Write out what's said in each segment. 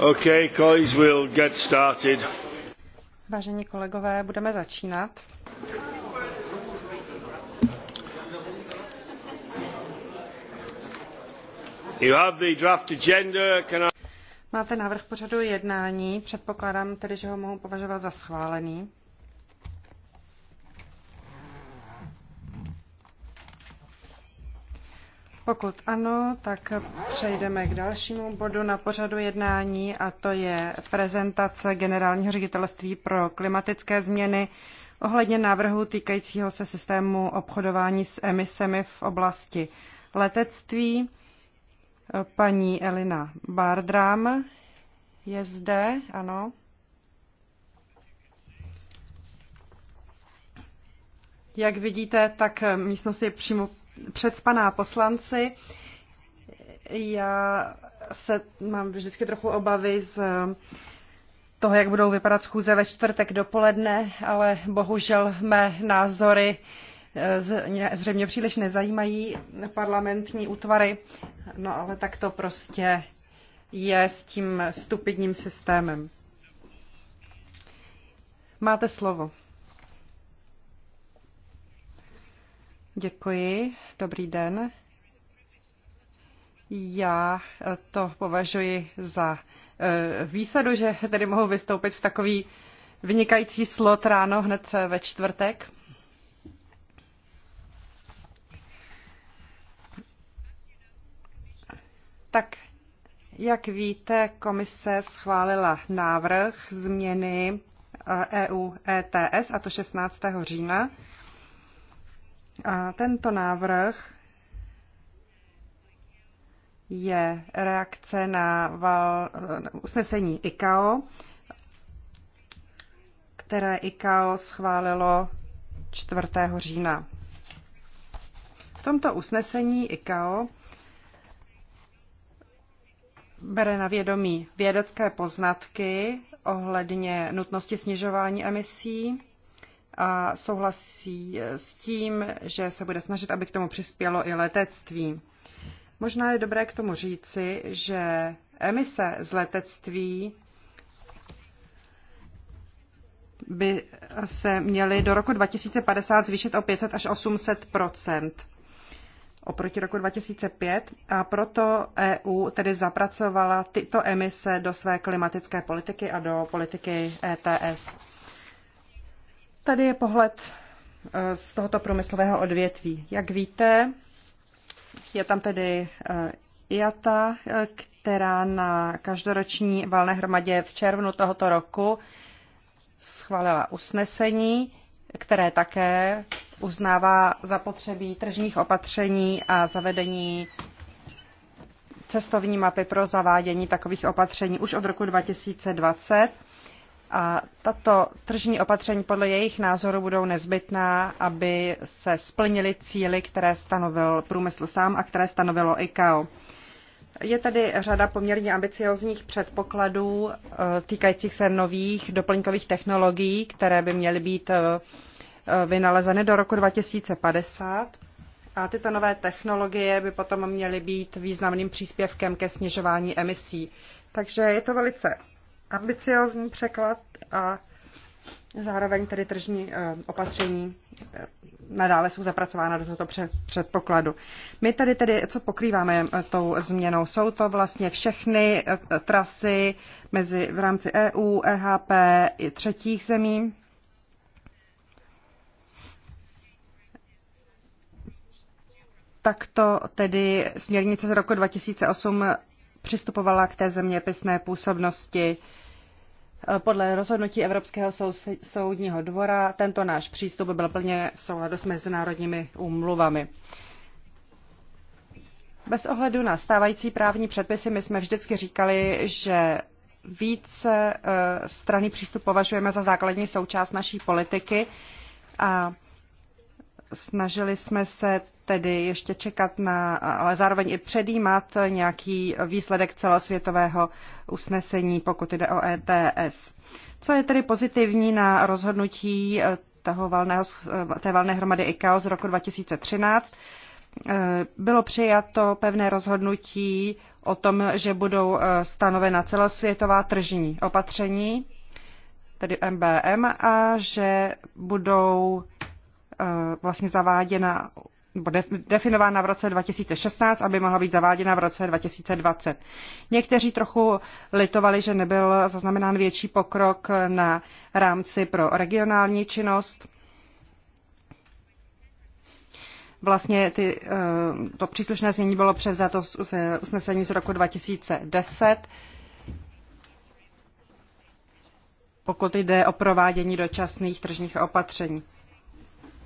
Okay, colleagues, we'll get started. Vážení kolegové, budeme začínat. You have the draft agenda. Can I... Máte návrh pořadu jednání, předpokládám tedy, že ho mohu považovat za schválený. Pokud ano, tak přejdeme k dalšímu bodu na pořadu jednání a to je prezentace Generálního ředitelství pro klimatické změny ohledně návrhu týkajícího se systému obchodování s emisemi v oblasti letectví. Paní Elina Bardram je zde, ano. Jak vidíte, tak místnost je přímo předspaná poslanci. Já se mám vždycky trochu obavy z toho, jak budou vypadat schůze ve čtvrtek dopoledne, ale bohužel mé názory eh, zřejmě příliš nezajímají parlamentní útvary, no ale tak to prostě je s tím stupidním systémem. Máte slovo. Děkuji. Dobrý den. Já eh, to považuji za eh, výsadu, že tedy mohu vystoupit v takový vynikající slot ráno hned eh, ve čtvrtek. Tak, jak víte, komise schválila návrh změny EU e ETS, a to 16. října. A tento návrh je reakce na val, usnesení ICAO, které ICAO schválilo 4. října. V tomto usnesení ICAO bere na vědomí vědecké poznatky ohledně nutnosti snižování emisí a souhlasí s tím, že se bude snažit, aby k tomu přispělo i letectví. Možná je dobré k tomu říci, že emise z letectví by se měly do roku 2050 zvýšit o 500 až 800 oproti roku 2005 a proto EU tedy zapracovala tyto emise do své klimatické politiky a do politiky ETS. Tady je pohled eh, z tohoto průmyslového odvětví. Jak víte, je tam tedy eh, IATA, eh, která na každoroční valné hromadě v červnu tohoto roku schválila usnesení, které také uznává zapotřebí tržních opatření a zavedení cestovní mapy pro zavádění takových opatření už od roku 2020 a tato tržní opatření podle jejich názoru budou nezbytná, aby se splnily cíly, které stanovil průmysl sám a které stanovilo ICAO. Je tady řada poměrně ambiciozních předpokladů eh, týkajících se nových doplňkových technologií, které by měly být eh, eh, vynalezeny do roku 2050. A tyto nové technologie by potom měly být významným příspěvkem ke snižování emisí. Takže je to velice ambiciozní překlad a zároveň tedy tržní eh, opatření eh, nadále jsou zapracována do tohoto předpokladu. My tady tedy, co pokrýváme eh, tou změnou, jsou to vlastně všechny trasy mezi v rámci EU, EHP i třetích zemí. Takto tedy směrnice z roku 2008 přistupovala k té zeměpisné působnosti. Podle rozhodnutí Evropského soudního dvora tento náš přístup byl plně v souladu s mezinárodními úmluvami. Bez ohledu na stávající právní předpisy, my jsme vždycky říkali, že více eh, strany přístup považujeme za základní součást naší politiky a Snažili jsme se tedy ještě čekat na, ale zároveň i předjímat nějaký výsledek celosvětového usnesení, pokud jde o ETS. Co je tedy pozitivní na rozhodnutí eh, toho valného, eh, té valné hromady ICAO z roku 2013? Eh, bylo přijato pevné rozhodnutí o tom, že budou stanovena celosvětová tržní opatření, tedy MBM, a že budou Eh, vlastně zaváděna nebo definována v roce 2016, aby mohla být zaváděna v roce 2020. Někteří trochu litovali, že nebyl zaznamenán větší pokrok na rámci pro regionální činnost. Vlastně ty, eh, to příslušné znění bylo převzato z usnesení z roku 2010. pokud jde o provádění dočasných tržních opatření.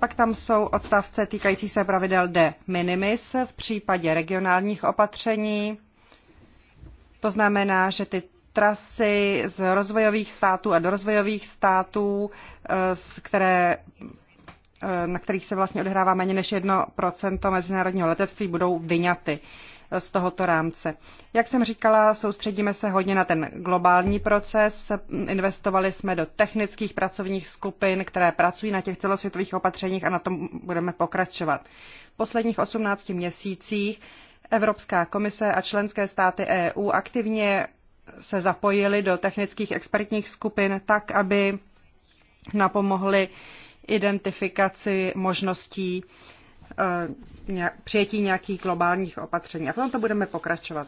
Pak tam jsou odstavce týkající se pravidel de minimis v případě regionálních opatření. To znamená, že ty trasy z rozvojových států a do rozvojových států, eh, které, eh, na kterých se vlastně odehrává méně než 1% mezinárodního letectví, budou vyňaty z tohoto rámce. Jak jsem říkala, soustředíme se hodně na ten globální proces. Investovali jsme do technických pracovních skupin, které pracují na těch celosvětových opatřeních a na tom budeme pokračovat. V posledních 18 měsících Evropská komise a členské státy EU aktivně se zapojili do technických expertních skupin tak, aby napomohli identifikaci možností Eh, přijetí nějakých globálních opatření. A v tomto budeme pokračovat.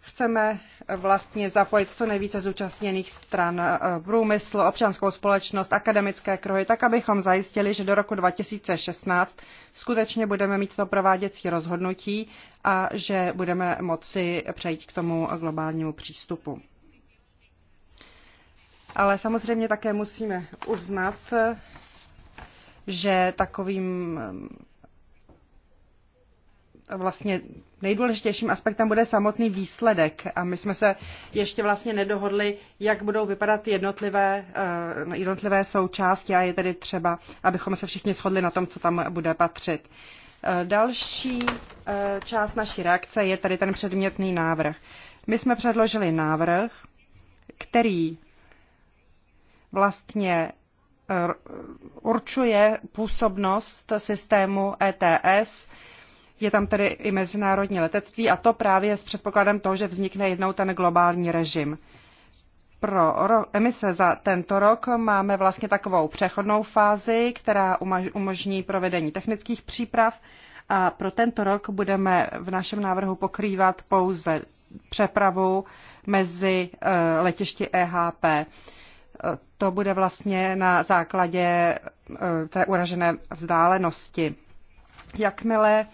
Chceme vlastně zapojit co nejvíce zúčastněných stran eh, průmysl, občanskou společnost, akademické kruhy, tak abychom zajistili, že do roku 2016 skutečně budeme mít to prováděcí rozhodnutí a že budeme moci přejít k tomu globálnímu přístupu. Ale samozřejmě také musíme uznat, že takovým vlastně nejdůležitějším aspektem bude samotný výsledek. A my jsme se ještě vlastně nedohodli, jak budou vypadat jednotlivé, eh, jednotlivé součásti a je tedy třeba, abychom se všichni shodli na tom, co tam bude patřit. Eh, další eh, část naší reakce je tady ten předmětný návrh. My jsme předložili návrh, který vlastně určuje působnost systému ETS je tam tedy i mezinárodní letectví a to právě s předpokladem toho, že vznikne jednou ten globální režim. Pro emise za tento rok máme vlastně takovou přechodnou fázi, která umožní provedení technických příprav a pro tento rok budeme v našem návrhu pokrývat pouze přepravu mezi eh, letišti e EHP. To bude vlastně na základě eh, té uražené vzdálenosti. Jakmile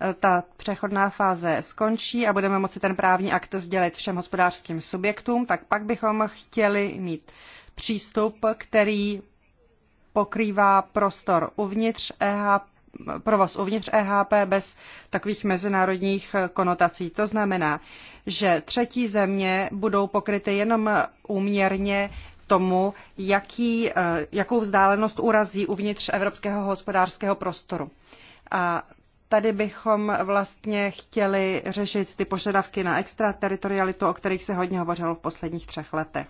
Eh, ta přechodná fáze skončí a budeme moci ten právní akt sdělit všem hospodářským subjektům, tak pak bychom chtěli mít přístup, který pokrývá prostor uvnitř EHP, provoz uvnitř EHP bez takových mezinárodních konotací. To znamená, že třetí země budou pokryty jenom úměrně tomu, jaký, eh, jakou vzdálenost urazí uvnitř evropského hospodářského prostoru. A Tady bychom vlastně chtěli řešit ty požadavky na extrateritorialitu, o kterých se hodně hovořilo v posledních třech letech.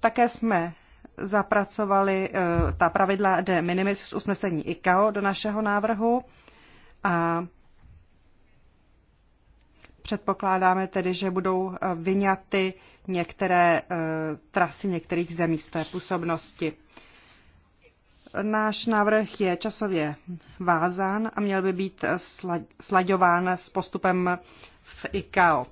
Také jsme zapracovali eh, ta pravidla de minimis z usnesení ICAO do našeho návrhu a předpokládáme tedy, že budou eh, vyňaty některé eh, trasy některých zemí z té působnosti. Náš návrh je časově vázán a měl by být slaďován s postupem v ICAO.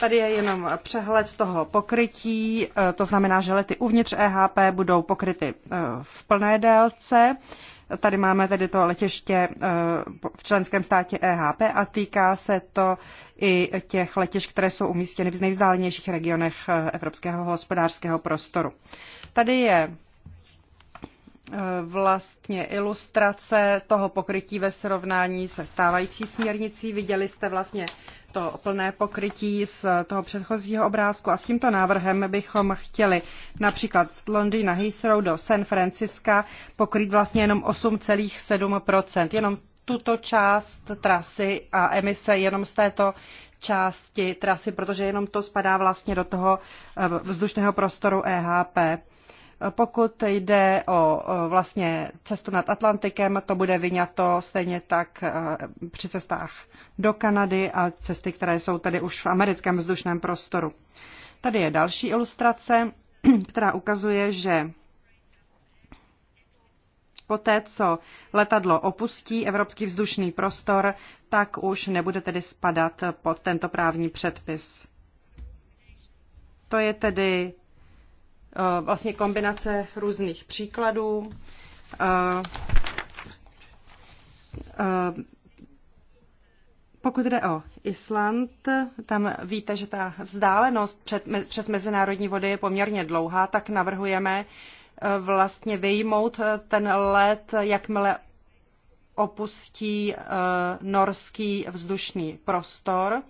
Tady je jenom přehled toho pokrytí, e, to znamená, že lety uvnitř EHP budou pokryty e, v plné délce. Tady máme tedy to letiště e, v členském státě EHP a týká se to i těch letišť, které jsou umístěny v nejvzdálenějších regionech evropského hospodářského prostoru. Tady je Eh, vlastně ilustrace toho pokrytí ve srovnání se stávající směrnicí. Viděli jste vlastně to plné pokrytí z toho předchozího obrázku a s tímto návrhem bychom chtěli například z Londýna Heathrow do San Francisca pokrýt vlastně jenom 8,7%, jenom tuto část trasy a emise jenom z této části trasy, protože jenom to spadá vlastně do toho eh, vzdušného prostoru EHP. Pokud jde o vlastně cestu nad Atlantikem, to bude vyňato stejně tak e, při cestách do Kanady a cesty, které jsou tedy už v americkém vzdušném prostoru. Tady je další ilustrace, která ukazuje, že poté, co letadlo opustí evropský vzdušný prostor, tak už nebude tedy spadat pod tento právní předpis. To je tedy Eh, vlastně kombinace různých příkladů. Eh, eh, pokud jde o Island, tam víte, že ta vzdálenost před, přes mezinárodní vody je poměrně dlouhá, tak navrhujeme vlastně vyjmout ten let, jakmile opustí norský vzdušný prostor.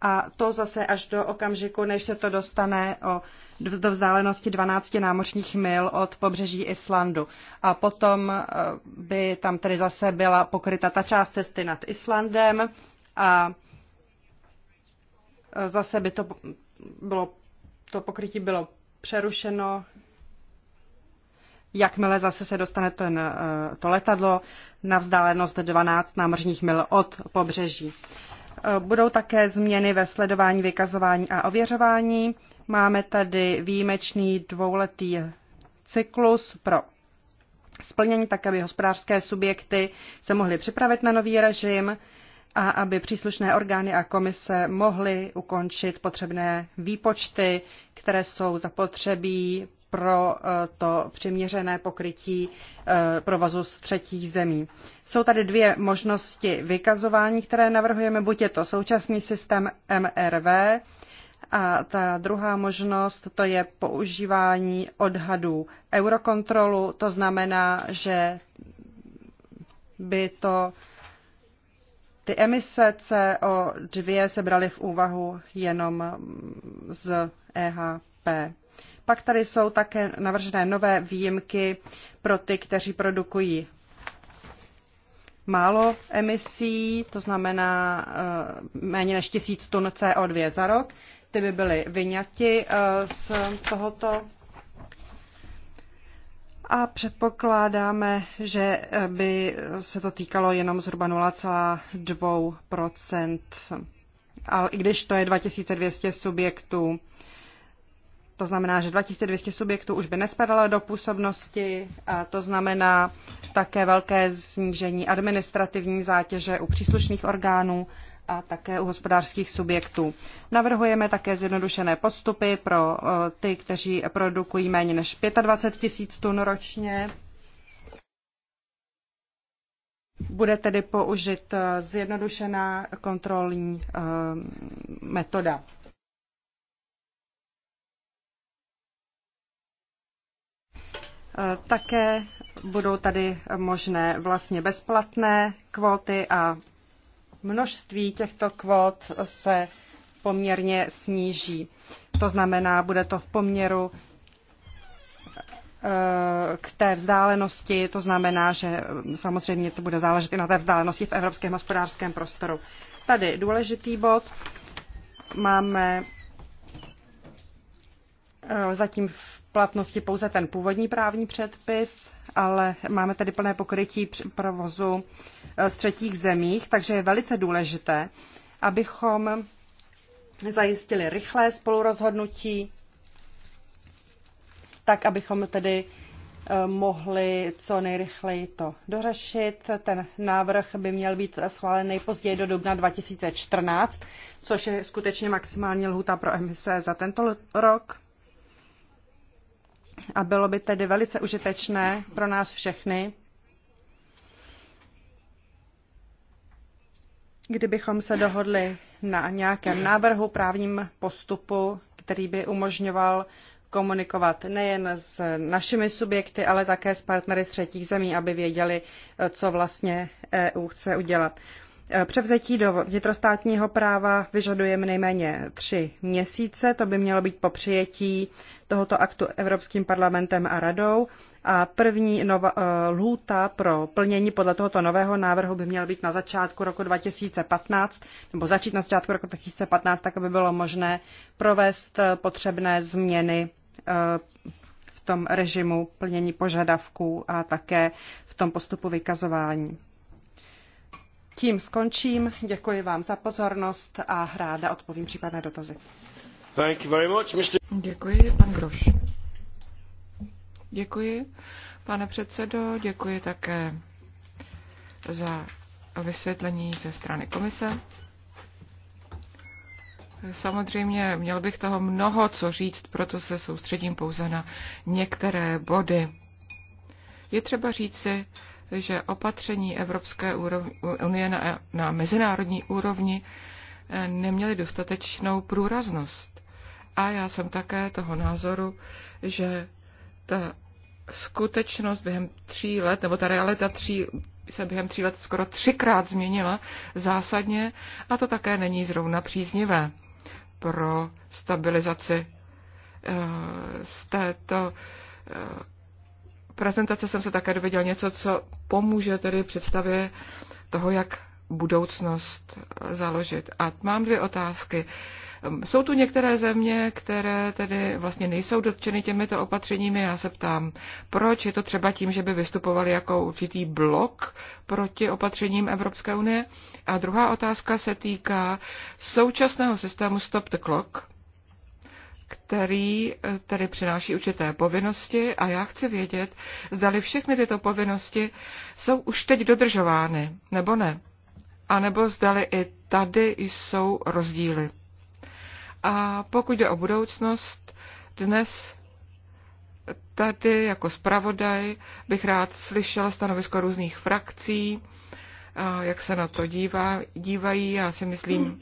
A to zase až do okamžiku, než se to dostane o do vzdálenosti 12 námořních mil od pobřeží Islandu. A potom eh, by tam tedy zase byla pokryta ta část cesty nad Islandem a eh, zase by to bylo, to pokrytí bylo přerušeno, jakmile zase se dostane ten, eh, to letadlo na vzdálenost 12 námořních mil od pobřeží. Budou také změny ve sledování, vykazování a ověřování. Máme tady výjimečný dvouletý cyklus pro splnění, tak aby hospodářské subjekty se mohly připravit na nový režim a aby příslušné orgány a komise mohly ukončit potřebné výpočty, které jsou zapotřebí pro eh, to přiměřené pokrytí eh, provozu z třetích zemí. Jsou tady dvě možnosti vykazování, které navrhujeme. Buď je to současný systém MRV, a ta druhá možnost to je používání odhadů eurokontrolu. To znamená, že by to ty emise CO2 se braly v úvahu jenom z EHP. Pak tady jsou také navržené nové výjimky pro ty, kteří produkují málo emisí, to znamená eh, méně než 1000 tun CO2 za rok. Ty by byly vyňati eh, z tohoto a předpokládáme, že eh, by se to týkalo jenom zhruba 0,2 ale i když to je 2200 subjektů, to znamená, že 2200 subjektů už by nespadalo do působnosti a to znamená také velké snížení administrativní zátěže u příslušných orgánů a také u hospodářských subjektů. Navrhujeme také zjednodušené postupy pro eh, ty, kteří produkují méně než 25 tisíc tun ročně. Bude tedy použit eh, zjednodušená kontrolní eh, metoda. E, také budou tady možné vlastně bezplatné kvóty a množství těchto kvót se poměrně sníží. To znamená, bude to v poměru e, k té vzdálenosti, to znamená, že samozřejmě to bude záležet i na té vzdálenosti v evropském hospodářském prostoru. Tady důležitý bod. Máme e, zatím v platnosti pouze ten původní právní předpis, ale máme tady plné pokrytí provozu eh, z třetích zemích, takže je velice důležité, abychom zajistili rychlé spolurozhodnutí, tak abychom tedy eh, mohli co nejrychleji to dořešit. Ten návrh by měl být schválen nejpozději do dubna 2014, což je skutečně maximální lhuta pro emise za tento rok a bylo by tedy velice užitečné pro nás všechny, kdybychom se dohodli na nějakém návrhu právním postupu, který by umožňoval komunikovat nejen s našimi subjekty, ale také s partnery z třetích zemí, aby věděli, co vlastně EU chce udělat. Eh, převzetí do vnitrostátního práva vyžadujeme nejméně tři měsíce, to by mělo být po přijetí tohoto aktu Evropským parlamentem a radou a první nova, eh, lhůta pro plnění podle tohoto nového návrhu by měla být na začátku roku 2015, nebo začít na začátku roku 2015, tak aby bylo možné provést eh, potřebné změny v tom režimu plnění požadavků a také v tom postupu vykazování. Tím skončím. Děkuji vám za pozornost a ráda odpovím případné dotazy. Thank you very much, Mr. Děkuji, pan Groš. Děkuji, pane předsedo, děkuji také za vysvětlení ze strany komise. Samozřejmě měl bych toho mnoho co říct, proto se soustředím pouze na některé body. Je třeba říci, že opatření Evropské unie na, na mezinárodní úrovni eh, neměly dostatečnou průraznost. A já jsem také toho názoru, že ta skutečnost během tří let, nebo ta realita tří, se během tří let skoro třikrát změnila zásadně a to také není zrovna příznivé pro stabilizaci eh, z této eh, prezentace jsem se také dověděl něco, co pomůže tedy představě toho, jak budoucnost založit. A mám dvě otázky. Jsou tu některé země, které tedy vlastně nejsou dotčeny těmito opatřeními. Já se ptám, proč je to třeba tím, že by vystupovali jako určitý blok proti opatřením Evropské unie? A druhá otázka se týká současného systému Stop the Clock, který eh, tedy přináší určité povinnosti a já chci vědět, zdali všechny tyto povinnosti jsou už teď dodržovány, nebo ne. A nebo zdali i tady jsou rozdíly. A pokud jde o budoucnost, dnes tady jako zpravodaj bych rád slyšela stanovisko různých frakcí, jak se na to dívá, dívají. Já si myslím,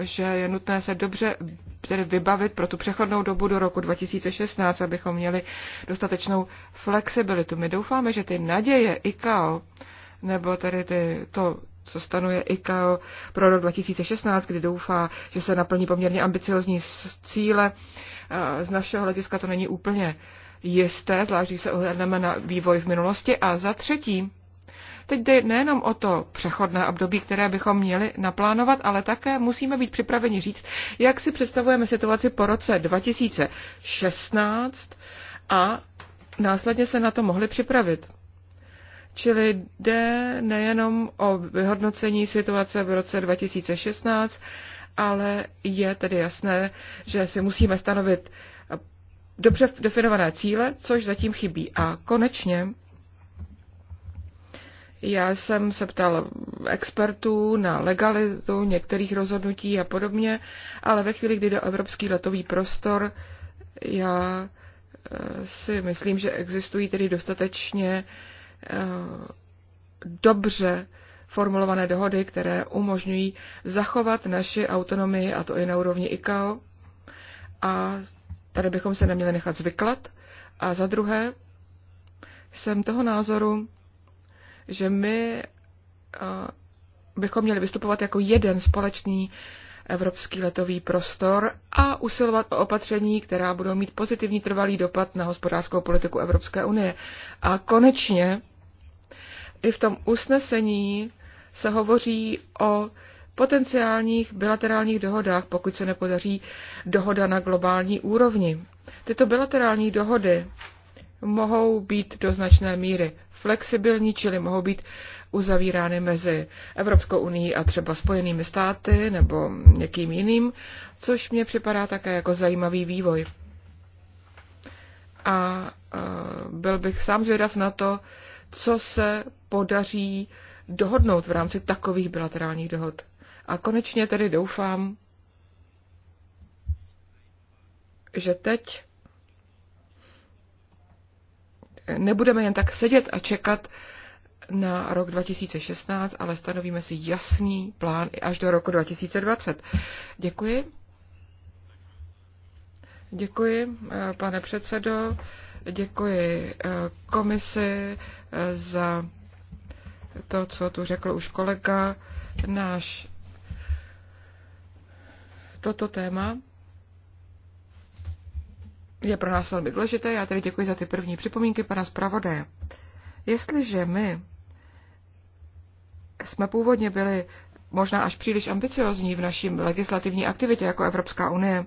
že je nutné se dobře tedy vybavit pro tu přechodnou dobu do roku 2016, abychom měli dostatečnou flexibilitu. My doufáme, že ty naděje Ikao, nebo tedy ty, to, co stanuje Ikao pro rok 2016, kdy doufá, že se naplní poměrně ambiciozní cíle, z našeho hlediska to není úplně jisté, zvlášť když se ohledneme na vývoj v minulosti. A za třetí, Teď jde nejenom o to přechodné období, které bychom měli naplánovat, ale také musíme být připraveni říct, jak si představujeme situaci po roce 2016 a následně se na to mohli připravit. Čili jde nejenom o vyhodnocení situace v roce 2016, ale je tedy jasné, že si musíme stanovit dobře definované cíle, což zatím chybí. A konečně já jsem se ptal expertů na legalitu některých rozhodnutí a podobně, ale ve chvíli, kdy jde o evropský letový prostor, já eh, si myslím, že existují tedy dostatečně eh, dobře formulované dohody, které umožňují zachovat naši autonomii, a to i na úrovni ICAO. A tady bychom se neměli nechat zvyklat. A za druhé, jsem toho názoru, že my eh, bychom měli vystupovat jako jeden společný evropský letový prostor a usilovat o opatření, která budou mít pozitivní trvalý dopad na hospodářskou politiku Evropské unie. A konečně i v tom usnesení se hovoří o potenciálních bilaterálních dohodách, pokud se nepodaří dohoda na globální úrovni. Tyto bilaterální dohody mohou být do značné míry flexibilní, čili mohou být uzavírány mezi Evropskou unii a třeba Spojenými státy nebo někým jiným, což mě připadá také jako zajímavý vývoj. A e, byl bych sám zvědav na to, co se podaří dohodnout v rámci takových bilaterálních dohod. A konečně tedy doufám, že teď nebudeme jen tak sedět a čekat na rok 2016, ale stanovíme si jasný plán i až do roku 2020. Děkuji. Děkuji, eh, pane předsedo. Děkuji eh, komisi eh, za to, co tu řekl už kolega. Náš toto téma je pro nás velmi důležité. Já tedy děkuji za ty první připomínky pana zpravodaje. Jestliže my jsme původně byli možná až příliš ambiciozní v naší legislativní aktivitě jako Evropská unie,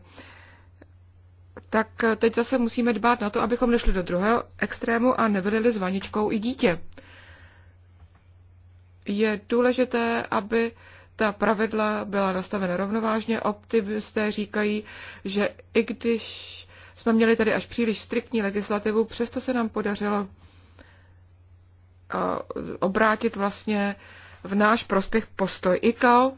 tak teď zase musíme dbát na to, abychom nešli do druhého extrému a nevylili s vaničkou i dítě. Je důležité, aby ta pravidla byla nastavena rovnovážně. Optimisté říkají, že i když jsme měli tady až příliš striktní legislativu, přesto se nám podařilo eh, obrátit vlastně v náš prospěch postoj ICAO.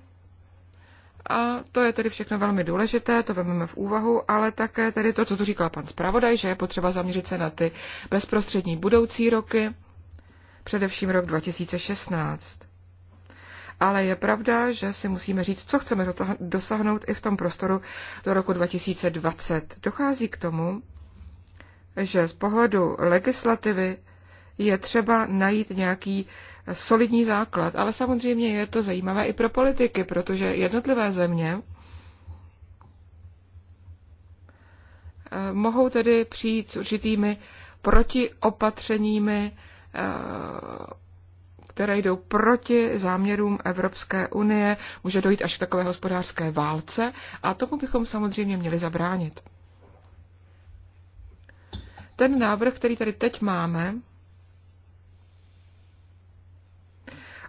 A to je tedy všechno velmi důležité, to vezmeme v úvahu, ale také tedy to, co tu říkal pan zpravodaj, že je potřeba zaměřit se na ty bezprostřední budoucí roky, především rok 2016 ale je pravda, že si musíme říct, co chceme dosáhnout i v tom prostoru do roku 2020. Dochází k tomu, že z pohledu legislativy je třeba najít nějaký solidní základ, ale samozřejmě je to zajímavé i pro politiky, protože jednotlivé země eh, mohou tedy přijít s určitými protiopatřeními eh, které jdou proti záměrům Evropské unie, může dojít až k takové hospodářské válce a tomu bychom samozřejmě měli zabránit. Ten návrh, který tady teď máme,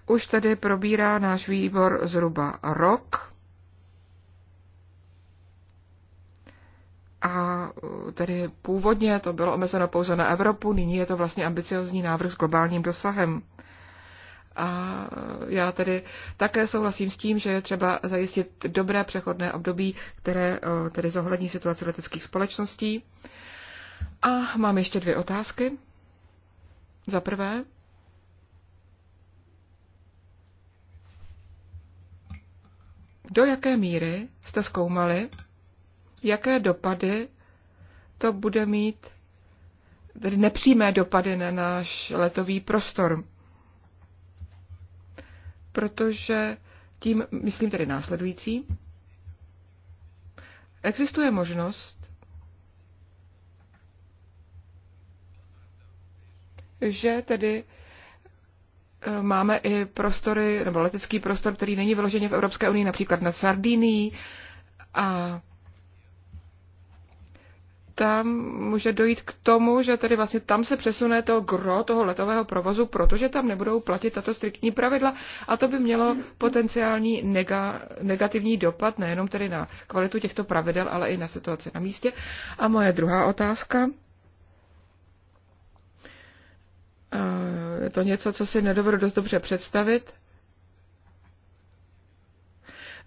už tedy probírá náš výbor zhruba rok. A uh, tedy původně to bylo omezeno pouze na Evropu, nyní je to vlastně ambiciozní návrh s globálním dosahem. A já tedy také souhlasím s tím, že je třeba zajistit dobré přechodné období, které eh, tedy zohlední situaci leteckých společností. A mám ještě dvě otázky. Za prvé, do jaké míry jste zkoumali, jaké dopady to bude mít, tedy nepřímé dopady na náš letový prostor protože tím myslím tedy následující. Existuje možnost, že tedy e, máme i prostory, nebo letecký prostor, který není vyloženě v Evropské unii, například na Sardinii a tam může dojít k tomu, že tedy vlastně tam se přesune to gro toho letového provozu, protože tam nebudou platit tato striktní pravidla a to by mělo potenciální nega, negativní dopad nejenom tedy na kvalitu těchto pravidel, ale i na situaci na místě. A moje druhá otázka. Eh, je to něco, co si nedovedu dost dobře představit.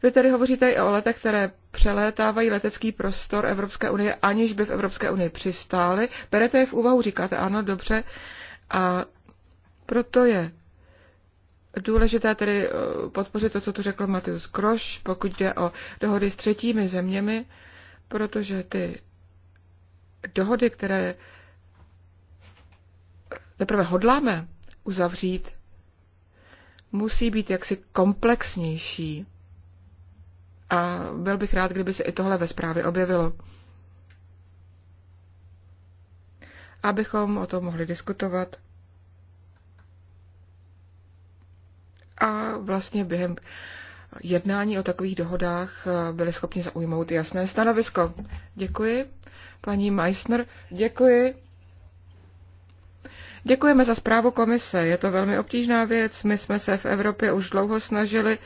Vy tedy hovoříte i o letech, které přelétávají letecký prostor Evropské unie, aniž by v Evropské unii přistály. Berete je v úvahu, říkáte ano, dobře. A proto je důležité tedy eh, podpořit to, co tu řekl Matius Kroš, pokud jde o dohody s třetími zeměmi, protože ty dohody, které teprve hodláme uzavřít, musí být jaksi komplexnější a byl bych rád, kdyby se i tohle ve zprávě objevilo. Abychom o tom mohli diskutovat. A vlastně během jednání o takových dohodách eh, byli schopni zaujmout jasné stanovisko. Děkuji, paní Meissner. Děkuji. Děkujeme za zprávu komise. Je to velmi obtížná věc. My jsme se v Evropě už dlouho snažili uh,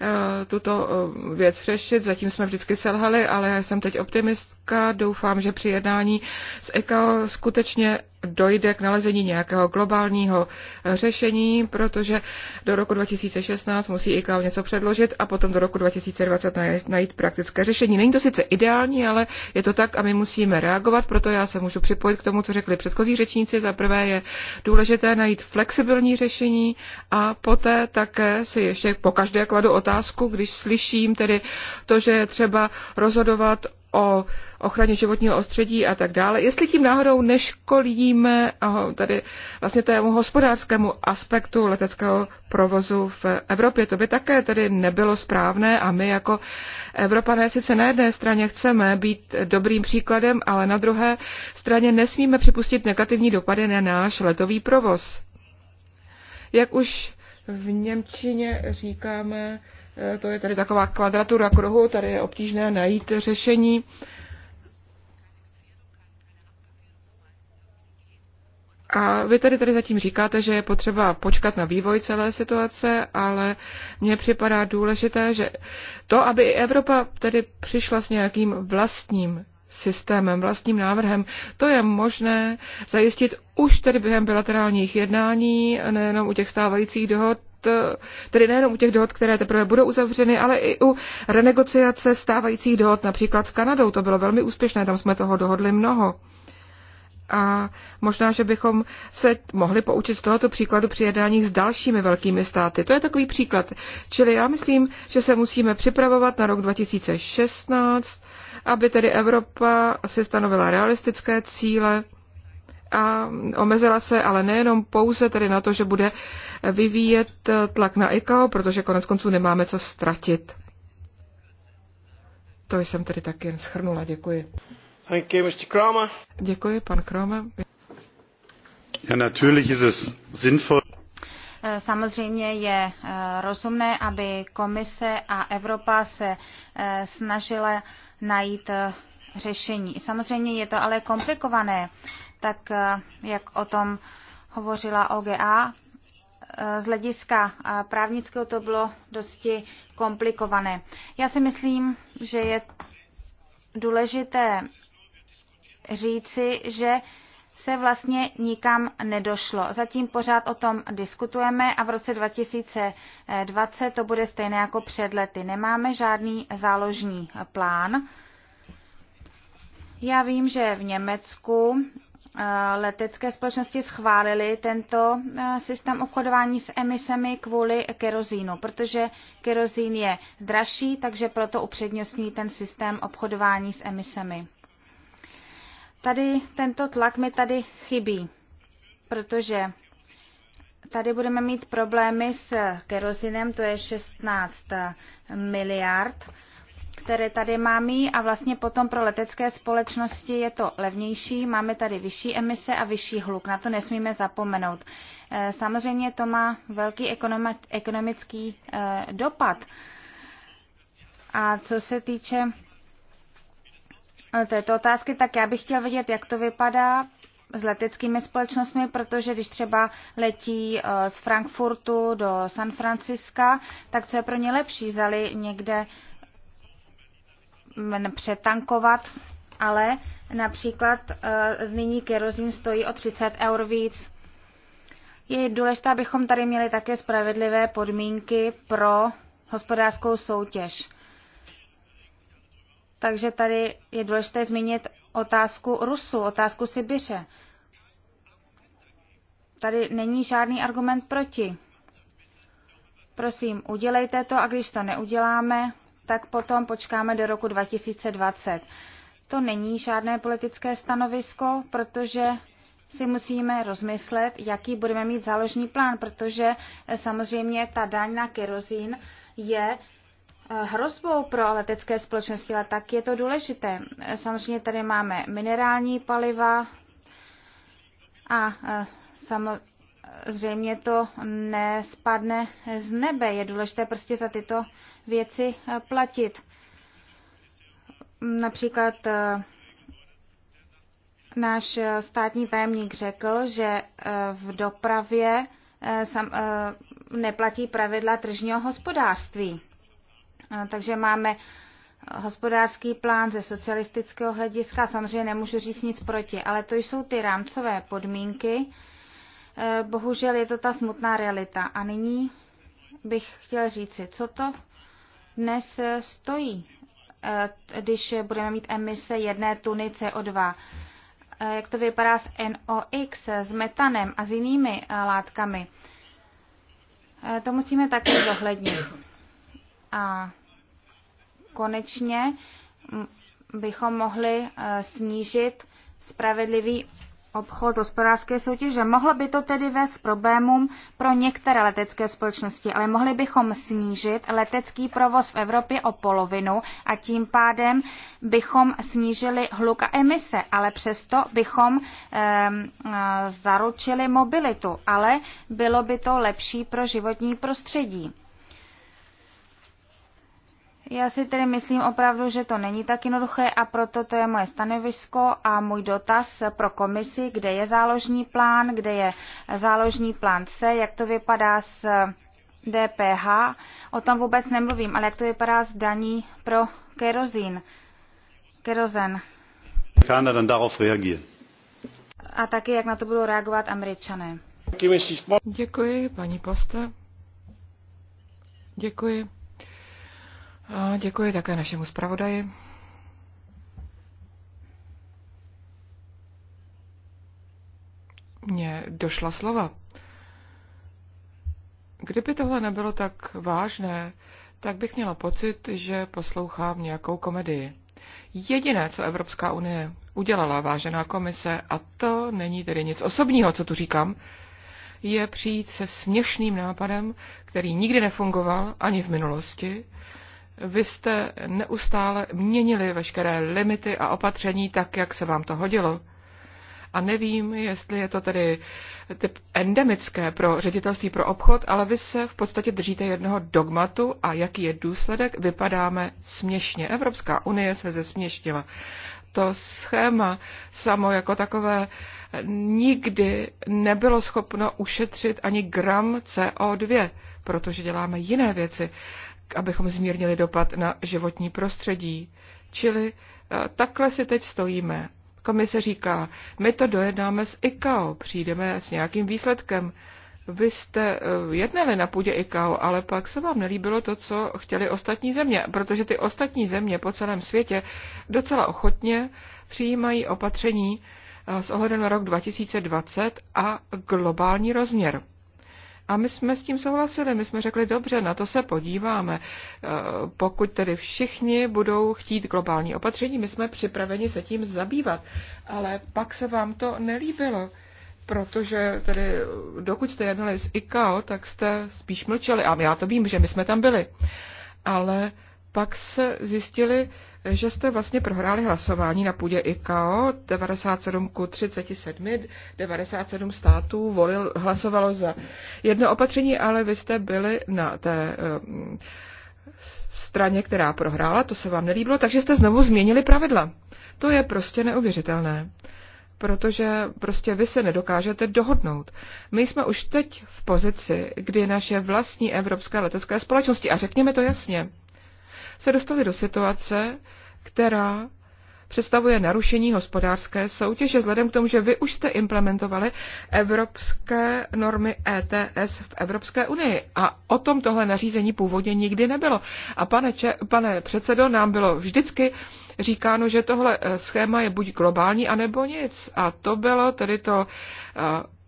Eh, tuto eh, věc řešit. Zatím jsme vždycky selhali, ale já jsem teď optimistka. Doufám, že při jednání s ECAO skutečně dojde k nalezení nějakého globálního eh, řešení, protože do roku 2016 musí ICAO něco předložit a potom do roku 2020 najít praktické řešení. Není to sice ideální, ale je to tak a my musíme reagovat, proto já se můžu připojit k tomu, co řekli předchozí řečníci. Za prvé je důležité najít flexibilní řešení a poté také si ještě po každé kladu otázku, když slyším tedy to, že je třeba rozhodovat o ochraně životního prostředí a tak dále, jestli tím náhodou neškolíme tady vlastně tému hospodářskému aspektu leteckého provozu v Evropě. To by také tedy nebylo správné a my jako Evropané sice na jedné straně chceme být dobrým příkladem, ale na druhé straně nesmíme připustit negativní dopady na náš letový provoz. Jak už v Němčině říkáme, Eh, to je tady taková kvadratura kruhu, tady je obtížné najít řešení. A vy tady tady zatím říkáte, že je potřeba počkat na vývoj celé situace, ale mně připadá důležité, že to, aby Evropa tedy přišla s nějakým vlastním systémem, vlastním návrhem, to je možné zajistit už tedy během bilaterálních jednání, nejenom u těch stávajících dohod, tedy nejenom u těch dohod, které teprve budou uzavřeny, ale i u renegociace stávajících dohod, například s Kanadou. To bylo velmi úspěšné, tam jsme toho dohodli mnoho. A možná, že bychom se mohli poučit z tohoto příkladu při jednáních s dalšími velkými státy. To je takový příklad. Čili já myslím, že se musíme připravovat na rok 2016, aby tedy Evropa si stanovila realistické cíle a omezila se ale nejenom pouze tedy na to, že bude vyvíjet tlak na ICAO, protože konec konců nemáme co ztratit. To jsem tedy tak jen schrnula. Děkuji. Thank you, Mr. Kramer. Děkuji, pan Kramer. Ja, natürlich ist es sinnvoll. Samozřejmě je eh, rozumné, aby komise a Evropa se eh, snažila najít eh, řešení. Samozřejmě je to ale komplikované tak eh, jak o tom hovořila OGA, eh, z hlediska eh, právnického to bylo dosti komplikované. Já si myslím, že je důležité říci, že se vlastně nikam nedošlo. Zatím pořád o tom diskutujeme a v roce 2020 to bude stejné jako před lety. Nemáme žádný záložní plán. Já vím, že v Německu Eh, letecké společnosti schválily tento eh, systém obchodování s emisemi kvůli kerozínu, protože kerozín je dražší, takže proto upřednostňují ten systém obchodování s emisemi. Tady tento tlak mi tady chybí, protože tady budeme mít problémy s kerozinem, to je 16 miliard které tady máme a vlastně potom pro letecké společnosti je to levnější, máme tady vyšší emise a vyšší hluk, na to nesmíme zapomenout. Eh, samozřejmě to má velký ekonomický eh, dopad. A co se týče eh, této otázky, tak já bych chtěl vidět, jak to vypadá s leteckými společnostmi, protože když třeba letí z Frankfurtu do San Franciska, tak co je pro ně lepší, zali někde přetankovat, ale například e, nyní kerozin stojí o 30 eur víc. Je důležité, abychom tady měli také spravedlivé podmínky pro hospodářskou soutěž. Takže tady je důležité zmínit otázku Rusu, otázku Sibiře. Tady není žádný argument proti. Prosím, udělejte to a když to neuděláme, tak potom počkáme do roku 2020. To není žádné politické stanovisko, protože si musíme rozmyslet, jaký budeme mít záložní plán, protože eh, samozřejmě ta daň na kerozín je eh, hrozbou pro letecké společnosti, ale tak je to důležité. Eh, samozřejmě tady máme minerální paliva a samozřejmě zřejmě to nespadne z nebe. Je důležité prostě za tyto věci eh, platit. Například eh, náš eh, státní tajemník řekl, že v dopravě neplatí pravidla tržního hospodářství. Takže máme hospodářský plán ze socialistického hlediska, samozřejmě nemůžu říct nic proti, ale to jsou ty rámcové podmínky, Eh, bohužel je to ta smutná realita. A nyní bych chtěl říci, co to dnes stojí, eh, když budeme mít emise jedné tuny CO2. Eh, jak to vypadá s NOx, s metanem a s jinými látkami. To musíme také zohlednit. A konečně bychom mohli snížit spravedlivý obchod hospodářské soutěže. Mohlo by to tedy vést problémům pro některé letecké společnosti, ale mohli bychom snížit letecký provoz v Evropě o polovinu a tím pádem bychom snížili hluk a emise, ale přesto bychom um, zaručili mobilitu, ale bylo by to lepší pro životní prostředí. Já si tedy myslím opravdu, že to není tak jednoduché a proto to je moje stanovisko a můj dotaz pro komisi, kde je záložní plán, kde je záložní plán C, jak to vypadá s DPH, o tom vůbec nemluvím, ale jak to vypadá s daní pro kerozín, kerozen. A taky, jak na to budou reagovat američané. Děkuji, paní posta. Děkuji. A děkuji také našemu zpravodaji. Mně došla slova. Kdyby tohle nebylo tak vážné, tak bych měla pocit, že poslouchám nějakou komedii. Jediné, co Evropská unie udělala, vážená komise, a to není tedy nic osobního, co tu říkám, je přijít se směšným nápadem, který nikdy nefungoval ani v minulosti, vy jste neustále měnili veškeré limity a opatření tak, jak se vám to hodilo. A nevím, jestli je to tedy typ endemické pro ředitelství pro obchod, ale vy se v podstatě držíte jednoho dogmatu a jaký je důsledek, vypadáme směšně. Evropská unie se zesměšnila. To schéma samo jako takové nikdy nebylo schopno ušetřit ani gram CO2, protože děláme jiné věci abychom zmírnili dopad na životní prostředí. Čili eh, takhle si teď stojíme. Komise říká, my to dojednáme s ICAO, přijdeme s nějakým výsledkem. Vy jste eh, jednali na půdě ICAO, ale pak se vám nelíbilo to, co chtěli ostatní země, protože ty ostatní země po celém světě docela ochotně přijímají opatření eh, s ohledem na rok 2020 a globální rozměr. A my jsme s tím souhlasili, my jsme řekli, dobře, na to se podíváme. E, pokud tedy všichni budou chtít globální opatření, my jsme připraveni se tím zabývat. Ale pak se vám to nelíbilo protože tedy dokud jste jednali z ICAO, tak jste spíš mlčeli. A já to vím, že my jsme tam byli. Ale pak se zjistili, že jste vlastně prohráli hlasování na půdě ICAO 97 ku 37, 97 států volil, hlasovalo za jedno opatření, ale vy jste byli na té eh, straně, která prohrála, to se vám nelíbilo, takže jste znovu změnili pravidla. To je prostě neuvěřitelné protože prostě vy se nedokážete dohodnout. My jsme už teď v pozici, kdy naše vlastní evropské letecké společnosti, a řekněme to jasně, se dostali do situace, která představuje narušení hospodářské soutěže vzhledem k tomu, že vy už jste implementovali evropské normy ETS v Evropské unii. A o tom tohle nařízení původně nikdy nebylo. A pane, če, pane předsedo, nám bylo vždycky říkáno, že tohle eh, schéma je buď globální, anebo nic. A to bylo tedy to eh,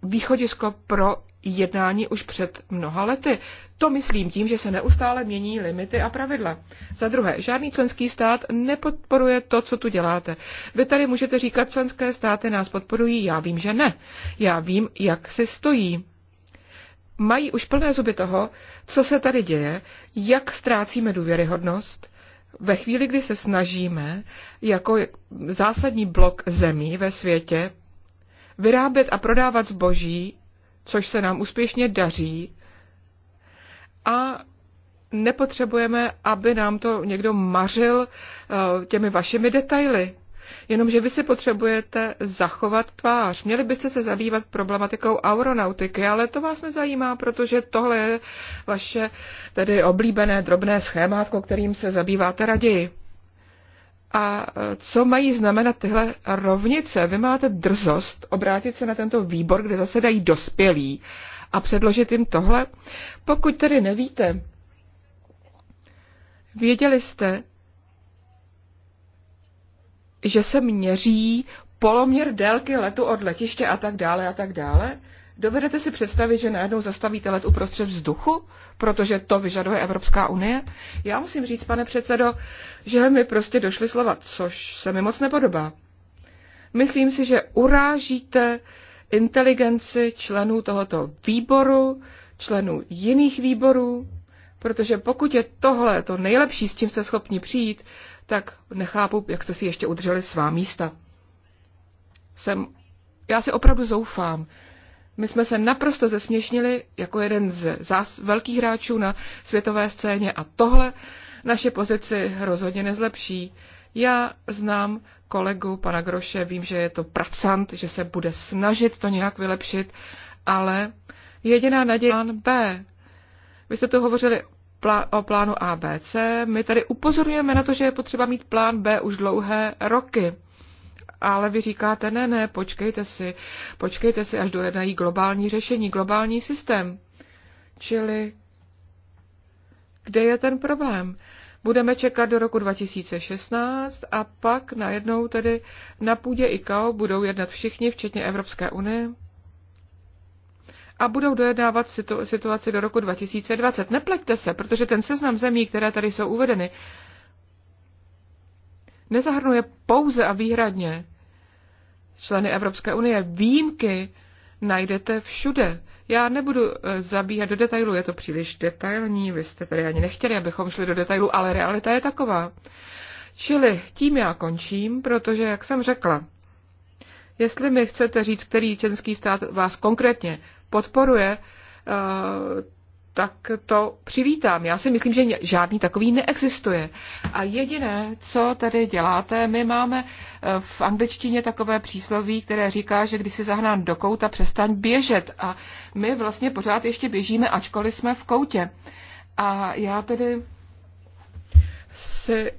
východisko pro jednání už před mnoha lety. To myslím tím, že se neustále mění limity a pravidla. Za druhé, žádný členský stát nepodporuje to, co tu děláte. Vy tady můžete říkat, členské státy nás podporují, já vím, že ne. Já vím, jak si stojí. Mají už plné zuby toho, co se tady děje, jak ztrácíme důvěryhodnost, ve chvíli, kdy se snažíme jako zásadní blok zemí ve světě vyrábět a prodávat zboží což se nám úspěšně daří. A nepotřebujeme, aby nám to někdo mařil eh, těmi vašimi detaily. Jenomže vy si potřebujete zachovat tvář. Měli byste se zabývat problematikou aeronautiky, ale to vás nezajímá, protože tohle je vaše tedy oblíbené drobné schémátko, kterým se zabýváte raději. A e, co mají znamenat tyhle rovnice? Vy máte drzost obrátit se na tento výbor, kde zasedají dospělí a předložit jim tohle? Pokud tedy nevíte, věděli jste, že se měří poloměr délky letu od letiště a tak dále a tak dále? Dovedete si představit, že najednou zastavíte let uprostřed vzduchu, protože to vyžaduje Evropská unie? Já musím říct, pane předsedo, že mi prostě došly slova, což se mi moc nepodobá. Myslím si, že urážíte inteligenci členů tohoto výboru, členů jiných výborů, protože pokud je tohle to nejlepší, s čím jste schopni přijít, tak nechápu, jak jste si ještě udrželi svá místa. Jsem, já si opravdu zoufám, my jsme se naprosto zesměšnili jako jeden z zás velkých hráčů na světové scéně a tohle naše pozici rozhodně nezlepší. Já znám kolegu pana Groše, vím, že je to pracant, že se bude snažit to nějak vylepšit, ale jediná naděje plán B. Vy jste tu hovořili o plánu ABC, my tady upozorňujeme na to, že je potřeba mít plán B už dlouhé roky ale vy říkáte, ne, ne, počkejte si, počkejte si, až dojednají globální řešení, globální systém. Čili kde je ten problém? Budeme čekat do roku 2016 a pak najednou tedy na půdě ICAO budou jednat všichni, včetně Evropské unie a budou dojednávat situaci do roku 2020. Nepleťte se, protože ten seznam zemí, které tady jsou uvedeny, nezahrnuje pouze a výhradně členy Evropské unie. Výjimky najdete všude. Já nebudu eh, zabíhat do detailu, je to příliš detailní, vy jste tady ani nechtěli, abychom šli do detailu, ale realita je taková. Čili tím já končím, protože, jak jsem řekla, jestli mi chcete říct, který členský stát vás konkrétně podporuje, eh, tak to přivítám. Já si myslím, že žádný takový neexistuje. A jediné, co tady děláte, my máme eh, v angličtině takové přísloví, které říká, že když si zahnán do kouta, přestaň běžet. A my vlastně pořád ještě běžíme, ačkoliv jsme v koutě. A já tedy si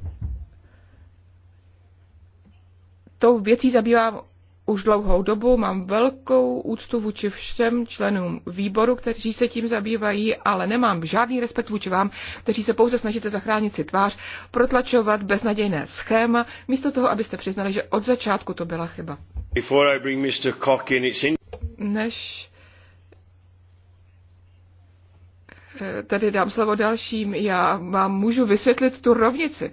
tou věcí zabývám už dlouhou dobu, mám velkou úctu vůči všem členům výboru, kteří se tím zabývají, ale nemám žádný respekt vůči vám, kteří se pouze snažíte zachránit si tvář, protlačovat beznadějné schéma, místo toho, abyste přiznali, že od začátku to byla chyba. Než eh, tedy dám slovo dalším, já vám můžu vysvětlit tu rovnici.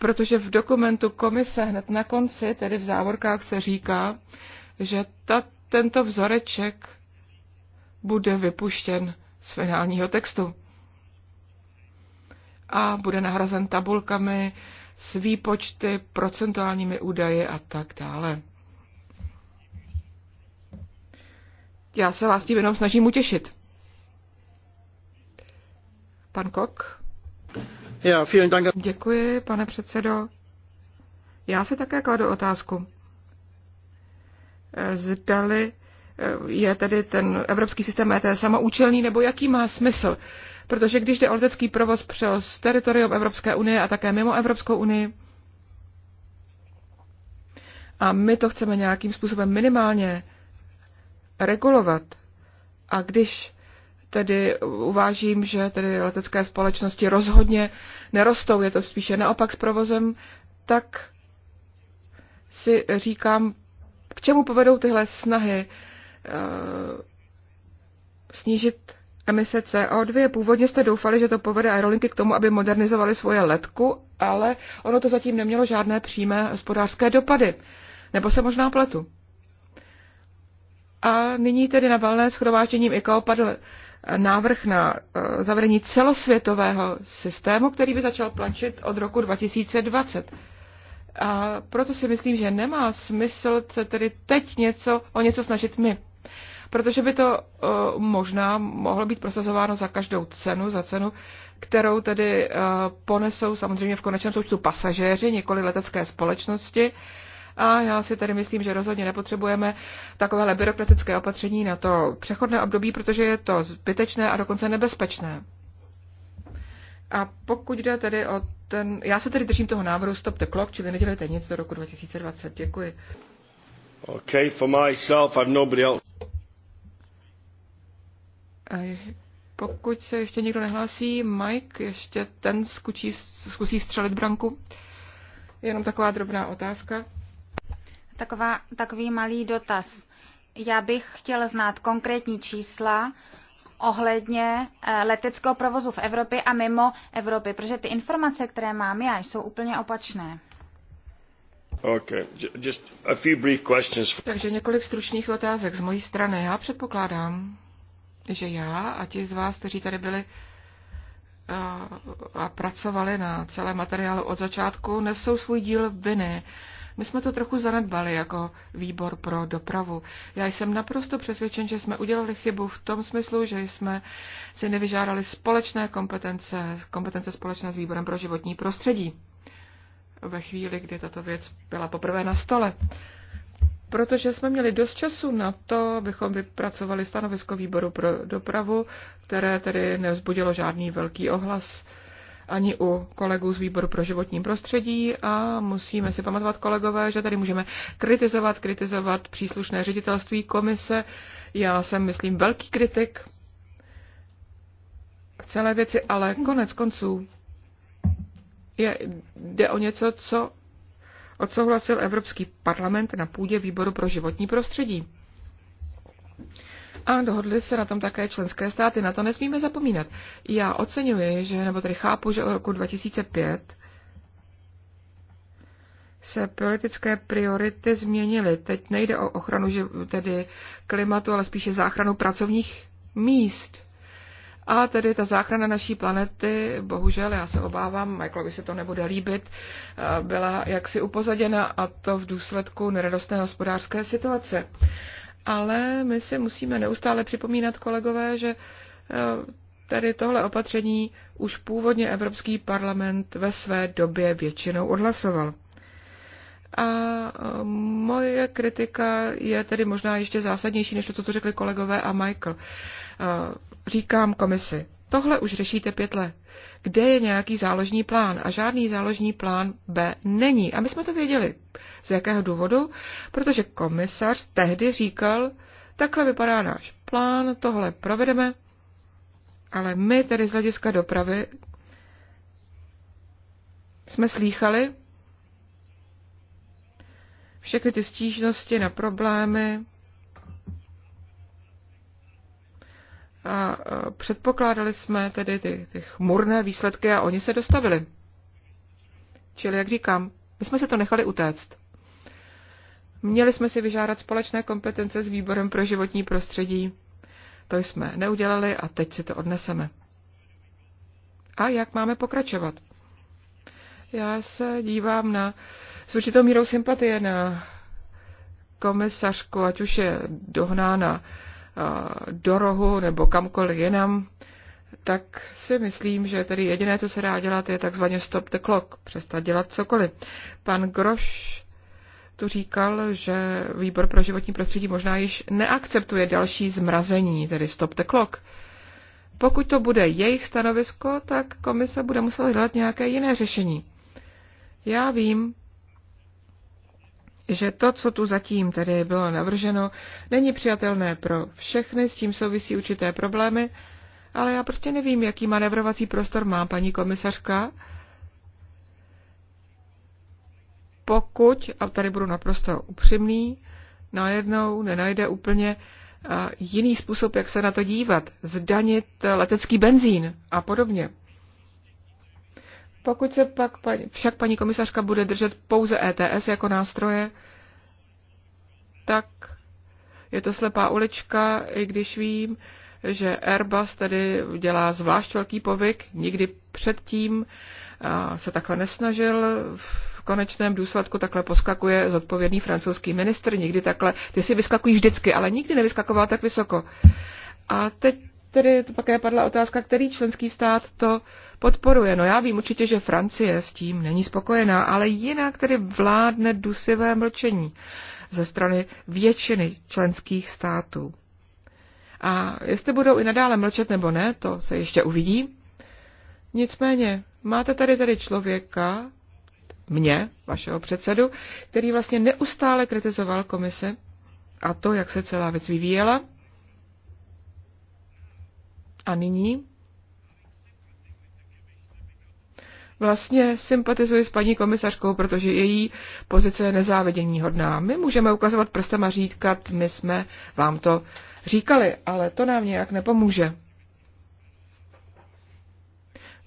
protože v dokumentu komise hned na konci, tedy v závorkách, se říká, že ta, tento vzoreček bude vypuštěn z finálního textu a bude nahrazen tabulkami s výpočty, procentuálními údaje a tak dále. Já se vás tím jenom snažím utěšit. Pan Kok? Děkuji, pane předsedo. Já se také kladu otázku. Eh, zdali eh, je tedy ten evropský systém ETS samoučelný, nebo jaký má smysl? Protože když jde o letecký provoz přes teritorium Evropské unie a také mimo Evropskou unii, a my to chceme nějakým způsobem minimálně regulovat, a když tedy uvážím, že tedy letecké společnosti rozhodně nerostou, je to spíše naopak s provozem, tak si říkám, k čemu povedou tyhle snahy eh, snížit emise CO2. Původně jste doufali, že to povede aerolinky k tomu, aby modernizovali svoje letku, ale ono to zatím nemělo žádné přímé hospodářské dopady. Nebo se možná pletu. A nyní tedy na valné schodováčením ICAO padl návrh na eh, zavedení celosvětového systému, který by začal plačit od roku 2020. A proto si myslím, že nemá smysl se tedy teď něco, o něco snažit my. Protože by to uh, možná mohlo být prosazováno za každou cenu, za cenu, kterou tedy uh, ponesou samozřejmě v konečném součtu pasažéři, nikoli letecké společnosti. Uh, a já si tedy myslím, že rozhodně nepotřebujeme takovéhle byrokratické opatření na to přechodné období, protože je to zbytečné a dokonce nebezpečné. A pokud jde tedy o ten, já se tedy držím toho návrhu Stop the Clock, čili nedělejte nic do roku 2020. Děkuji. Okay, for myself, I've nobody else. A pokud se ještě někdo nehlásí, Mike, ještě ten zkučí, zkusí střelit branku. Jenom taková drobná otázka. Taková, takový malý dotaz. Já bych chtěl znát konkrétní čísla ohledně eh, leteckého provozu v Evropě a mimo Evropy, protože ty informace, které mám já, jsou úplně opačné. Okay. Just a few brief questions. Takže několik stručných otázek z mojí strany. Já předpokládám, že já a ti z vás, kteří tady byli a, eh, a pracovali na celém materiálu od začátku, nesou svůj díl viny my jsme to trochu zanedbali jako výbor pro dopravu. Já jsem naprosto přesvědčen, že jsme udělali chybu v tom smyslu, že jsme si nevyžádali společné kompetence, kompetence společné s výborem pro životní prostředí ve chvíli, kdy tato věc byla poprvé na stole. Protože jsme měli dost času na to, abychom vypracovali stanovisko výboru pro dopravu, které tedy nevzbudilo žádný velký ohlas ani u kolegů z výboru pro životní prostředí a musíme si pamatovat kolegové, že tady můžeme kritizovat, kritizovat příslušné ředitelství komise. Já jsem, myslím, velký kritik v celé věci, ale konec konců je, jde o něco, co odsouhlasil Evropský parlament na půdě výboru pro životní prostředí. A dohodly se na tom také členské státy. Na to nesmíme zapomínat. Já oceňuji, že, nebo tedy chápu, že od roku 2005 se politické priority změnily. Teď nejde o ochranu že, tedy klimatu, ale spíše záchranu pracovních míst. A tedy ta záchrana naší planety, bohužel, já se obávám, Michaelovi se to nebude líbit, eh, byla jaksi upozaděna a to v důsledku neradostné hospodářské situace ale my si musíme neustále připomínat, kolegové, že eh, tady tohle opatření už původně Evropský parlament ve své době většinou odhlasoval. A eh, moje kritika je tedy možná ještě zásadnější, než to, co tu řekli kolegové a Michael. Eh, říkám komisi, Tohle už řešíte pět let, kde je nějaký záložní plán a žádný záložní plán B není. A my jsme to věděli. Z jakého důvodu? Protože komisař tehdy říkal, takhle vypadá náš plán, tohle provedeme, ale my tedy z hlediska dopravy jsme slýchali všechny ty stížnosti na problémy, A předpokládali jsme tedy ty, ty chmurné výsledky a oni se dostavili. Čili, jak říkám, my jsme se to nechali utéct. Měli jsme si vyžádat společné kompetence s výborem pro životní prostředí. To jsme neudělali a teď si to odneseme. A jak máme pokračovat? Já se dívám na s určitou mírou sympatie na komisařku, ať už je dohnána do rohu nebo kamkoliv jinam, tak si myslím, že tedy jediné, co se dá dělat, je takzvaně stop the clock, přestat dělat cokoliv. Pan Groš tu říkal, že výbor pro životní prostředí možná již neakceptuje další zmrazení, tedy stop the clock. Pokud to bude jejich stanovisko, tak komise bude muset hledat nějaké jiné řešení. Já vím, že to, co tu zatím tedy bylo navrženo, není přijatelné pro všechny, s tím souvisí určité problémy, ale já prostě nevím, jaký manevrovací prostor má paní komisařka, pokud, a tady budu naprosto upřímný, najednou nenajde úplně jiný způsob, jak se na to dívat, zdanit eh, letecký benzín a podobně. Pokud se pak, paní však paní komisařka bude držet pouze ETS jako nástroje, tak je to slepá ulička, i když vím, že Airbus tedy dělá zvlášť velký povyk, nikdy předtím se takhle nesnažil, v konečném důsledku takhle poskakuje zodpovědný francouzský ministr, nikdy takhle, ty si vyskakují vždycky, ale nikdy nevyskakoval tak vysoko. A teď Tedy to také padla otázka, který členský stát to podporuje. No já vím určitě, že Francie s tím není spokojená, ale jinak tedy vládne dusivé mlčení ze strany většiny členských států. A jestli budou i nadále mlčet nebo ne, to se ještě uvidí. Nicméně, máte tady tady člověka, mě, vašeho předsedu, který vlastně neustále kritizoval komise a to, jak se celá věc vyvíjela, a nyní vlastně sympatizuji s paní komisařkou, protože její pozice je nezávidění hodná. My můžeme ukazovat prstem a říkat, my jsme vám to říkali, ale to nám nějak nepomůže.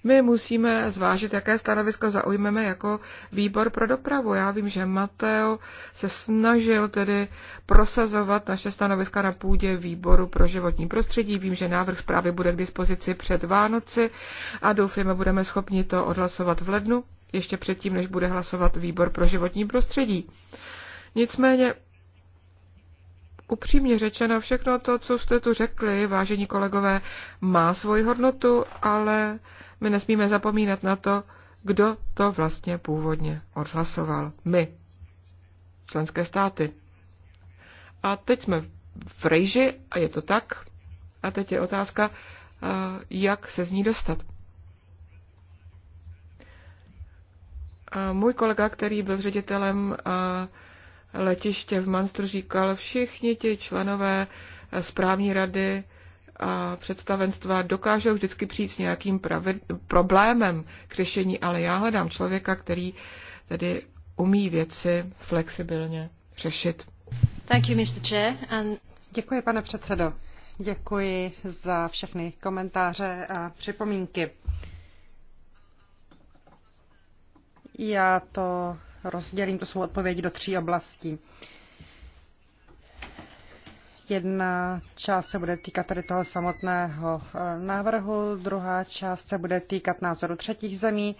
My musíme zvážit, jaké stanovisko zaujmeme jako výbor pro dopravu. Já vím, že Mateo se snažil tedy prosazovat naše stanoviska na půdě výboru pro životní prostředí. Vím, že návrh zprávy bude k dispozici před Vánoci a doufáme, budeme schopni to odhlasovat v lednu, ještě předtím, než bude hlasovat výbor pro životní prostředí. Nicméně upřímně řečeno, všechno to, co jste tu řekli, vážení kolegové, má svoji hodnotu, ale my nesmíme zapomínat na to, kdo to vlastně původně odhlasoval. My, členské státy. A teď jsme v rejži a je to tak. A teď je otázka, jak se z ní dostat. A můj kolega, který byl ředitelem letiště v Manstru říkal, všichni ti členové eh, správní rady a představenstva dokážou vždycky přijít s nějakým pravi, problémem k řešení, ale já hledám člověka, který tedy umí věci flexibilně řešit. Thank you, Mr. Chair, and... Děkuji, pane předsedo. Děkuji za všechny komentáře a připomínky. Já to rozdělím tu svou odpověď do tří oblastí. Jedna část se bude týkat tady toho samotného eh, návrhu, druhá část se bude týkat názoru třetích zemí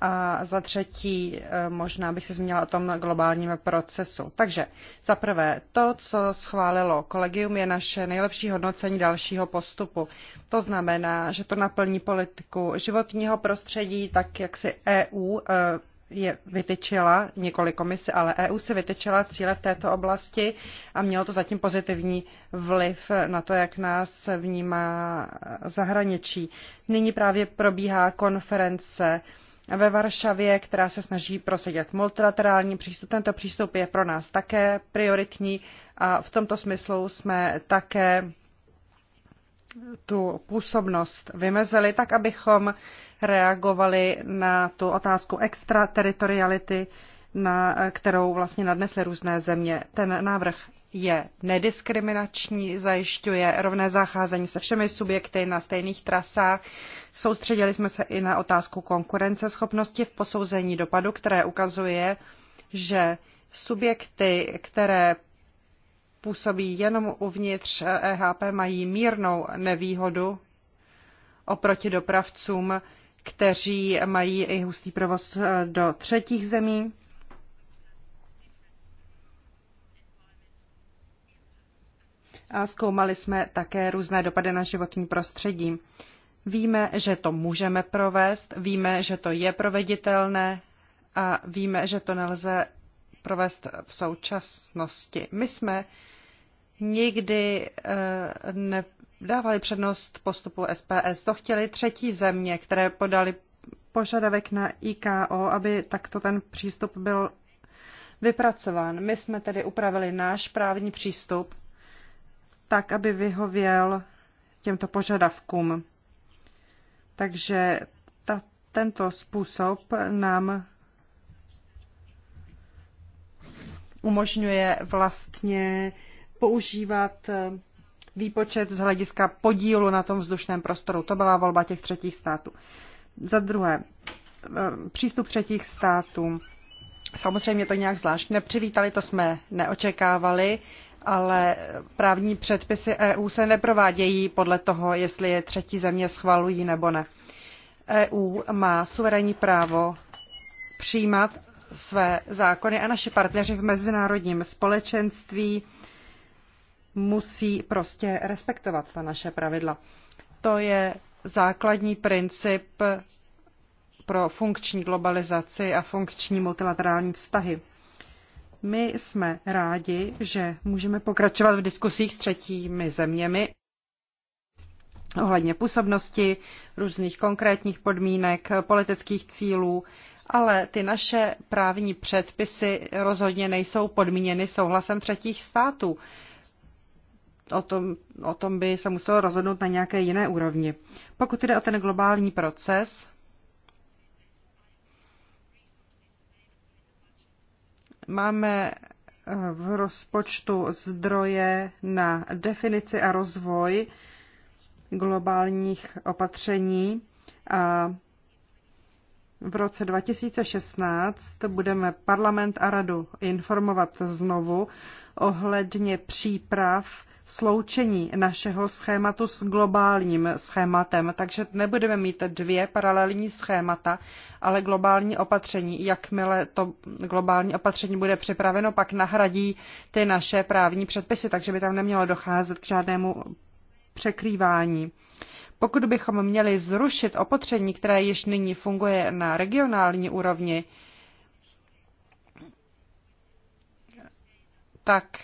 a za třetí eh, možná bych se zmínila o tom globálním procesu. Takže za prvé, to, co schválilo kolegium, je naše nejlepší hodnocení dalšího postupu. To znamená, že to naplní politiku životního prostředí, tak jak si EU eh, je vytyčila, nikoli komise, ale EU se vytyčila cíle v této oblasti a mělo to zatím pozitivní vliv na to, jak nás vnímá zahraničí. Nyní právě probíhá konference ve Varšavě, která se snaží prosadit multilaterální přístup. Tento přístup je pro nás také prioritní a v tomto smyslu jsme také tu působnost vymezili, tak abychom reagovali na tu otázku extrateritoriality, na kterou vlastně nadnesly různé země. Ten návrh je nediskriminační, zajišťuje rovné zacházení se všemi subjekty na stejných trasách. Soustředili jsme se i na otázku konkurenceschopnosti v posouzení dopadu, které ukazuje, že subjekty, které působí jenom uvnitř EHP, mají mírnou nevýhodu oproti dopravcům, kteří mají i hustý provoz eh, do třetích zemí. A zkoumali jsme také různé dopady na životní prostředí. Víme, že to můžeme provést, víme, že to je proveditelné a víme, že to nelze provést v současnosti. My jsme nikdy eh, nedávali přednost postupu SPS. To chtěli třetí země, které podali požadavek na IKO, aby takto ten přístup byl vypracován. My jsme tedy upravili náš právní přístup tak, aby vyhověl těmto požadavkům. Takže ta, tento způsob nám umožňuje vlastně používat eh, výpočet z hlediska podílu na tom vzdušném prostoru. To byla volba těch třetích států. Za druhé, eh, přístup třetích států. Samozřejmě to nějak zvlášť nepřivítali, to jsme neočekávali, ale právní předpisy EU se neprovádějí podle toho, jestli je třetí země schvalují nebo ne. EU má suverénní právo přijímat své zákony a naši partneři v mezinárodním společenství musí prostě respektovat ta naše pravidla. To je základní princip pro funkční globalizaci a funkční multilaterální vztahy. My jsme rádi, že můžeme pokračovat v diskusích s třetími zeměmi ohledně působnosti, různých konkrétních podmínek, politických cílů, ale ty naše právní předpisy rozhodně nejsou podmíněny souhlasem třetích států o tom, o tom by se muselo rozhodnout na nějaké jiné úrovni. Pokud jde o ten globální proces, máme eh, v rozpočtu zdroje na definici a rozvoj globálních opatření a v roce 2016 budeme parlament a radu informovat znovu ohledně příprav sloučení našeho schématu s globálním schématem. Takže nebudeme mít dvě paralelní schémata, ale globální opatření. Jakmile to globální opatření bude připraveno, pak nahradí ty naše právní předpisy, takže by tam nemělo docházet k žádnému překrývání. Pokud bychom měli zrušit opatření, které již nyní funguje na regionální úrovni, tak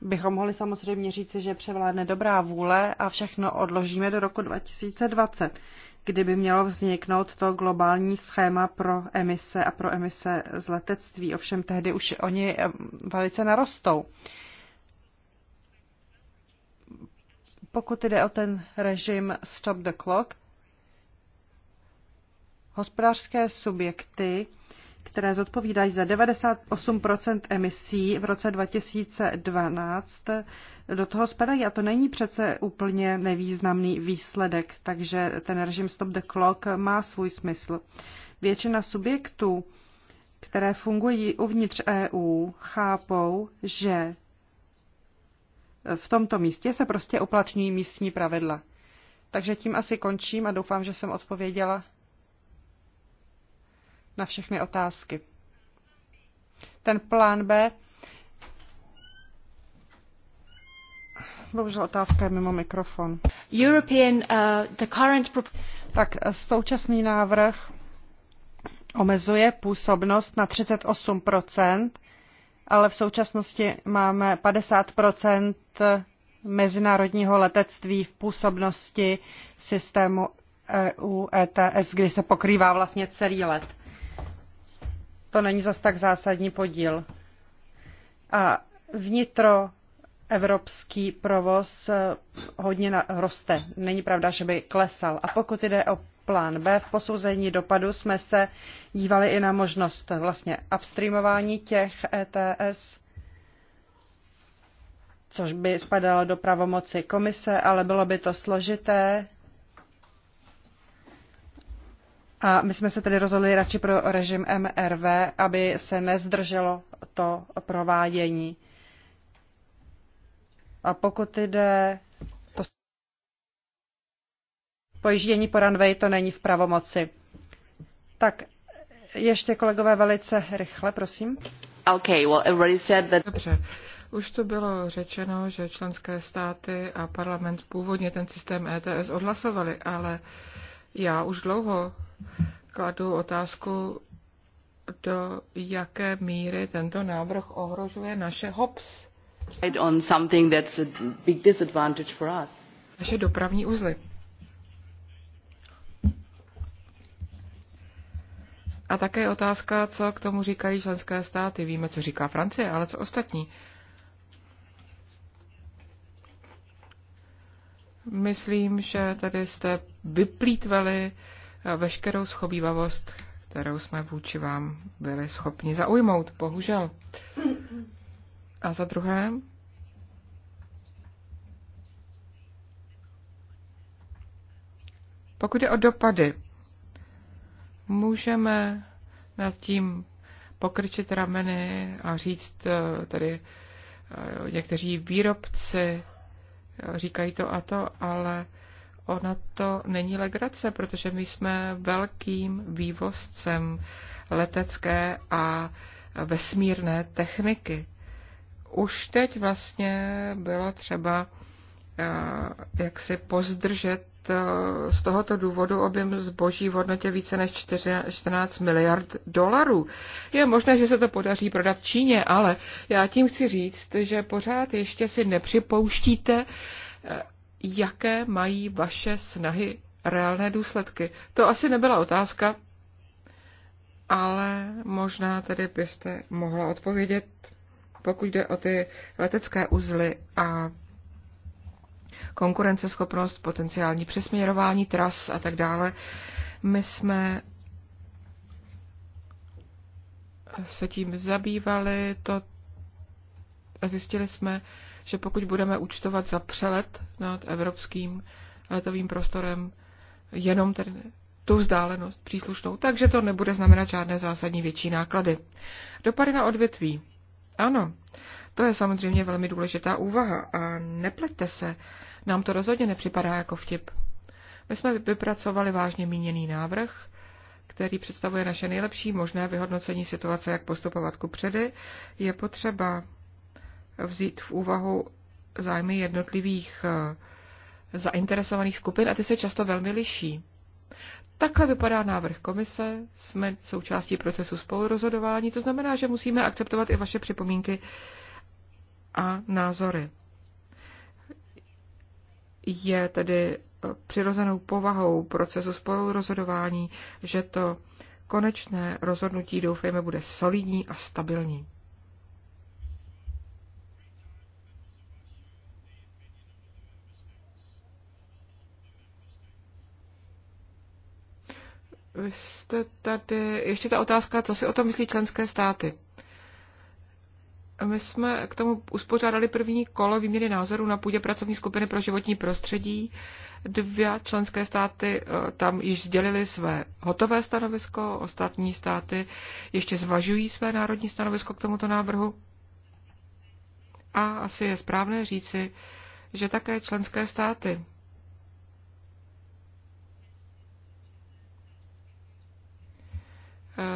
bychom mohli samozřejmě říci, že převládne dobrá vůle a všechno odložíme do roku 2020, kdyby mělo vzniknout to globální schéma pro emise a pro emise z letectví. Ovšem tehdy už oni eh, velice narostou. Pokud jde o ten režim Stop the Clock, hospodářské subjekty které zodpovídají za 98 emisí v roce 2012, do toho spadají. A to není přece úplně nevýznamný výsledek, takže ten režim Stop the Clock má svůj smysl. Většina subjektů, které fungují uvnitř EU, chápou, že v tomto místě se prostě uplatňují místní pravidla. Takže tím asi končím a doufám, že jsem odpověděla na všechny otázky. Ten plán B. Bohužel otázka je mimo mikrofon. European, uh, the current... Tak eh, současný návrh omezuje působnost na 38 ale v současnosti máme 50 mezinárodního letectví v působnosti systému EU ETS, kdy se pokrývá vlastně celý let to není zas tak zásadní podíl. A vnitro evropský provoz eh, hodně roste. Není pravda, že by klesal. A pokud jde o plán B, v posouzení dopadu jsme se dívali i na možnost vlastně upstreamování těch ETS, což by spadalo do pravomoci komise, ale bylo by to složité a my jsme se tedy rozhodli radši pro režim MRV, aby se nezdrželo to provádění. A pokud jde to pojíždění po runway, to není v pravomoci. Tak ještě kolegové velice rychle, prosím. Okay, well, everybody said that... Dobře. Už to bylo řečeno, že členské státy a parlament původně ten systém ETS odhlasovali, ale já už dlouho kladu otázku, do jaké míry tento návrh ohrožuje naše hops. On something that's a big disadvantage for us. Naše dopravní uzly. A také otázka, co k tomu říkají členské státy. Víme, co říká Francie, ale co ostatní. Myslím, že tady jste vyplítvali veškerou schobývavost, kterou jsme vůči vám byli schopni zaujmout, bohužel. A za druhé, pokud je o dopady, můžeme nad tím pokrčit rameny a říct eh, tady eh, někteří výrobci říkají to a to, ale ona to není legrace, protože my jsme velkým vývozcem letecké a vesmírné techniky. Už teď vlastně bylo třeba eh, jak si pozdržet eh, z tohoto důvodu objem zboží v hodnotě více než 14 miliard dolarů. Je možné, že se to podaří prodat Číně, ale já tím chci říct, že pořád ještě si nepřipouštíte eh, jaké mají vaše snahy reálné důsledky. To asi nebyla otázka, ale možná tedy byste mohla odpovědět, pokud jde o ty letecké uzly a konkurenceschopnost, potenciální přesměrování tras a tak dále. My jsme se tím zabývali, to zjistili jsme, že pokud budeme účtovat za přelet nad evropským letovým prostorem jenom ten, tu vzdálenost příslušnou, takže to nebude znamenat žádné zásadní větší náklady. Dopady na odvětví. Ano, to je samozřejmě velmi důležitá úvaha a nepleťte se, nám to rozhodně nepřipadá jako vtip. My jsme vypracovali vážně míněný návrh, který představuje naše nejlepší možné vyhodnocení situace, jak postupovat ku předy. Je potřeba vzít v úvahu zájmy jednotlivých eh, zainteresovaných skupin a ty se často velmi liší. Takhle vypadá návrh komise, jsme součástí procesu spolurozhodování, to znamená, že musíme akceptovat i vaše připomínky a názory. Je tedy eh, přirozenou povahou procesu spolurozhodování, že to konečné rozhodnutí, doufejme, bude solidní a stabilní. Vy jste tady, ještě ta otázka, co si o tom myslí členské státy. My jsme k tomu uspořádali první kolo výměny názorů na půdě pracovní skupiny pro životní prostředí. Dvě členské státy eh, tam již sdělili své hotové stanovisko, ostatní státy ještě zvažují své národní stanovisko k tomuto návrhu. A asi je správné říci, že také členské státy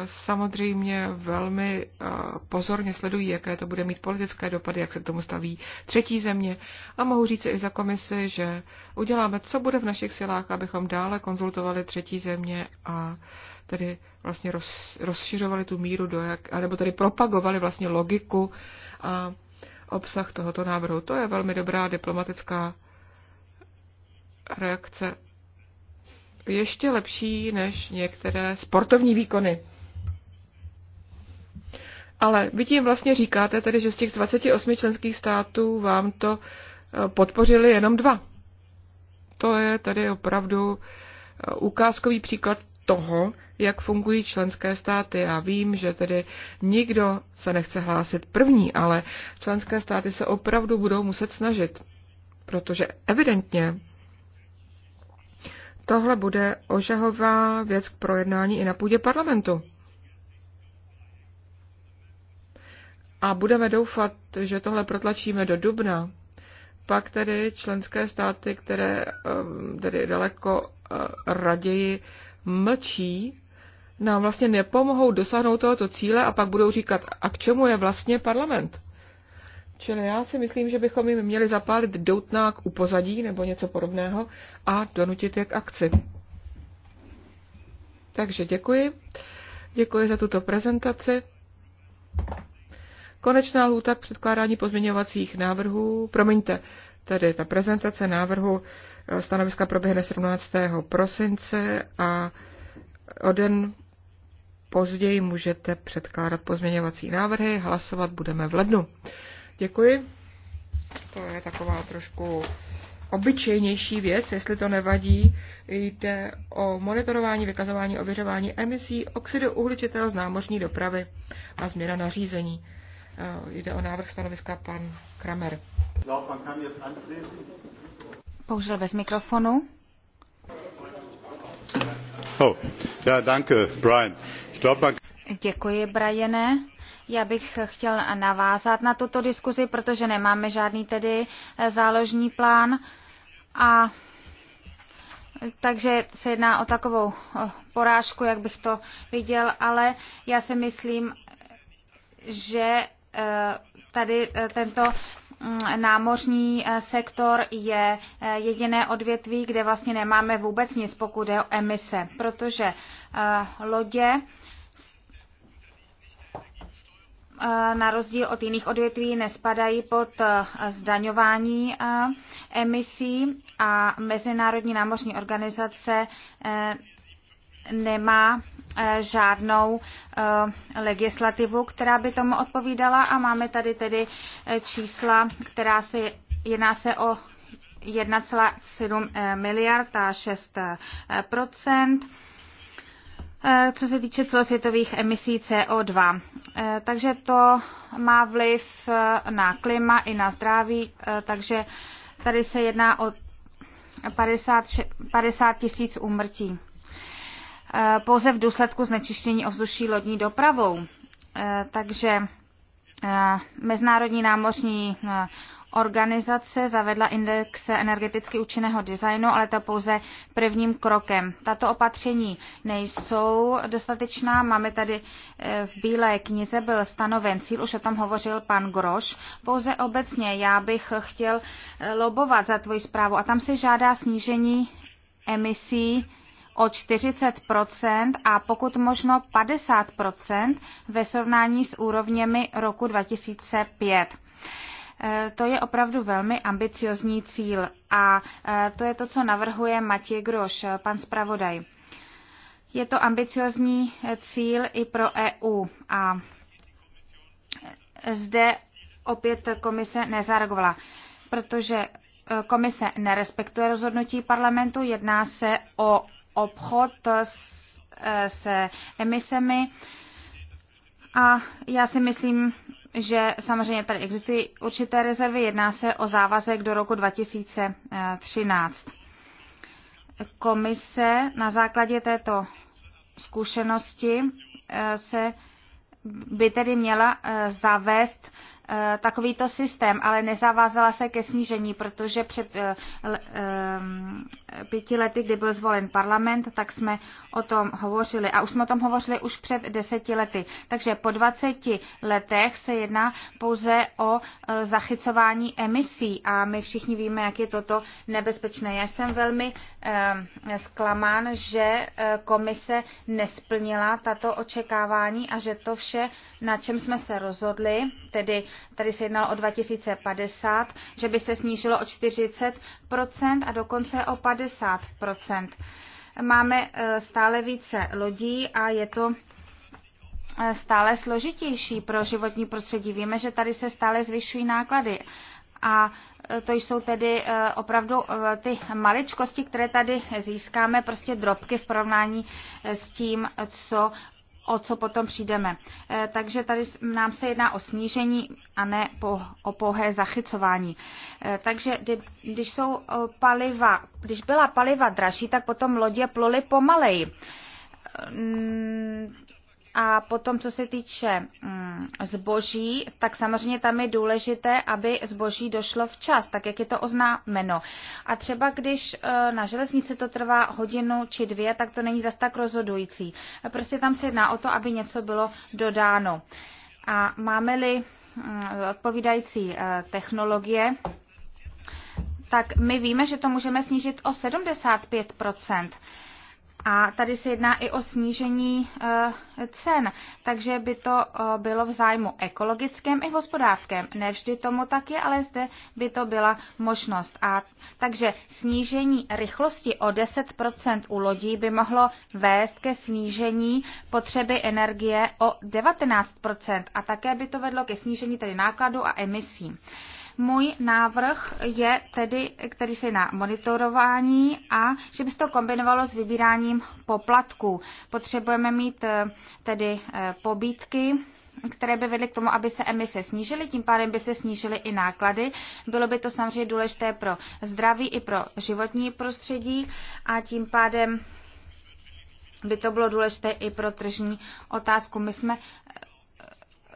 samozřejmě velmi eh, pozorně sledují, jaké to bude mít politické dopady, jak se k tomu staví třetí země. A mohu říct i za komisi, že uděláme, co bude v našich silách, abychom dále konzultovali třetí země a tedy vlastně roz, rozšiřovali tu míru, do jak, nebo tedy propagovali vlastně logiku a obsah tohoto návrhu. To je velmi dobrá diplomatická reakce ještě lepší než některé sportovní výkony. Ale vy tím vlastně říkáte tedy, že z těch 28 členských států vám to eh, podpořili jenom dva. To je tedy opravdu eh, ukázkový příklad toho, jak fungují členské státy. Já vím, že tedy nikdo se nechce hlásit první, ale členské státy se opravdu budou muset snažit, protože evidentně tohle bude ožahová věc k projednání i na půdě parlamentu. a budeme doufat, že tohle protlačíme do dubna, pak tedy členské státy, které um, tedy daleko uh, raději mlčí, nám vlastně nepomohou dosáhnout tohoto cíle a pak budou říkat, a k čemu je vlastně parlament? Čili já si myslím, že bychom jim měli zapálit doutnák u pozadí nebo něco podobného a donutit je k akci. Takže děkuji. Děkuji za tuto prezentaci. Konečná lhůta k předkládání pozměňovacích návrhů, promiňte, tedy ta prezentace návrhu eh, stanoviska proběhne 17. prosince a o den později můžete předkládat pozměňovací návrhy, hlasovat budeme v lednu. Děkuji. To je taková trošku obyčejnější věc, jestli to nevadí, jde o monitorování, vykazování, ověřování emisí oxidu uhličitého z námořní dopravy a změna nařízení. Eh, jde o návrh stanoviska pan Kramer. Bohužel bez mikrofonu. Oh, ja, danke, Brian. Ich glaub, man... Děkuji, Briane. Já bych chtěl navázat na tuto diskuzi, protože nemáme žádný tedy eh, záložní plán. A takže se jedná o takovou eh, porážku, jak bych to viděl, ale já si myslím, že Eh, tady eh, tento mm, námořní eh, sektor je jediné odvětví, kde vlastně nemáme vůbec nic, pokud je o emise, protože lodě na rozdíl od jiných odvětví nespadají pod zdaňování emisí a Mezinárodní námořní organizace nemá Eh, žádnou eh, legislativu, která by tomu odpovídala a máme tady tedy eh, čísla, která se jedná se o 1,7 miliard a 6 co se týče celosvětových emisí CO2. Takže to má vliv na klima i na zdraví, takže tady se jedná o 50, tisíc úmrtí. Eh, pouze v důsledku znečištění ovzduší lodní dopravou. Eh, takže eh, Mezinárodní námořní organizace zavedla index energeticky účinného designu, ale to pouze prvním krokem. Tato opatření nejsou dostatečná. Máme tady v Bílé knize byl stanoven cíl, už o tom hovořil pan Groš. Pouze obecně já bych chtěl lobovat za tvoji zprávu a tam se žádá snížení emisí o 40 a pokud možno 50 ve srovnání s úrovněmi roku 2005. E, to je opravdu velmi ambiciozní cíl a e, to je to, co navrhuje Matěj Groš, pan zpravodaj. Je to ambiciozní e, cíl i pro EU a zde opět komise nezareagovala, protože komise nerespektuje rozhodnutí parlamentu, jedná se o obchod s, e, se emisemi. A já si myslím, že samozřejmě tady existují určité rezervy. Jedná se o závazek do roku 2013. Komise na základě této zkušenosti e, se by tedy měla e, zavést Eh, takovýto systém, ale nezavázala se ke snížení, protože před eh, eh, pěti lety, kdy byl zvolen parlament, tak jsme o tom hovořili a už jsme o tom hovořili už před deseti lety. Takže po 20 letech se jedná pouze o zachycování emisí a my všichni víme, jak je toto nebezpečné. Já jsem velmi zklamán, že komise nesplnila tato očekávání a že to vše, na čem jsme se rozhodli, tedy tady se jednalo o 2050, že by se snížilo o 40 a dokonce o 50 Máme eh, stále více lodí a je to eh, stále složitější pro životní prostředí. Víme, že tady se stále zvyšují náklady. A eh, to jsou tedy opravdu ty maličkosti, které tady získáme, prostě drobky v porovnání s tím, co o co potom přijdeme. Eh, takže tady nám se jedná o snížení a ne po, o pouhé zachycování. Eh, takže když, jsou eh, paliva, když byla paliva dražší, tak potom lodě ploly pomaleji a potom, co se týče mm, zboží, tak samozřejmě tam je důležité, aby zboží došlo včas, tak jak je to oznámeno. A třeba když e, na železnici to trvá hodinu či dvě, tak to není zas tak rozhodující. Prostě tam se jedná o to, aby něco bylo dodáno. A máme-li mm, odpovídající e, technologie, tak my víme, že to můžeme snížit o 75 a tady se jedná i o snížení eh, cen, takže by to eh, bylo v zájmu ekologickém i hospodářském. Nevždy tomu tak je, ale zde by to byla možnost. A takže snížení rychlosti o 10% u lodí by mohlo vést ke snížení potřeby energie o 19% a také by to vedlo ke snížení tedy nákladu a emisí. Můj návrh je tedy, který se na monitorování a že by se to kombinovalo s vybíráním poplatků. Potřebujeme mít eh, tedy eh, pobítky které by vedly k tomu, aby se emise snížily, tím pádem by se snížily i náklady. Bylo by to samozřejmě důležité pro zdraví i pro životní prostředí a tím pádem by to bylo důležité i pro tržní otázku. My jsme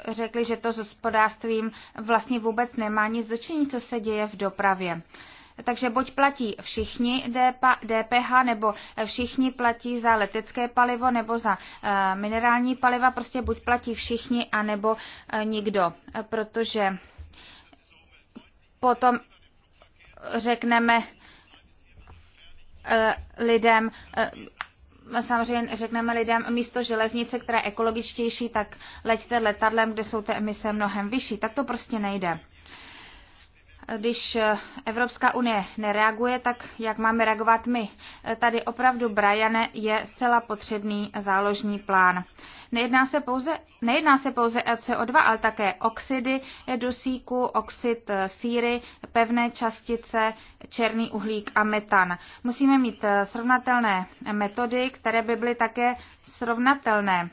řekli, že to s hospodářstvím vlastně vůbec nemá nic dočení, co se děje v dopravě. Takže buď platí všichni DPH, nebo všichni platí za letecké palivo, nebo za eh, minerální paliva, prostě buď platí všichni, anebo eh, nikdo, protože potom řekneme eh, lidem, samozřejmě řekneme lidem, místo železnice, která je ekologičtější, tak leďte letadlem, kde jsou ty emise mnohem vyšší. Tak to prostě nejde když Evropská unie nereaguje, tak jak máme reagovat my? Tady opravdu, Brajane, je zcela potřebný záložní plán. Nejedná se pouze, nejedná se pouze CO2, ale také oxidy dusíku, oxid síry, pevné částice, černý uhlík a metan. Musíme mít srovnatelné metody, které by byly také srovnatelné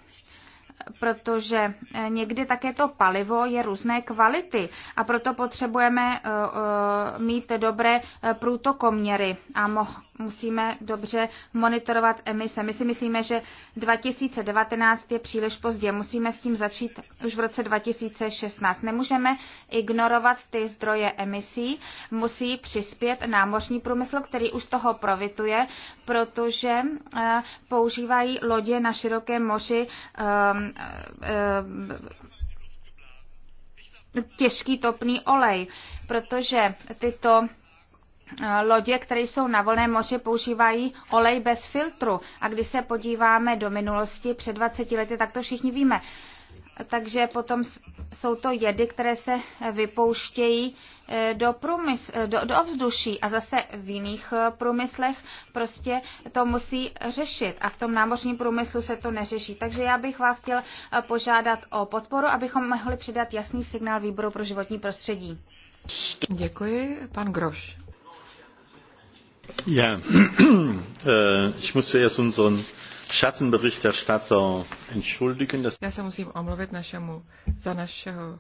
protože eh, někdy také to palivo je různé kvality a proto potřebujeme eh, eh, mít dobré průtokoměry a musíme dobře monitorovat emise. My si myslíme, že 2019 je příliš pozdě. Musíme s tím začít už v roce 2016. Nemůžeme ignorovat ty zdroje emisí. Musí přispět námořní průmysl, který už toho provituje, protože používají lodě na širokém moři um, Eh, eh, těžký topný olej, protože tyto eh, lodě, které jsou na volné moři, používají olej bez filtru. A když se podíváme do minulosti, před 20 lety, tak to všichni víme takže potom jsou to jedy, které se vypouštějí eh, do, průmysl, eh, do, do ovzduší a zase v jiných eh, průmyslech prostě to musí řešit a v tom námořním průmyslu se to neřeší. Takže já bych vás chtěl požádat o podporu, abychom mohli přidat jasný signál výboru pro životní prostředí. Děkuji. Pan Groš. Ja, äh, ich muss zuerst unseren Schattenberichterstatter entschuldigen. Dass Já se musím omluvit našemu, za našeho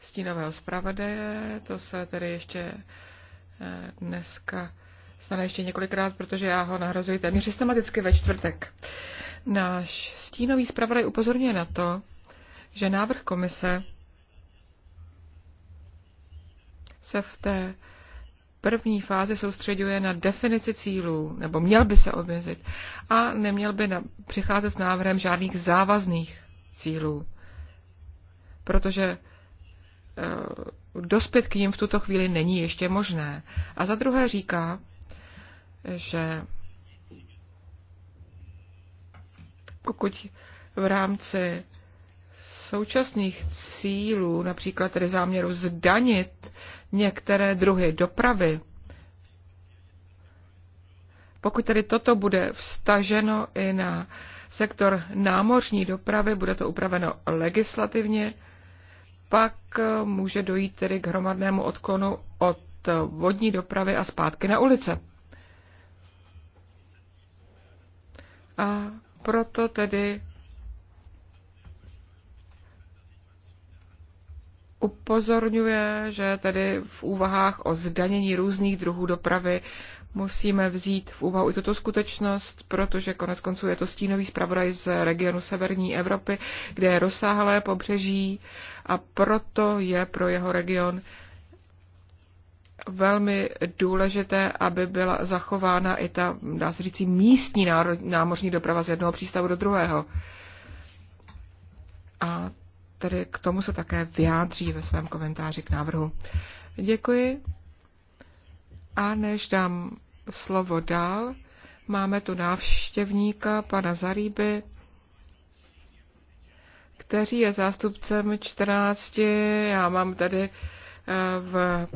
stínového zpravodaje, to se tedy ještě eh, dneska stane ještě několikrát, protože já ho nahrazuji téměř systematicky ve čtvrtek. Náš stínový zpravodaj upozorňuje na to, že návrh komise se v té první fázi soustředuje na definici cílů, nebo měl by se omezit, a neměl by na, přicházet s návrhem žádných závazných cílů, protože eh, dospět k ním v tuto chvíli není ještě možné. A za druhé říká, že pokud v rámci současných cílů, například tedy záměru zdanit některé druhy dopravy, pokud tedy toto bude vstaženo i na sektor námořní dopravy, bude to upraveno legislativně, pak eh, může dojít tedy k hromadnému odklonu od vodní dopravy a zpátky na ulice. A proto tedy upozorňuje, že tedy v úvahách o zdanění různých druhů dopravy musíme vzít v úvahu i tuto skutečnost, protože konec konců je to stínový zpravodaj z regionu severní Evropy, kde je rozsáhlé pobřeží a proto je pro jeho region velmi důležité, aby byla zachována i ta, dá se říct, místní námořní doprava z jednoho přístavu do druhého. A tedy k tomu se také vyjádří ve svém komentáři k návrhu. Děkuji. A než dám slovo dál, máme tu návštěvníka pana Zaríby, který je zástupcem 14. Já mám tady eh, v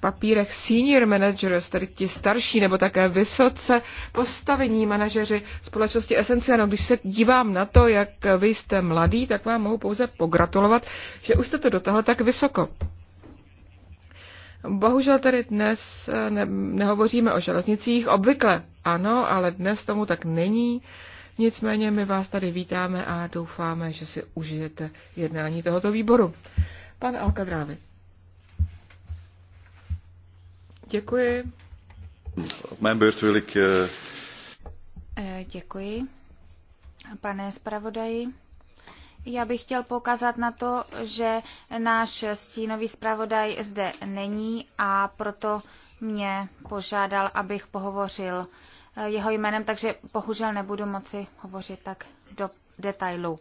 papírech senior managers, tedy ti starší nebo také vysoce postavení manažeři společnosti No, Když se dívám na to, jak vy jste mladý, tak vám mohu pouze pogratulovat, že už jste to dotáhl tak vysoko. Bohužel tady dnes eh, ne- nehovoříme o železnicích, obvykle ano, ale dnes tomu tak není. Nicméně my vás tady vítáme a doufáme, že si užijete jednání tohoto výboru. Pan Drávit. Děkuji. Äh, eh, děkuji. Pane zpravodaji, já bych chtěl poukázat na to, že náš stínový zpravodaj zde není a proto mě požádal, abych pohovořil eh, jeho jménem, takže bohužel nebudu moci hovořit tak do detailu.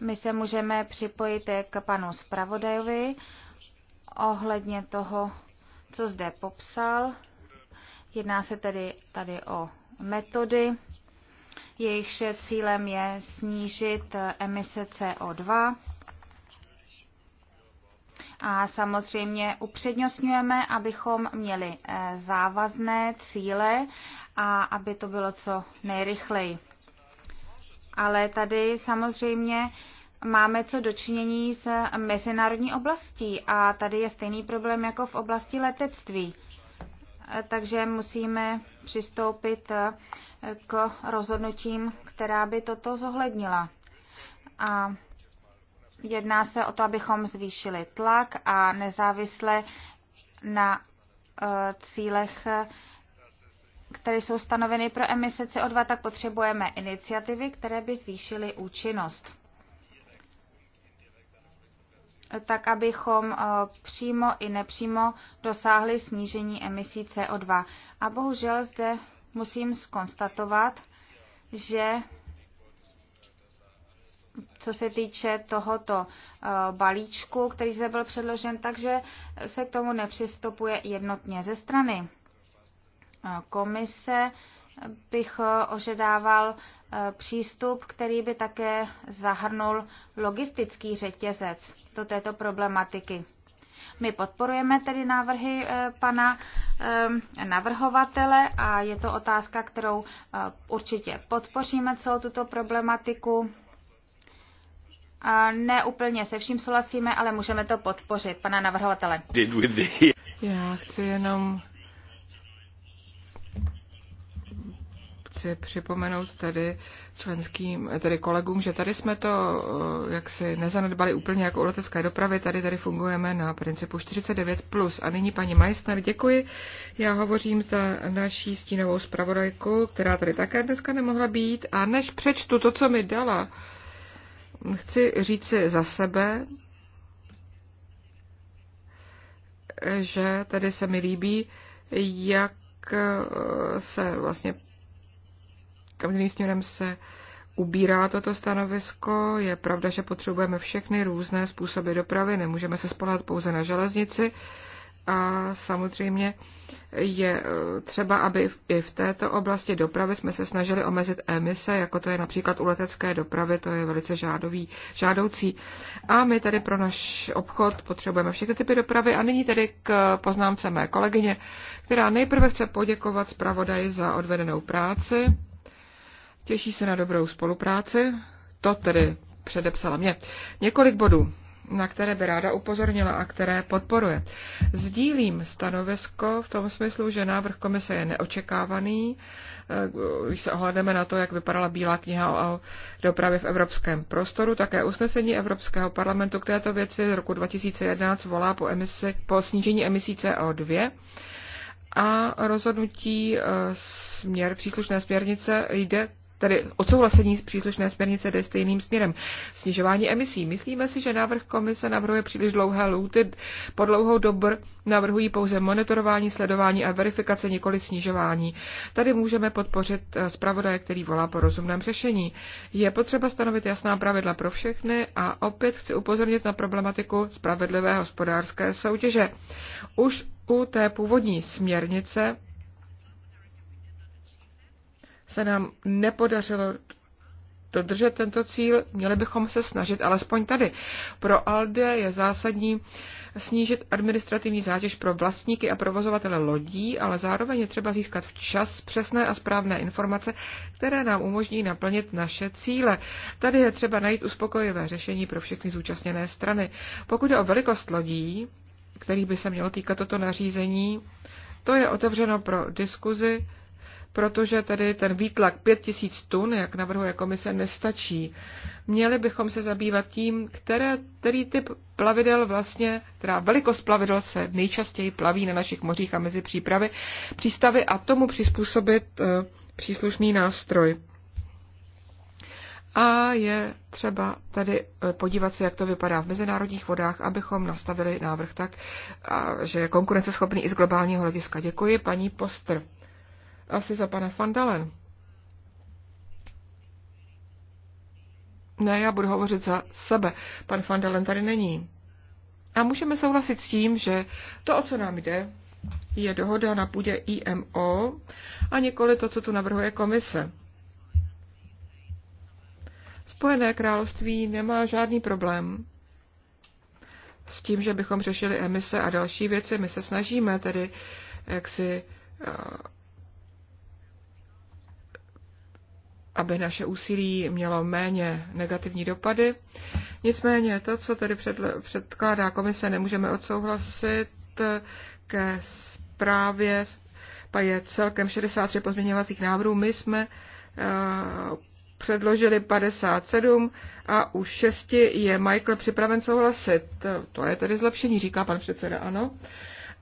My se můžeme připojit k panu zpravodajovi ohledně toho, co zde popsal. Jedná se tedy tady o metody, jejichž cílem je snížit emise CO2. A samozřejmě upřednostňujeme, abychom měli eh, závazné cíle a aby to bylo co nejrychleji. Ale tady samozřejmě máme co dočinění s mezinárodní oblastí a tady je stejný problém jako v oblasti letectví. Takže musíme přistoupit k rozhodnutím, která by toto zohlednila. A jedná se o to, abychom zvýšili tlak a nezávisle na eh, cílech které jsou stanoveny pro emise CO2, tak potřebujeme iniciativy, které by zvýšily účinnost tak abychom eh, přímo i nepřímo dosáhli snížení emisí CO2. A bohužel zde musím skonstatovat, že co se týče tohoto eh, balíčku, který zde byl předložen, takže se k tomu nepřistupuje jednotně ze strany eh, komise bych eh, ožedával eh, přístup, který by také zahrnul logistický řetězec do této problematiky. My podporujeme tedy návrhy eh, pana navrhovatele a je to otázka, kterou určitě podpoříme celou tuto problematiku. Ne úplně se vším souhlasíme, ale můžeme to podpořit, pana navrhovatele. Já chci jenom chci připomenout tady členským, tedy kolegům, že tady jsme to eh, jak si nezanedbali úplně jako u letecké dopravy, tady tady fungujeme na principu 49+. Plus. A nyní paní Majstner, děkuji. Já hovořím za naší stínovou zpravodajku, která tady také dneska nemohla být. A než přečtu to, co mi dala, chci říci za sebe, že tady se mi líbí, jak eh, se vlastně kterým směrem se ubírá toto stanovisko. Je pravda, že potřebujeme všechny různé způsoby dopravy, nemůžeme se spolehat pouze na železnici a samozřejmě je eh, třeba, aby i v této oblasti dopravy jsme se snažili omezit emise, jako to je například u letecké dopravy, to je velice žádový, žádoucí. A my tady pro náš obchod potřebujeme všechny typy dopravy. A nyní tedy k poznámce mé kolegyně, která nejprve chce poděkovat zpravodaji za odvedenou práci. Těší se na dobrou spolupráci. To tedy předepsala mě. Několik bodů, na které by ráda upozornila a které podporuje. Sdílím stanovisko v tom smyslu, že návrh komise je neočekávaný, eh, když se ohledeme na to, jak vypadala Bílá kniha o dopravě v evropském prostoru. Také usnesení Evropského parlamentu k této věci z roku 2011 volá po, emisi, po snížení emisí CO2 a rozhodnutí eh, směr, příslušné směrnice jde tedy odsouhlasení příslušné směrnice jde stejným směrem. Snižování emisí. Myslíme si, že návrh komise navrhuje příliš dlouhé lůty. Po dlouhou dobu navrhují pouze monitorování, sledování a verifikace, nikoli snižování. Tady můžeme podpořit eh, zpravodaje, který volá po rozumném řešení. Je potřeba stanovit jasná pravidla pro všechny a opět chci upozornit na problematiku spravedlivé hospodářské soutěže. Už u té původní směrnice se nám nepodařilo dodržet tento cíl, měli bychom se snažit alespoň tady. Pro ALDE je zásadní snížit administrativní zátěž pro vlastníky a provozovatele lodí, ale zároveň je třeba získat včas přesné a správné informace, které nám umožní naplnit naše cíle. Tady je třeba najít uspokojivé řešení pro všechny zúčastněné strany. Pokud je o velikost lodí, který by se mělo týkat toto nařízení, to je otevřeno pro diskuzi protože tedy ten výtlak 5000 tun, jak navrhuje komise, nestačí. Měli bychom se zabývat tím, které, který typ plavidel vlastně, která velikost plavidel se nejčastěji plaví na našich mořích a mezi přípravy, přístavy a tomu přizpůsobit eh, příslušný nástroj. A je třeba tady eh, podívat se, jak to vypadá v mezinárodních vodách, abychom nastavili návrh tak, že je konkurenceschopný i z globálního hlediska. Děkuji, paní Postr asi za pana Fandalen. Ne, já budu hovořit za sebe. Pan Fandalen tady není. A můžeme souhlasit s tím, že to, o co nám jde, je dohoda na půdě IMO a nikoli to, co tu navrhuje komise. Spojené království nemá žádný problém s tím, že bychom řešili emise a další věci. My se snažíme tedy jak si eh, aby naše úsilí mělo méně negativní dopady. Nicméně to, co tedy předkládá komise, nemůžeme odsouhlasit ke zprávě, je celkem 63 pozměňovacích návrhů. My jsme eh, předložili 57 a u 6 je Michael připraven souhlasit. To je tedy zlepšení, říká pan předseda, ano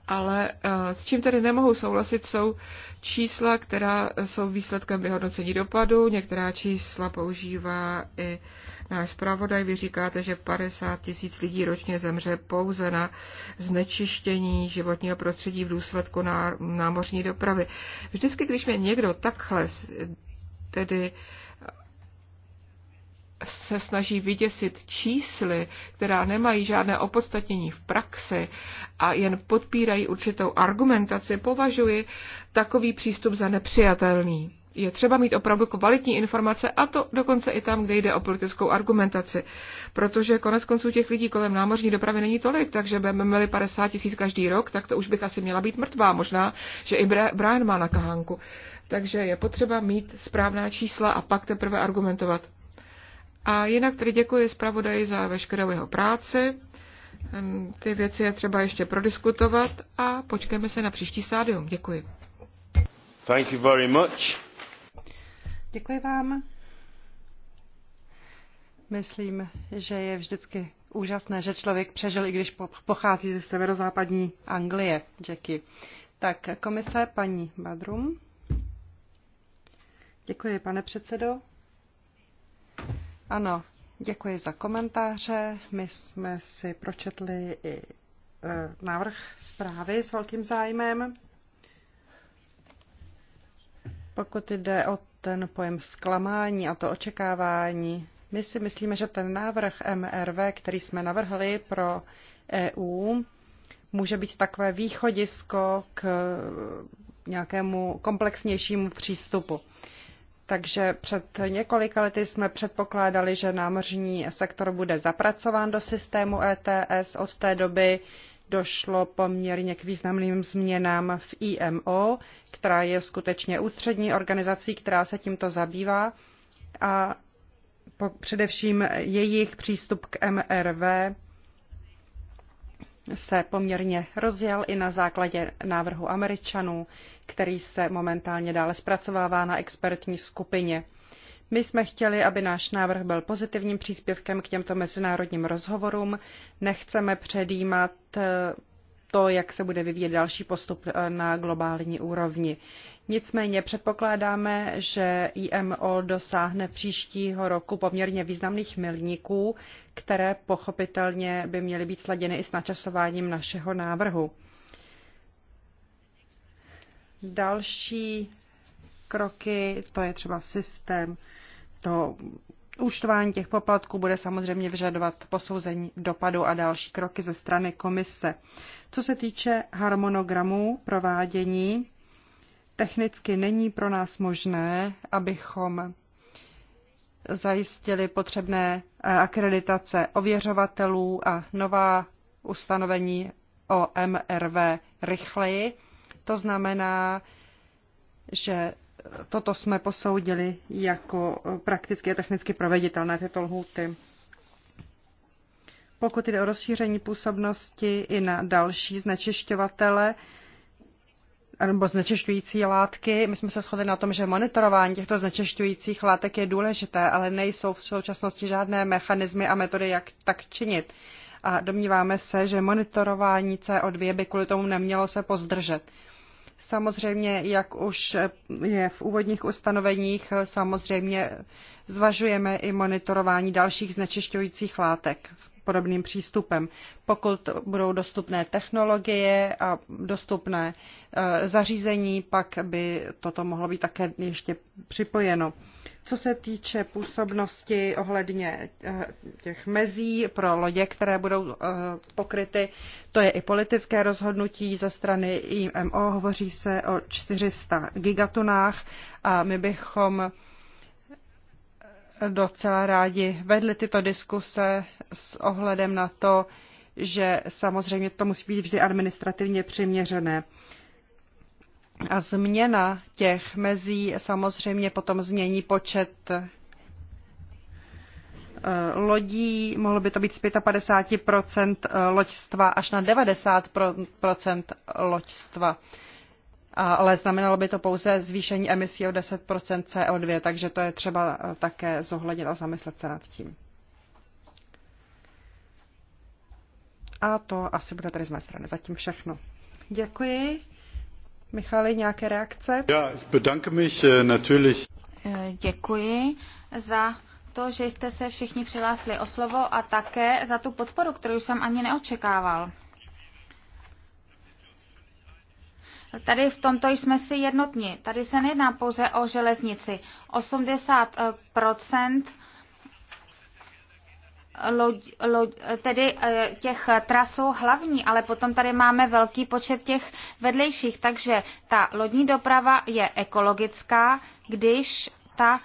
ale eh, s čím tedy nemohu souhlasit, jsou čísla, která jsou výsledkem vyhodnocení dopadu. Některá čísla používá i náš zpravodaj. Vy říkáte, že 50 tisíc lidí ročně zemře pouze na znečištění životního prostředí v důsledku námořní dopravy. Vždycky, když mě někdo takhle tedy uh, se snaží vyděsit čísly, která nemají žádné opodstatnění v praxi a jen podpírají určitou argumentaci, považuji takový přístup za nepřijatelný. Je třeba mít opravdu kvalitní informace a to dokonce i tam, kde jde o politickou argumentaci. Protože konec konců těch lidí kolem námořní dopravy není tolik, takže vezmeme měli 50 tisíc každý rok, tak to už bych asi měla být mrtvá. Možná, že i Brian má na kahánku. Takže je potřeba mít správná čísla a pak teprve argumentovat. A jinak tedy děkuji zpravodaji za veškerou jeho práci. Ty věci je třeba ještě prodiskutovat a počkejme se na příští stádium. Děkuji. Thank you very much. Děkuji vám. Myslím, že je vždycky úžasné, že člověk přežil, i když pochází ze severozápadní Anglie, Jackie. Tak, komise paní Badrum. Děkuji, pane předsedo. Ano, děkuji za komentáře. My jsme si pročetli i e, návrh zprávy s velkým zájmem. Pokud jde o ten pojem zklamání a to očekávání, my si myslíme, že ten návrh MRV, který jsme navrhli pro EU, může být takové východisko k nějakému komplexnějšímu přístupu. Takže před několika lety jsme předpokládali, že námořní sektor bude zapracován do systému ETS. Od té doby došlo poměrně k významným změnám v IMO, která je skutečně ústřední organizací, která se tímto zabývá. A po, především jejich přístup k MRV se poměrně rozjel i na základě návrhu Američanů, který se momentálně dále zpracovává na expertní skupině. My jsme chtěli, aby náš návrh byl pozitivním příspěvkem k těmto mezinárodním rozhovorům. Nechceme předjímat to, jak se bude vyvíjet další postup eh, na globální úrovni. Nicméně předpokládáme, že IMO dosáhne příštího roku poměrně významných milníků, které pochopitelně by měly být sladěny i s načasováním našeho návrhu. Další kroky, to je třeba systém to Účtování těch poplatků bude samozřejmě vyžadovat posouzení dopadu a další kroky ze strany komise. Co se týče harmonogramu provádění, technicky není pro nás možné, abychom zajistili potřebné eh, akreditace ověřovatelů a nová ustanovení o MRV rychleji. To znamená, že toto jsme posoudili jako prakticky a technicky proveditelné tyto lhuty. Pokud jde o rozšíření působnosti i na další znečišťovatele, nebo znečišťující látky. My jsme se shodli na tom, že monitorování těchto znečišťujících látek je důležité, ale nejsou v současnosti žádné mechanismy a metody, jak tak činit. A domníváme se, že monitorování CO2 by kvůli tomu nemělo se pozdržet. Samozřejmě, jak už je v úvodních ustanoveních, samozřejmě zvažujeme i monitorování dalších znečišťujících látek. V podobným přístupem. Pokud budou dostupné technologie a dostupné eh, zařízení, pak by toto mohlo být také ještě připojeno. Co se týče působnosti ohledně eh, těch mezí pro lodě, které budou eh, pokryty, to je i politické rozhodnutí ze strany IMO. Hovoří se o 400 gigatunách a my bychom docela rádi vedli tyto diskuse s ohledem na to, že samozřejmě to musí být vždy administrativně přiměřené. A změna těch mezí samozřejmě potom změní počet eh, lodí, mohlo by to být z 55 eh, loďstva až na 90 loďstva ale znamenalo by to pouze zvýšení emisí o 10 CO2, takže to je třeba eh, také zohlednit a zamyslet se nad tím. A to asi bude tady z mé strany zatím všechno. Děkuji. Michali, nějaké reakce? Já bedanke mich eh, natürlich. Eh, děkuji za to, že jste se všichni přihlásili o slovo a také za tu podporu, kterou jsem ani neočekával. Tady v tomto jsme si jednotní. Tady se nejedná pouze o železnici. 80 loď, loď, tedy eh, těch tras jsou hlavní, ale potom tady máme velký počet těch vedlejších. Takže ta lodní doprava je ekologická, když ta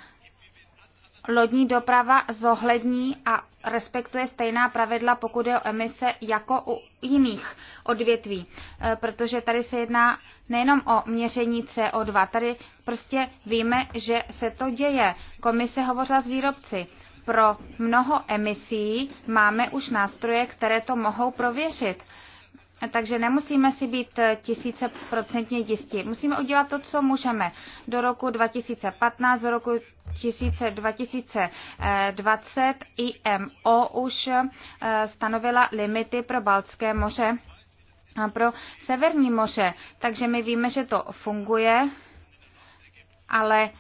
lodní doprava zohlední a respektuje stejná pravidla, pokud je o emise, jako u jiných odvětví, eh, protože tady se jedná nejenom o měření CO2, tady prostě víme, že se to děje. Komise hovořila s výrobci. Pro mnoho emisí máme už nástroje, které to mohou prověřit. Takže nemusíme si být eh, tisíce procentně jistí. Musíme udělat to, co můžeme. Do roku 2015, do roku 2020 IMO už eh, stanovila limity pro Baltské moře a pro Severní moře. Takže my víme, že to funguje, ale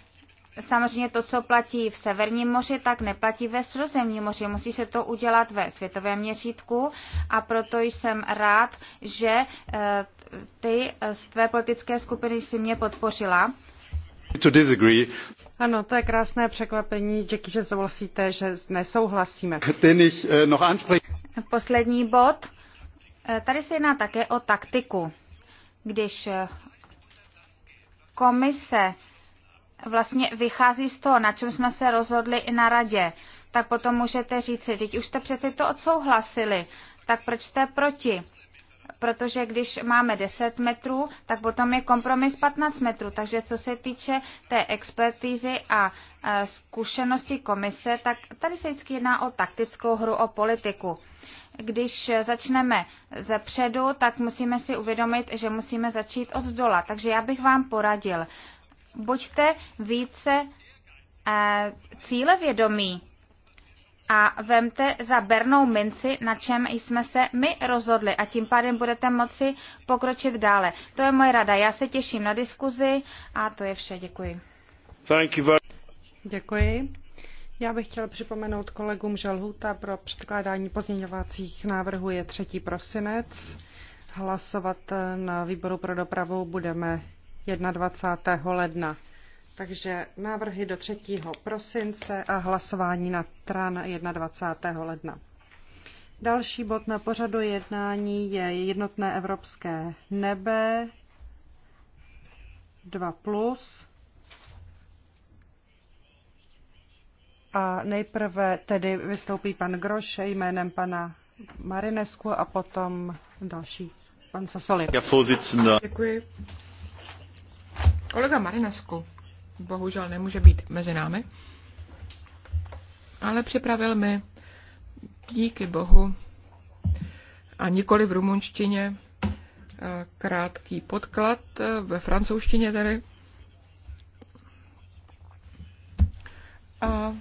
samozřejmě to, co platí v Severním moři, tak neplatí ve Středozemním moři. Musí se to udělat ve světovém měřítku a proto jsem rád, že eh, ty eh, z tvé politické skupiny si mě podpořila. To Ano, to je krásné překvapení, Děkuji, že souhlasíte, že nesouhlasíme. Eh, Poslední bod. Tady se jedná také o taktiku. Když komise vlastně vychází z toho, na čem jsme se rozhodli i na radě, tak potom můžete říci, teď už jste přeci to odsouhlasili, tak proč jste proti? protože když máme 10 metrů, tak potom je kompromis 15 metrů. Takže co se týče té expertízy a e, zkušenosti komise, tak tady se vždycky jedná o taktickou hru, o politiku. Když začneme ze předu, tak musíme si uvědomit, že musíme začít od zdola. Takže já bych vám poradil, buďte více eh, cílevědomí a vemte za bernou minci, na čem jsme se my rozhodli a tím pádem budete moci pokročit dále. To je moje rada. Já se těším na diskuzi a to je vše. Děkuji. Thank you very... Děkuji. Já bych chtěl připomenout kolegům, že lhůta pro předkládání pozměňovacích návrhů je 3. prosinec. Hlasovat na výboru pro dopravu budeme 21. ledna. Takže návrhy do 3. prosince a hlasování na TRAN 21. ledna. Další bod na pořadu jednání je jednotné evropské nebe 2. Plus. A nejprve tedy vystoupí pan Groš jménem pana Marinesku a potom další pan Sasoli. Děkuji, Kolega Marinesku bohužel nemůže být mezi námi, ale připravil mi díky bohu a nikoli v rumunštině eh, krátký podklad eh, ve francouzštině tedy. A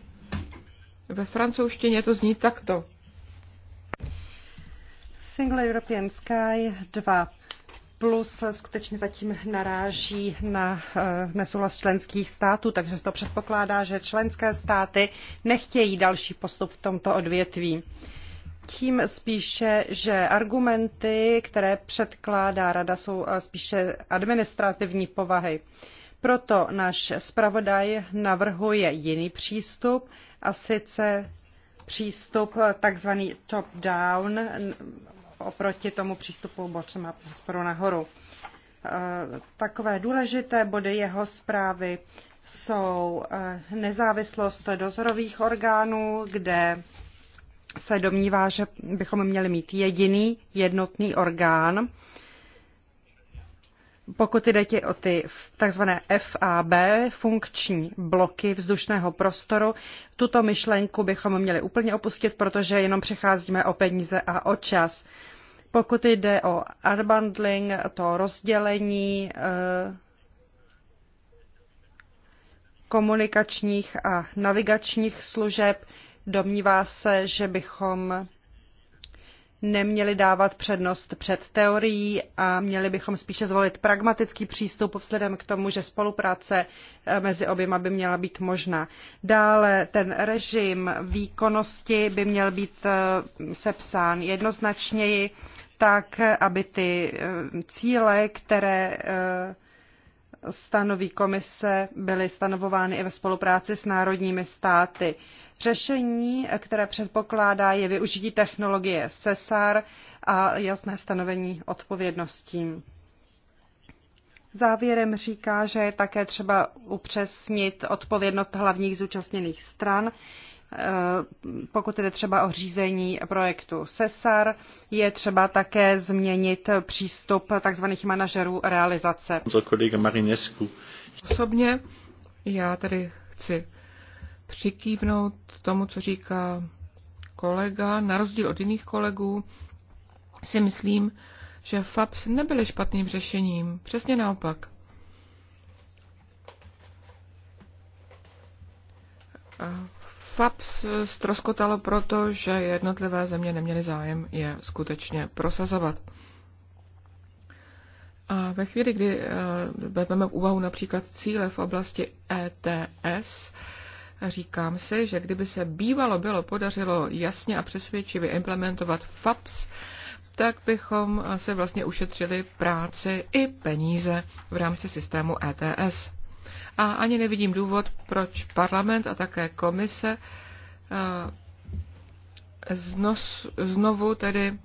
ve francouzštině to zní takto. Single European Sky 2 plus skutečně zatím naráží na eh, nesouhlas členských států, takže se to předpokládá, že členské státy nechtějí další postup v tomto odvětví. Tím spíše, že argumenty, které předkládá Rada, jsou eh, spíše administrativní povahy. Proto náš zpravodaj navrhuje jiný přístup, a sice přístup eh, takzvaný top-down oproti tomu přístupu bottom-up ze sporu nahoru. E, takové důležité body jeho zprávy jsou e, nezávislost dozorových orgánů, kde se domnívá, že bychom měli mít jediný jednotný orgán, pokud jde ti o ty takzvané FAB, funkční bloky vzdušného prostoru, tuto myšlenku bychom měli úplně opustit, protože jenom přecházíme o peníze a o čas. Pokud jde o unbundling, to rozdělení eh, komunikačních a navigačních služeb, domnívá se, že bychom neměli dávat přednost před teorií a měli bychom spíše zvolit pragmatický přístup vzhledem k tomu, že spolupráce eh, mezi oběma by měla být možná. Dále ten režim výkonnosti by měl být eh, sepsán jednoznačněji tak, aby ty eh, cíle, které stanoví komise, byly stanovovány i ve spolupráci s národními státy. Řešení, které předpokládá, je využití technologie SESAR a jasné stanovení odpovědností. Závěrem říká, že je také třeba upřesnit odpovědnost hlavních zúčastněných stran, eh, pokud jde třeba o řízení projektu SESAR, je třeba také změnit přístup tzv. manažerů realizace. Osobně já tady chci přikývnout tomu, co říká kolega. Na rozdíl od jiných kolegů si myslím, že FAPS nebyly špatným řešením. Přesně naopak. FAPS stroskotalo proto, že jednotlivé země neměly zájem je skutečně prosazovat. A ve chvíli, kdy eh, vezmeme v úvahu například cíle v oblasti ETS, Říkám si, že kdyby se bývalo bylo podařilo jasně a přesvědčivě implementovat FAPS, tak bychom se vlastně ušetřili práci i peníze v rámci systému ETS. A ani nevidím důvod, proč parlament a také komise eh, znos, znovu tedy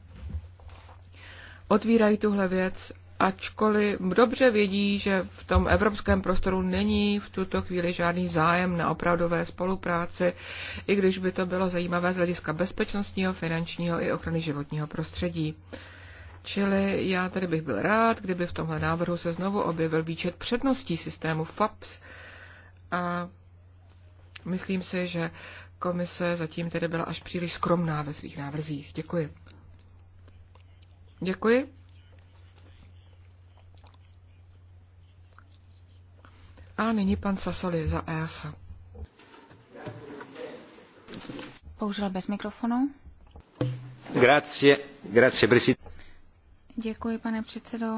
otvírají tuhle věc ačkoliv dobře vědí, že v tom evropském prostoru není v tuto chvíli žádný zájem na opravdové spolupráci, i když by to bylo zajímavé z hlediska bezpečnostního, finančního i ochrany životního prostředí. Čili já tady bych byl rád, kdyby v tomhle návrhu se znovu objevil výčet předností systému FAPS a myslím si, že komise zatím tedy byla až příliš skromná ve svých návrzích. Děkuji. Děkuji. A nyní pan Sasoli za EASA. Použil bez mikrofonu. Grazie, grazie, Děkuji, pane předsedo.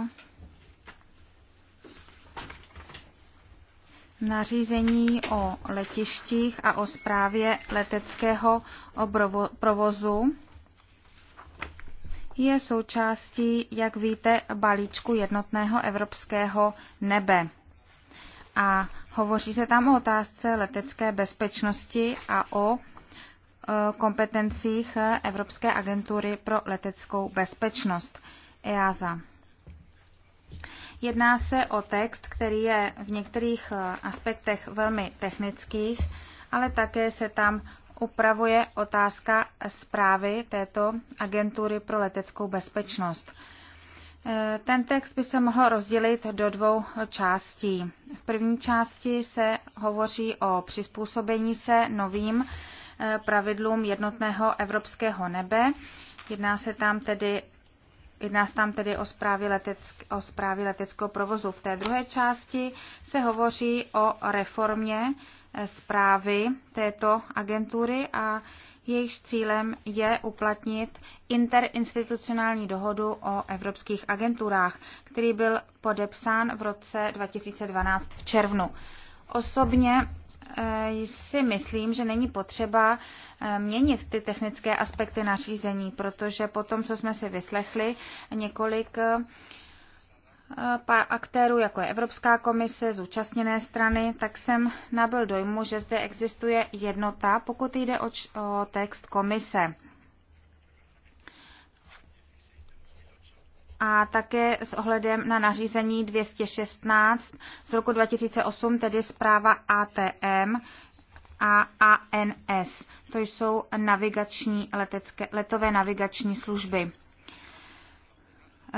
Nařízení o letištích a o správě leteckého provozu je součástí, jak víte, balíčku jednotného evropského nebe a hovoří se tam o otázce letecké bezpečnosti a o e, kompetencích Evropské agentury pro leteckou bezpečnost EASA. Jedná se o text, který je v některých e, aspektech velmi technických, ale také se tam upravuje otázka zprávy této agentury pro leteckou bezpečnost. Ten text by se mohl rozdělit do dvou částí. V první části se hovoří o přizpůsobení se novým eh, pravidlům jednotného evropského nebe. Jedná se tam tedy Jedná se tam tedy o zprávy leteck, o zprávy leteckého provozu. V té druhé části se hovoří o reformě eh, zprávy této agentury a jejichž cílem je uplatnit interinstitucionální dohodu o evropských agenturách, který byl podepsán v roce 2012 v červnu. Osobně eh, si myslím, že není potřeba eh, měnit ty technické aspekty nařízení, protože po tom, co jsme si vyslechli, několik eh, aktérů, jako je Evropská komise, zúčastněné strany, tak jsem nabil dojmu, že zde existuje jednota, pokud jde o, o text komise. a také s ohledem na nařízení 216 z roku 2008, tedy zpráva ATM a ANS. To jsou navigační letecké, letové navigační služby.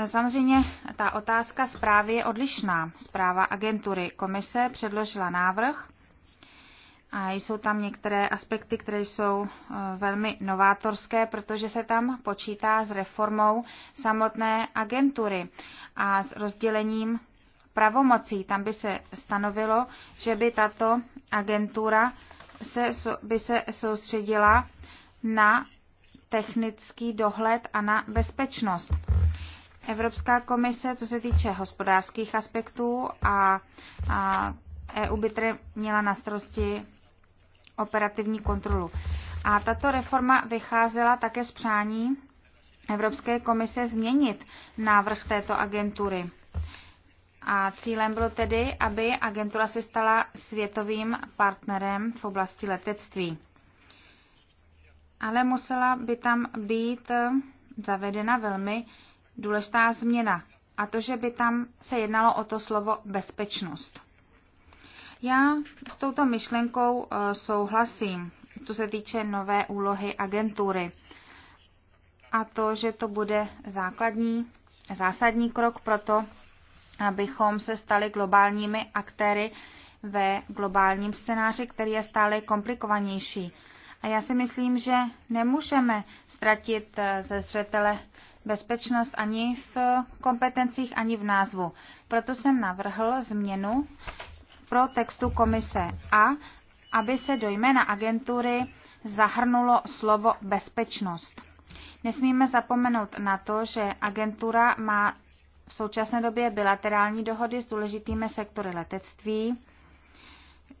Samozřejmě ta otázka zprávy je odlišná. Zpráva agentury komise předložila návrh a jsou tam některé aspekty, které jsou eh, velmi novátorské, protože se tam počítá s reformou samotné agentury a s rozdělením pravomocí. Tam by se stanovilo, že by tato agentura se, by se soustředila na technický dohled a na bezpečnost. Evropská komise, co se týče hospodářských aspektů a, a EU by tedy měla na starosti operativní kontrolu. A tato reforma vycházela také z přání Evropské komise změnit návrh této agentury. A cílem bylo tedy, aby agentura se stala světovým partnerem v oblasti letectví. Ale musela by tam být zavedena velmi důležitá změna, a to, že by tam se jednalo o to slovo bezpečnost. Já s touto myšlenkou eh, souhlasím, co se týče nové úlohy agentury. A to, že to bude základní, zásadní krok pro to, abychom se stali globálními aktéry ve globálním scénáři, který je stále komplikovanější. A já si myslím, že nemůžeme ztratit eh, ze zřetele bezpečnost ani v kompetencích, ani v názvu. Proto jsem navrhl změnu pro textu komise a aby se do jména agentury zahrnulo slovo bezpečnost. Nesmíme zapomenout na to, že agentura má v současné době bilaterální dohody s důležitými sektory letectví.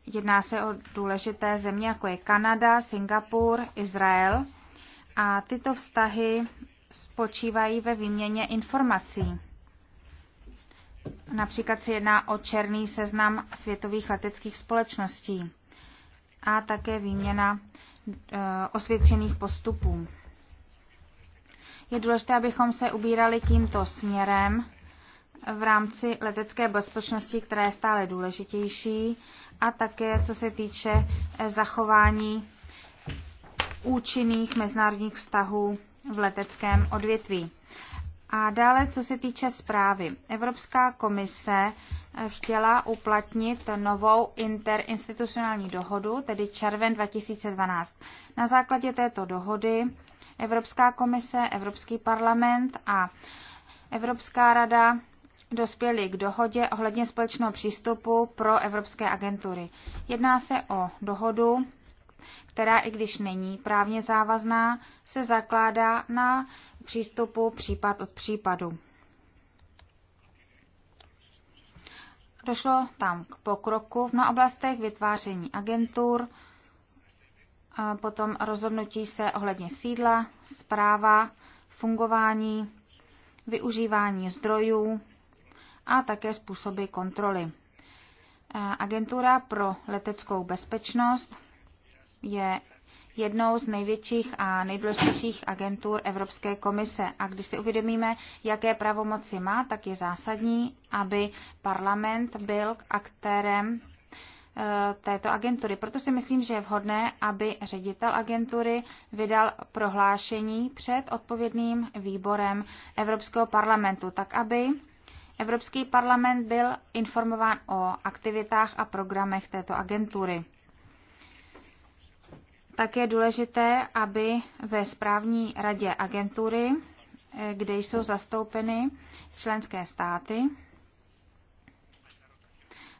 Jedná se o důležité země, jako je Kanada, Singapur, Izrael. A tyto vztahy spočívají ve výměně informací. Například se jedná o černý seznam světových leteckých společností a také výměna e, osvědčených postupů. Je důležité, abychom se ubírali tímto směrem v rámci letecké bezpečnosti, která je stále důležitější, a také co se týče e, zachování účinných mezinárodních vztahů v leteckém odvětví. A dále, co se týče zprávy. Evropská komise chtěla uplatnit novou interinstitucionální dohodu, tedy červen 2012. Na základě této dohody Evropská komise, Evropský parlament a Evropská rada dospěli k dohodě ohledně společného přístupu pro evropské agentury. Jedná se o dohodu, která, i když není právně závazná, se zakládá na přístupu případ od případu. Došlo tam k pokroku na oblastech vytváření agentur, potom rozhodnutí se ohledně sídla, zpráva, fungování, využívání zdrojů a také způsoby kontroly. Agentura pro leteckou bezpečnost je jednou z největších a nejdůležitějších agentur Evropské komise. A když si uvědomíme, jaké pravomoci má, tak je zásadní, aby parlament byl aktérem eh, této agentury. Proto si myslím, že je vhodné, aby ředitel agentury vydal prohlášení před odpovědným výborem Evropského parlamentu, tak aby Evropský parlament byl informován o aktivitách a programech této agentury. Tak je důležité, aby ve správní radě agentury, eh, kde jsou zastoupeny členské státy,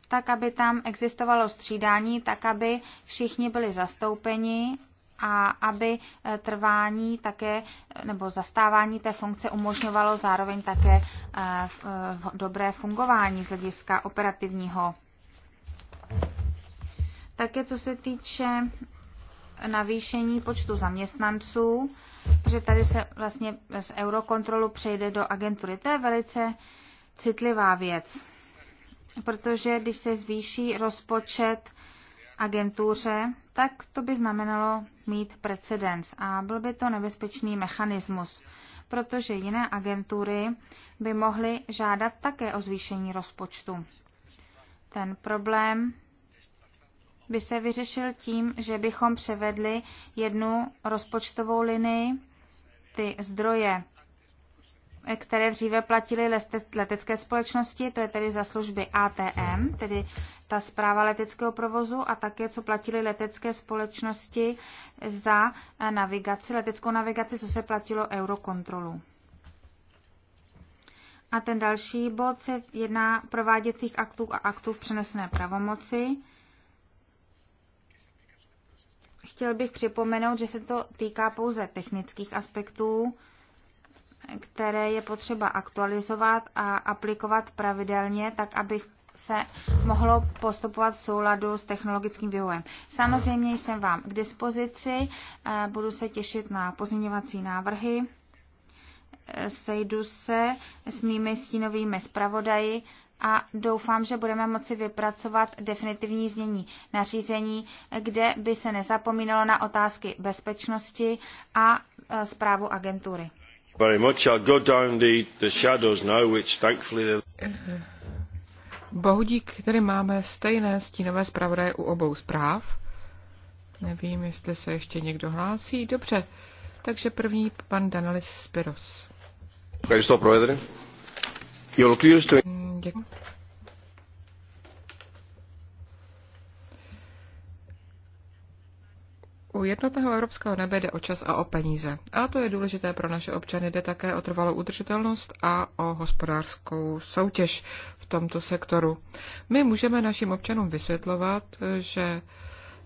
tak aby tam existovalo střídání, tak aby všichni byli zastoupeni a aby eh, trvání také eh, nebo zastávání té funkce umožňovalo zároveň také dobré fungování z hlediska operativního. Také co se týče navýšení počtu zaměstnanců, protože tady se vlastně z eurokontrolu přejde do agentury. To je velice citlivá věc, protože když se zvýší rozpočet agentuře, tak to by znamenalo mít precedens a byl by to nebezpečný mechanismus, protože jiné agentury by mohly žádat také o zvýšení rozpočtu. Ten problém by se vyřešil tím, že bychom převedli jednu rozpočtovou linii, ty zdroje, které dříve platily letecké společnosti, to je tedy za služby ATM, tedy ta zpráva leteckého provozu a také, co platily letecké společnosti za navigaci, leteckou navigaci, co se platilo eurokontrolu. A ten další bod se jedná prováděcích aktů a aktů v přenesné pravomoci. Chtěl bych připomenout, že se to týká pouze technických aspektů, které je potřeba aktualizovat a aplikovat pravidelně, tak aby se mohlo postupovat v souladu s technologickým vývojem. Samozřejmě jsem vám k dispozici, eh, budu se těšit na pozměňovací návrhy sejdu se s mými stínovými zpravodaji a doufám, že budeme moci vypracovat definitivní znění nařízení, kde by se nezapomínalo na otázky bezpečnosti a e, zprávu agentury. Eh, Bohudík, který máme stejné stínové zpravodaje u obou zpráv. Nevím, jestli se ještě někdo hlásí. Dobře, takže první pan Danalis Spiros. Ευχαριστώ, Πρόεδρε. Η ολοκλήρωση του... U jednotného evropského nebe jde o čas a o peníze. A to je důležité pro naše občany. Jde také o trvalou udržitelnost a o hospodářskou soutěž v tomto sektoru. My můžeme našim občanům vysvětlovat, že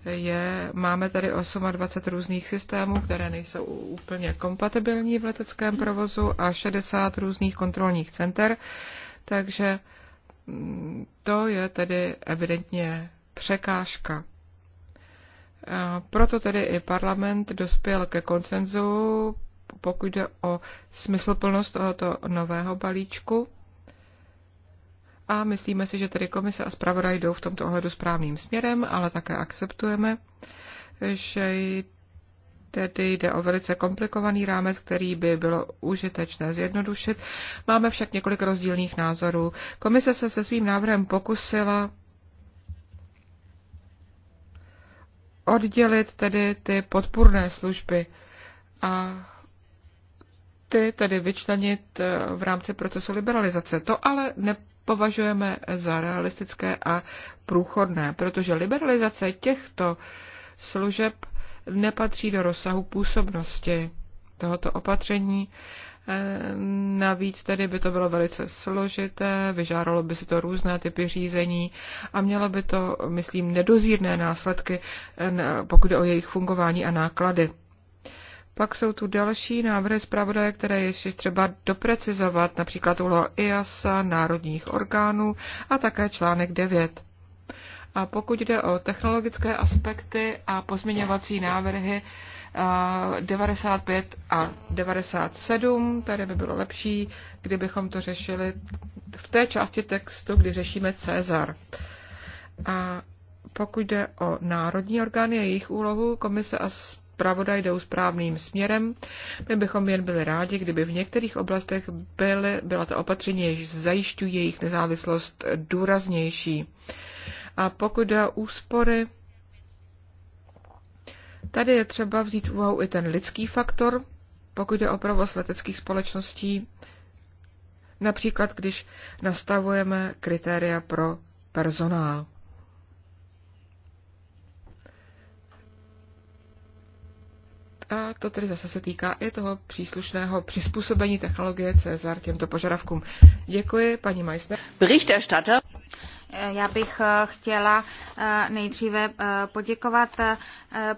je, máme tady 28 různých systémů, které nejsou úplně kompatibilní v leteckém provozu a 60 různých kontrolních center, takže mm, to je tedy evidentně překážka. A proto tedy i parlament dospěl ke koncenzu, pokud jde o plnost tohoto nového balíčku a myslíme si, že tedy komise a zpravodaj jdou v tomto ohledu správným směrem, ale také akceptujeme, že tedy jde o velice komplikovaný rámec, který by bylo užitečné zjednodušit. Máme však několik rozdílných názorů. Komise se se svým návrhem pokusila oddělit tedy ty podpůrné služby a ty tedy vyčlenit eh, v rámci procesu liberalizace. To ale ne, považujeme za realistické a průchodné, protože liberalizace těchto služeb nepatří do rozsahu působnosti tohoto opatření. E, navíc tedy by to bylo velice složité, vyžádalo by se to různé typy řízení a mělo by to, myslím, nedozírné následky, e, pokud je o jejich fungování a náklady. Pak jsou tu další návrhy zpravodaje, které ještě třeba doprecizovat, například úloha IASA, e národních orgánů a také článek 9. A pokud jde o technologické aspekty a pozměňovací návrhy 95 a 97, tady by bylo lepší, kdybychom to řešili v té části textu, kdy řešíme Cezar. A pokud jde o národní orgány a jejich úlohu, komise a zpravodaj jdou správným směrem. My bychom jen byli rádi, kdyby v některých oblastech byly, byla ta opatření, jež zajišťují jejich nezávislost důraznější. A pokud jde o úspory, tady je třeba vzít v úvahu i ten lidský faktor, pokud jde o provoz leteckých společností, například když nastavujeme kritéria pro personál. A to tedy zase se týká i toho příslušného přizpůsobení technologie Cezar těmto požadavkům. Děkuji, paní Majsner. Berichterstatter. Já bych eh, chtěla eh, nejdříve eh, poděkovat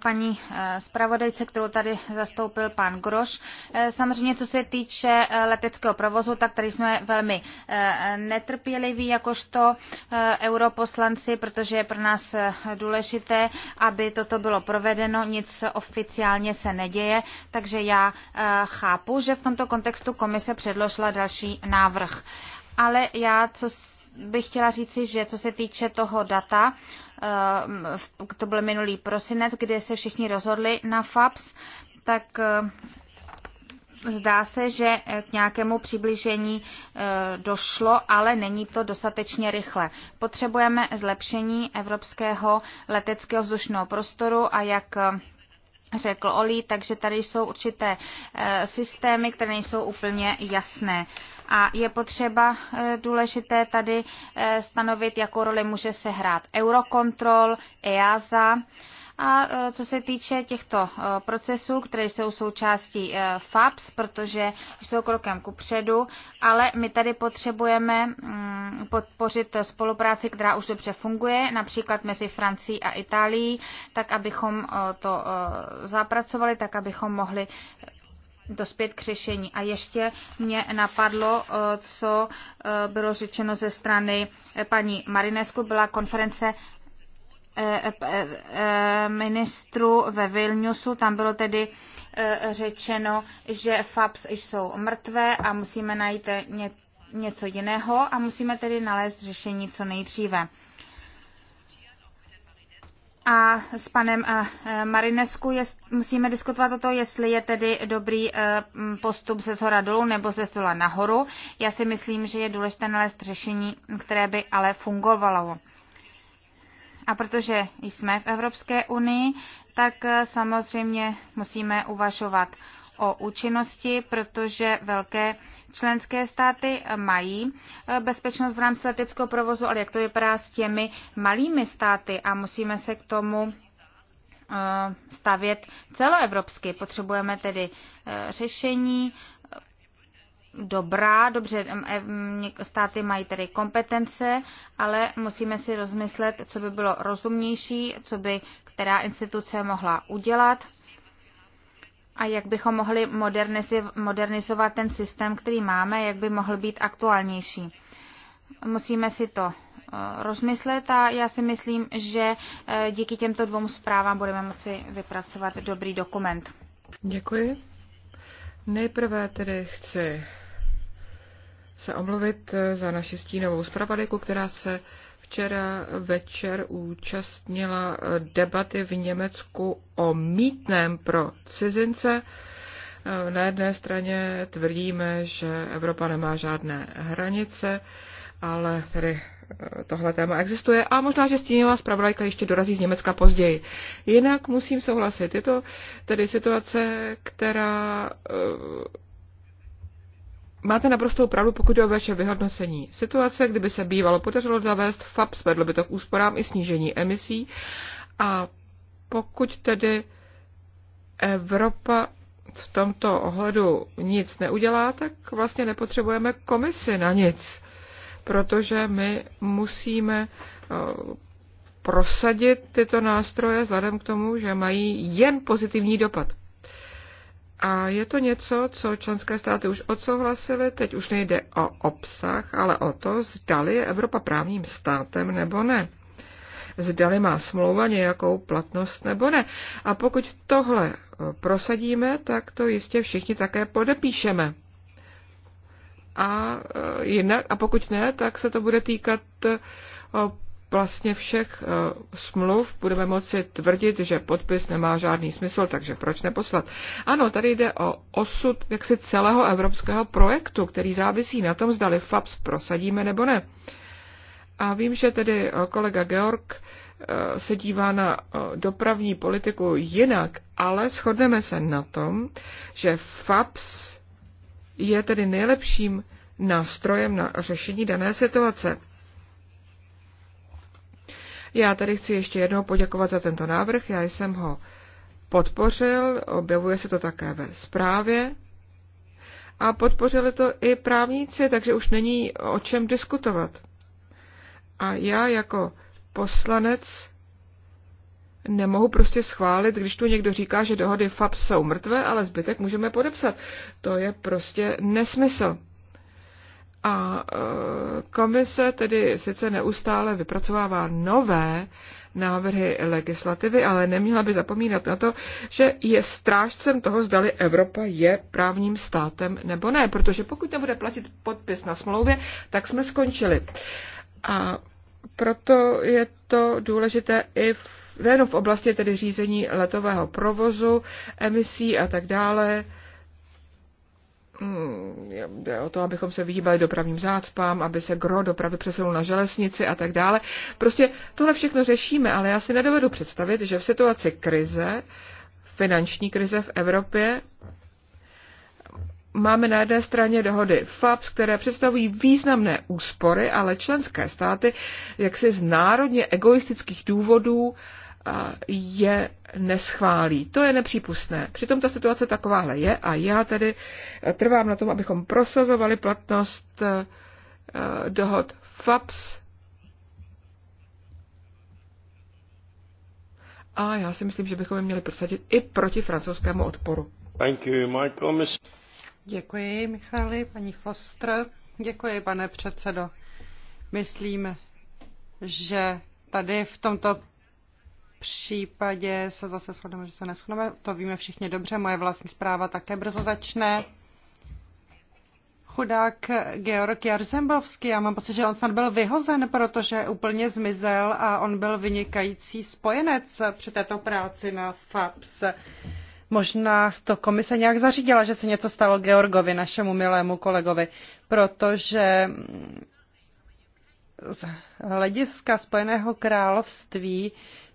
paní zpravodajce, kterou tady zastoupil pan Groš. Samozřejmě, co se týče leteckého provozu, tak tady jsme velmi netrpěliví jakožto europoslanci, protože je pro nás důležité, aby toto bylo provedeno, nic oficiálně se neděje, takže já chápu, že v tomto kontextu komise předložila další návrh. Ale já, co bych chtěla říci, že co se týče toho data, eh, to byl minulý prosinec, kdy se všichni rozhodli na FAPS, tak eh, zdá se, že k nějakému přiblížení eh, došlo, ale není to dostatečně rychle. Potřebujeme zlepšení evropského leteckého vzdušného prostoru a jak řekl Oli, takže tady jsou určité systémy, které nejsou úplně jasné. A je potřeba eh, důležité tady eh, stanovit, jakou roli může se hrát Eurocontrol, EASA. A eh, co se týče těchto procesů, které jsou součástí FAPS, protože jsou krokem ku předu, ale my tady potřebujeme mm, podpořit spolupráci, která už dobře funguje, například mezi Francií a Itálií, tak abychom to zapracovali, tak abychom mohli dospět k řešení. A ještě mě napadlo, eh, co eh, bylo řečeno ze strany eh, paní Marinesku, byla konference ministru ve Vilniusu. Tam bylo tedy řečeno, že FAPS jsou mrtvé a musíme najít něco jiného a musíme tedy nalézt řešení co nejdříve a s panem eh, Marinesku jest, musíme diskutovat o to, jestli je tedy dobrý eh, postup ze zhora dolů nebo ze zdola nahoru. Já si myslím, že je důležité nalézt řešení, které by ale fungovalo. A protože jsme v Evropské unii, tak eh, samozřejmě musíme uvažovat o účinnosti, protože velké členské státy mají eh, bezpečnost v rámci leteckého provozu, ale jak to vypadá s těmi malými státy a musíme se k tomu eh, stavět celoevropsky. Potřebujeme tedy eh, řešení, dobrá, dobře, státy mají tedy kompetence, ale musíme si rozmyslet, co by bylo rozumnější, co by která instituce mohla udělat a jak bychom mohli modernizovat ten systém, který máme, jak by mohl být aktuálnější. Musíme si to eh, rozmyslet a já si myslím, že eh, díky těmto dvou zprávám budeme moci vypracovat dobrý dokument. Děkuji. Nejprve tedy chci se omluvit eh, za naši stínovou zpravodajku, která se včera večer účastnila debaty v Německu o mítném pro cizince. Na jedné straně tvrdíme, že Evropa nemá žádné hranice, ale tedy eh, tohle téma existuje a možná, že stínová zpravodajka ještě dorazí z Německa později. Jinak musím souhlasit. Je to tedy situace, která eh, Máte naprostou pravdu, pokud je o vaše vyhodnocení. Situace, kdyby se bývalo podařilo zavést FAPS, vedlo by to k úsporám i snížení emisí. A pokud tedy Evropa v tomto ohledu nic neudělá, tak vlastně nepotřebujeme komisi na nic, protože my musíme eh, prosadit tyto nástroje vzhledem k tomu, že mají jen pozitivní dopad. A je to něco, co členské státy už odsouhlasily, teď už nejde o obsah, ale o to, zdali je Evropa právním státem nebo ne. Zdali má smlouva nějakou platnost nebo ne. A pokud tohle eh, prosadíme, tak to jistě všichni také podepíšeme. A, eh, jinak, a pokud ne, tak se to bude týkat eh, vlastně všech eh, smluv budeme moci tvrdit, že podpis nemá žádný smysl, takže proč neposlat? Ano, tady jde o osud jaksi celého evropského projektu, který závisí na tom, zdali FAPS prosadíme nebo ne. A vím, že tedy eh, kolega Georg eh, se dívá na dopravní politiku jinak, ale shodneme se na tom, že FAPS je tedy nejlepším nástrojem na řešení dané situace. Já tady chci ještě jednou poděkovat za tento návrh, já jsem ho podpořil, objevuje se to také ve zprávě a podpořili to i právníci, takže už není o čem diskutovat. A já jako poslanec nemohu prostě schválit, když tu někdo říká, že dohody FAP jsou mrtvé, ale zbytek můžeme podepsat. To je prostě nesmysl. A e, komise tedy sice neustále vypracovává nové návrhy legislativy, ale neměla by zapomínat na to, že je strážcem toho, zdali Evropa je právním státem nebo ne, protože pokud nebude platit podpis na smlouvě, tak jsme skončili. A proto je to důležité i v, nejenom v oblasti tedy řízení letového provozu, emisí a tak dále, Mm, jde o to, abychom se vyhýbali dopravním zácpám, aby se gro dopravy přesunul na železnici a tak dále. Prostě tohle všechno řešíme, ale já si nedovedu představit, že v situaci krize, finanční krize v Evropě, máme na jedné straně dohody FAPS, které představují významné úspory, ale členské státy jaksi z národně egoistických důvodů je neschválí. To je nepřípustné. Přitom ta situace takováhle je a já tedy eh, trvám na tom, abychom prosazovali platnost eh, eh, dohod FAPS. A já si myslím, že bychom je měli prosadit i proti francouzskému odporu. Thank you, Michael. Děkuji, Michali, paní Foster. Děkuji, pane předsedo. Myslím, že tady v tomto případě se zase shodneme, že se neschodneme. To víme všichni dobře. Moje vlastní zpráva také brzo začne. Chudák Georg Jarzembovský, já mám pocit, že on snad byl vyhozen, protože úplně zmizel a on byl vynikající spojenec při této práci na FAPS. Možná to komise nějak zařídila, že se něco stalo Georgovi, našemu milému kolegovi, protože z hlediska Spojeného království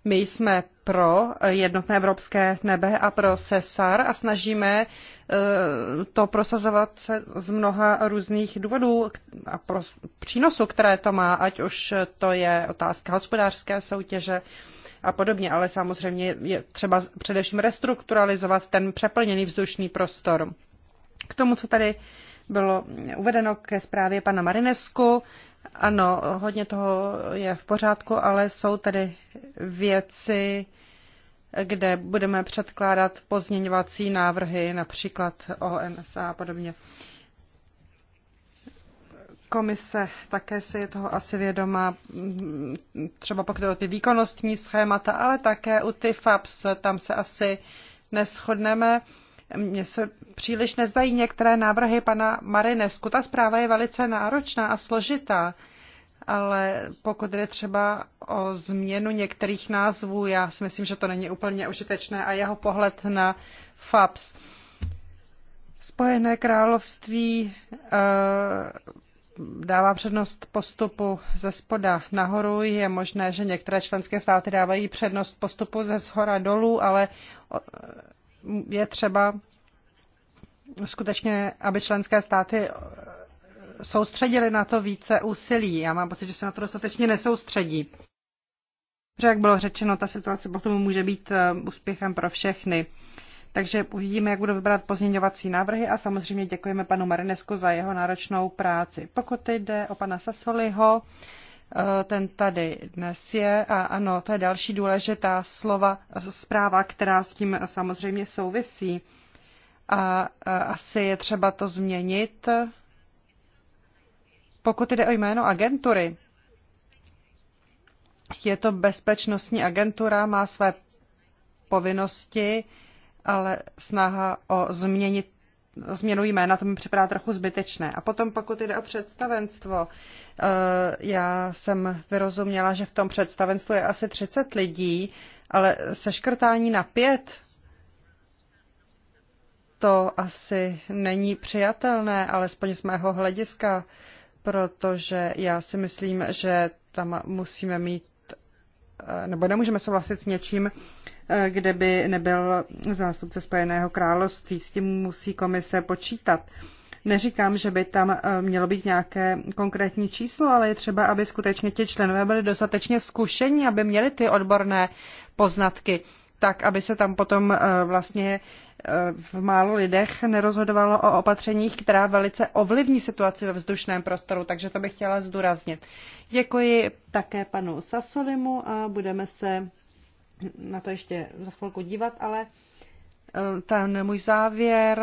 my jsme pro jednotné evropské nebe a pro SESAR a snažíme e, to prosazovat se z mnoha různých důvodů a pro přínosu, které to má, ať už to je otázka hospodářské soutěže a podobně, ale samozřejmě je třeba především restrukturalizovat ten přeplněný vzdušný prostor. K tomu, co tady bylo uvedeno ke zprávě pana Marinesku, ano, hodně toho je v pořádku, ale jsou tady věci, kde budeme předkládat pozměňovací návrhy, například o NSA a podobně. Komise také si je toho asi vědomá, třeba pokud o ty výkonnostní schémata, ale také u ty FAPS, tam se asi neschodneme. Mně se příliš nezdají některé návrhy pana Marinesku. Ta zpráva je velice náročná a složitá, ale pokud jde třeba o změnu některých názvů, já si myslím, že to není úplně užitečné a jeho pohled na FAPS. Spojené království eh, dává přednost postupu ze spoda nahoru. Je možné, že některé členské státy dávají přednost postupu ze shora dolů, ale je třeba skutečně, aby členské státy soustředili na to více úsilí. Já mám pocit, že se na to dostatečně nesoustředí. Protože, jak bylo řečeno, ta situace potom může být eh, úspěchem pro všechny. Takže uvidíme, jak budou vybrat pozměňovací návrhy a samozřejmě děkujeme panu Marinesku za jeho náročnou práci. Pokud jde o pana Sasoliho, Eh, ten tady dnes je. A ano, to je další důležitá slova, zpráva, která s tím samozřejmě souvisí. A eh, asi je třeba to změnit. Pokud jde o jméno agentury, je to bezpečnostní agentura, má své povinnosti, ale snaha o změnit změnu jména, to mi připadá trochu zbytečné. A potom, pokud jde o představenstvo, eh, já jsem vyrozuměla, že v tom představenstvu je asi 30 lidí, ale seškrtání na pět, to asi není přijatelné, alespoň z mého hlediska, protože já si myslím, že tam musíme mít, eh, nebo nemůžeme souhlasit s něčím, Eh, kde by nebyl zástupce Spojeného království. S tím musí komise počítat. Neříkám, že by tam eh, mělo být nějaké konkrétní číslo, ale je třeba, aby skutečně ti členové byli dostatečně zkušení, aby měli ty odborné poznatky, tak aby se tam potom eh, vlastně v málo lidech nerozhodovalo o opatřeních, která velice ovlivní situaci ve vzdušném prostoru, takže to bych chtěla zdůraznit. Děkuji také panu Sasolimu a budeme se na to ještě za chvilku dívat, ale eh, ten můj závěr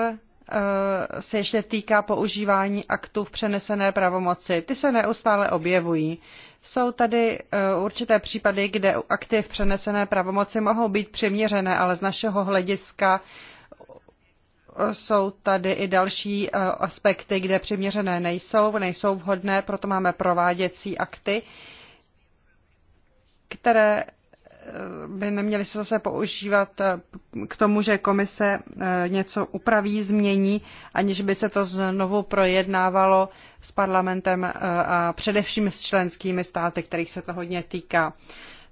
eh, se ještě týká používání aktů v přenesené pravomoci. Ty se neustále objevují. Jsou tady eh, určité případy, kde akty v přenesené pravomoci mohou být přiměřené, ale z našeho hlediska jsou tady i další aspekty, kde přiměřené nejsou, nejsou vhodné, proto máme prováděcí akty, které Eh, by neměly se zase používat eh, k tomu, že komise eh, něco upraví, změní, aniž by se to znovu projednávalo s parlamentem a především s členskými státy, kterých se to hodně týká.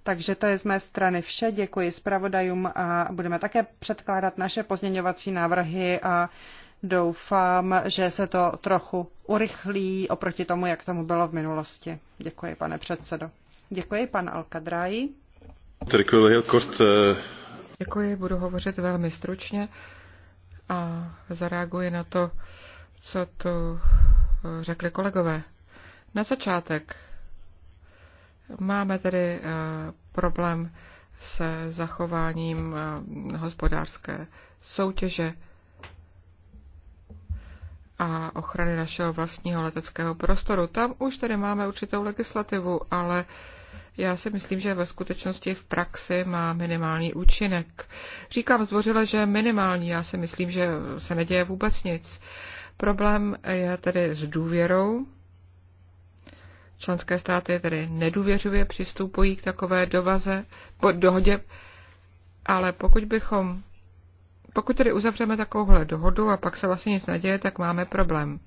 Takže to je z mé strany vše. Děkuji zpravodajům a budeme také předkládat naše pozměňovací návrhy a doufám, že se to trochu urychlí oproti tomu, jak tomu bylo v minulosti. Děkuji, pane předsedo. Děkuji, pan Alkadraji. Děkuji, budu hovořit velmi stručně a zareaguji na to, co tu eh, řekli kolegové. Na začátek máme tedy eh, problém se zachováním eh, hospodářské soutěže a ochrany našeho vlastního leteckého prostoru. Tam už tedy máme určitou legislativu, ale uh, já si myslím, že ve skutečnosti v praxi má minimální účinek. Říkám zdvořile, že minimální, já si myslím, že se neděje vůbec nic. Problém je tedy s důvěrou. Členské státy tedy nedůvěřivě přistupují k takové dovaze, po dohodě, ale pokud bychom, pokud tedy uzavřeme takovouhle dohodu a pak se vlastně nic neděje, tak máme problém.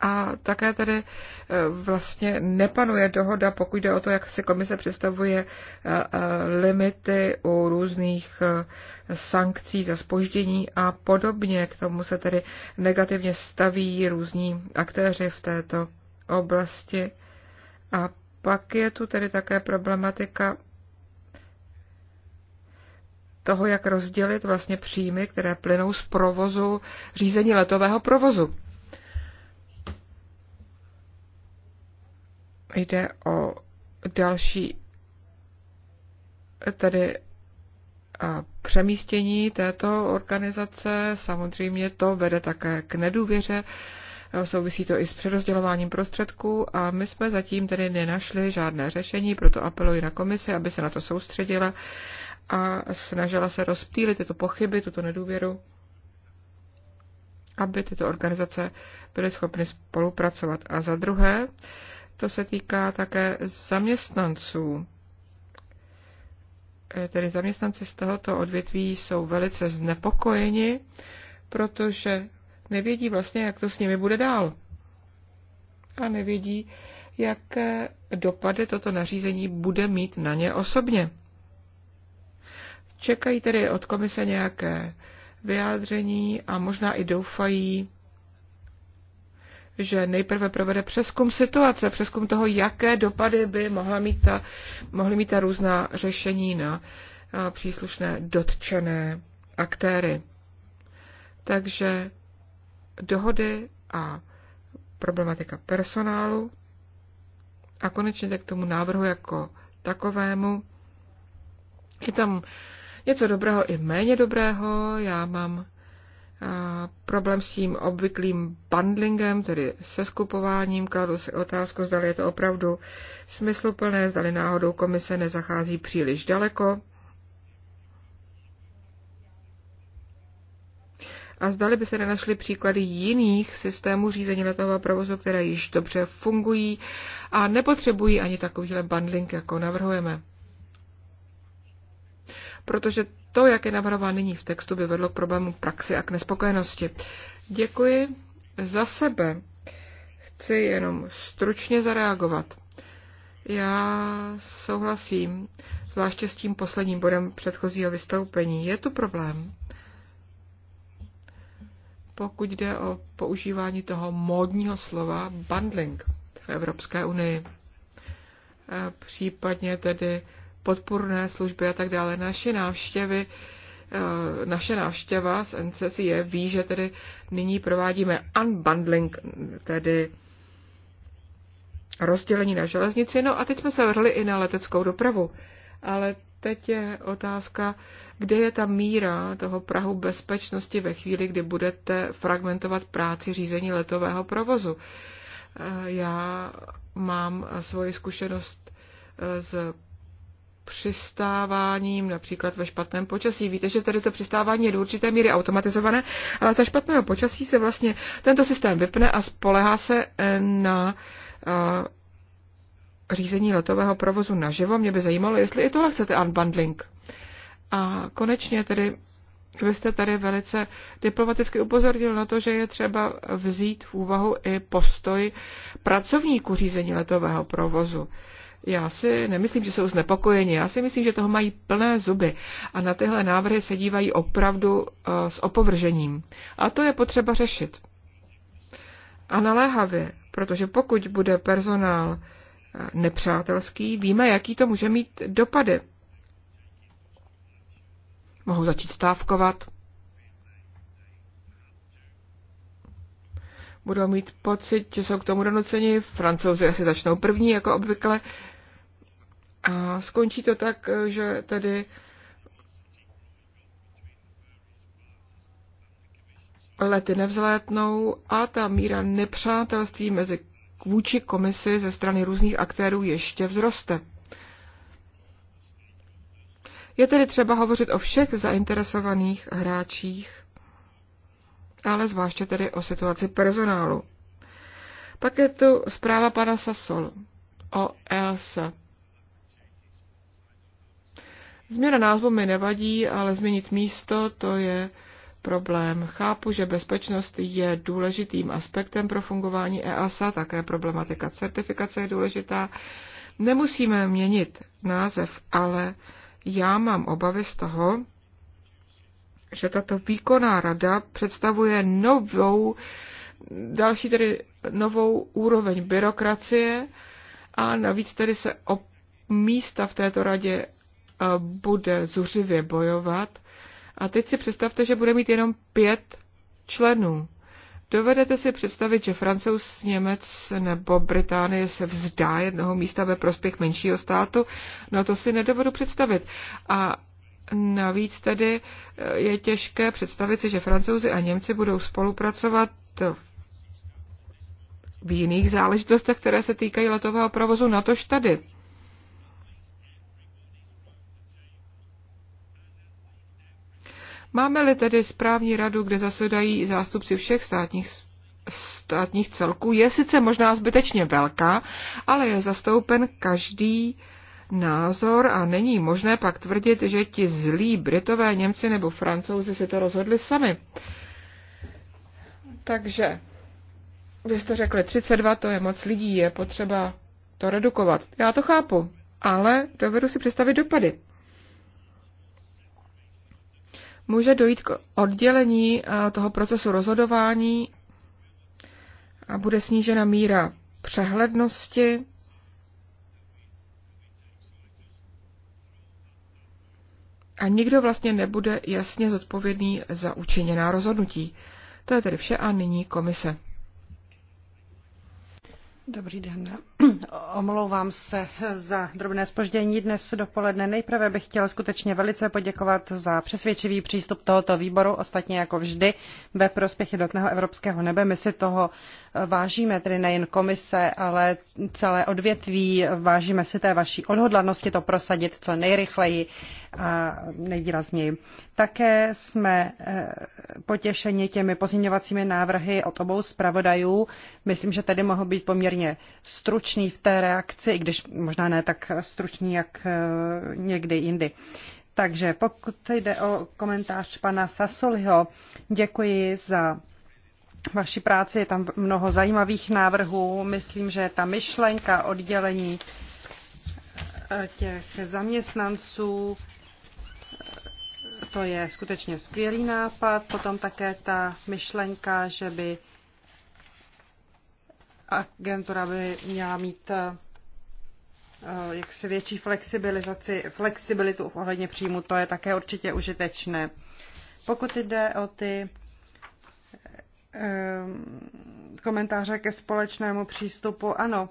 A také tady e, vlastně nepanuje dohoda, pokud jde o to, jak si komise představuje e, e, limity u různých sankcí za spoždění a podobně. K tomu se tedy negativně staví různí aktéři v této oblasti. A pak je tu tedy také problematika toho, jak rozdělit vlastně příjmy, které plynou z provozu, řízení letového provozu. jde o další tedy přemístění této organizace. Samozřejmě to vede také k nedůvěře. Souvisí to i s přerozdělováním prostředků a my jsme zatím tedy nenašli žádné řešení, proto apeluji na komisi, aby se na to soustředila a snažila se rozptýlit tyto pochyby, tuto nedůvěru, aby tyto organizace byly schopny spolupracovat. A za druhé, to se týká také zaměstnanců. Eh, tedy zaměstnanci z tohoto odvětví jsou velice znepokojeni, protože nevědí vlastně, jak to s nimi bude dál. A nevědí, jaké dopady toto nařízení bude mít na ně osobně. Čekají tedy od komise nějaké vyjádření a možná i doufají, že nejprve provede přeskum situace, přeskum toho, jaké dopady by mohla mít ta, mohly mít ta různá řešení na příslušné dotčené aktéry. Takže dohody a problematika personálu a konečně tak k tomu návrhu jako takovému. Je tam něco dobrého i méně dobrého. Já mám problém s tím obvyklým bundlingem, tedy se skupováním. Kladu si otázku, zda je to opravdu smysluplné, zda náhodou komise nezachází příliš daleko. A zdali by se nenašly příklady jiných systémů řízení letového provozu, které již dobře fungují a nepotřebují ani takovýhle bundling, jako navrhujeme protože to, jak je navrhován nyní v textu, by vedlo k problému praxi a k nespokojenosti. Děkuji. Za sebe chci jenom stručně zareagovat. Já souhlasím, zvláště s tím posledním bodem předchozího vystoupení. Je tu problém, pokud jde o používání toho módního slova bundling v Evropské unii. E, případně tedy podpůrné služby a tak dále. Naše návštěvy, eh, naše návštěva z je, ví, že tedy nyní provádíme unbundling, tedy rozdělení na železnici. No a teď jsme se vrhli i na leteckou dopravu. Ale teď je otázka, kde je ta míra toho Prahu bezpečnosti ve chvíli, kdy budete fragmentovat práci řízení letového provozu. Eh, já mám svoji zkušenost eh, z přistáváním, například ve špatném počasí. Víte, že tady to přistávání je do určité míry automatizované, ale za špatného počasí se vlastně tento systém vypne a spolehá se eh, na eh, řízení letového provozu naživo. Mě by zajímalo, jestli i tohle chcete unbundling. A konečně tedy vy jste tady velice diplomaticky upozornil na to, že je třeba vzít v úvahu i postoj pracovníků řízení letového provozu. Já si nemyslím, že jsou znepokojeni. Já si myslím, že toho mají plné zuby a na tyhle návrhy se dívají opravdu eh, s opovržením. A to je potřeba řešit. A naléhavě, protože pokud bude personál eh, nepřátelský, víme, jaký to může mít dopady. Mohou začít stávkovat, budou mít pocit, že jsou k tomu donuceni. Francouzi asi začnou první, jako obvykle. A skončí to tak, eh, že tedy lety nevzlétnou a ta míra nepřátelství mezi vůči komisi ze strany různých aktérů ještě vzroste. Je tedy třeba hovořit o všech zainteresovaných hráčích, ale zvláště tedy o situaci personálu. Pak je tu zpráva pana Sasol o ELSA. Změna názvu mi nevadí, ale změnit místo to je problém. Chápu, že bezpečnost je důležitým aspektem pro fungování EASA, také problematika certifikace je důležitá. Nemusíme měnit název, ale já mám obavy z toho, že tato výkonná rada představuje novou, další tedy novou úroveň byrokracie a navíc tedy se o místa v této radě bude zuřivě bojovat. A teď si představte, že bude mít jenom pět členů. Dovedete si představit, že Francouz, Němec nebo Británie se vzdá jednoho místa ve prospěch menšího státu? No to si nedovedu představit. A navíc tedy eh, je těžké představit si, že Francouzi a Němci budou spolupracovat v jiných záležitostech, které se týkají letového provozu, natož tady. Máme-li tedy správní radu, kde zasedají zástupci všech státních státních celků, je sice možná zbytečně velká, ale je zastoupen každý názor a není možné pak tvrdit, že ti zlí Britové, Němci nebo Francouzi si to rozhodli sami. Takže vy jste řekli 32, to je moc lidí, je potřeba to redukovat. Já to chápu, ale dovedu si představit dopady může dojít k oddělení eh, toho procesu rozhodování a bude snížena míra přehlednosti. A nikdo vlastně nebude jasně zodpovědný za učiněná rozhodnutí. To je tedy vše a nyní komise. Dobrý den, Omlouvám se za drobné spoždění dnes dopoledne. Nejprve bych chtěla skutečně velice poděkovat za přesvědčivý přístup tohoto výboru, ostatně jako vždy ve prospěch jednotného evropského nebe. My si toho vážíme, tedy nejen komise, ale celé odvětví. Vážíme si té vaší odhodlanosti to prosadit co nejrychleji a nejvýrazněji. Také jsme eh, potěšeni těmi pozměňovacími návrhy od obou zpravodajů. Myslím, že tady mohou být poměrně stručné stručný v té reakci, i když možná ne tak stručný, jak eh, někdy jindy. Takže pokud jde o komentář pana Sasoliho, děkuji za vaši práci, je tam mnoho zajímavých návrhů. Myslím, že ta myšlenka oddělení eh, těch zaměstnanců, eh, to je skutečně skvělý nápad. Potom také ta myšlenka, že by agentura by měla mít eh, eh, jaksi větší flexibilizaci, flexibilitu ohledně příjmu, to je také určitě užitečné. Pokud jde o ty eh, komentáře ke společnému přístupu, ano,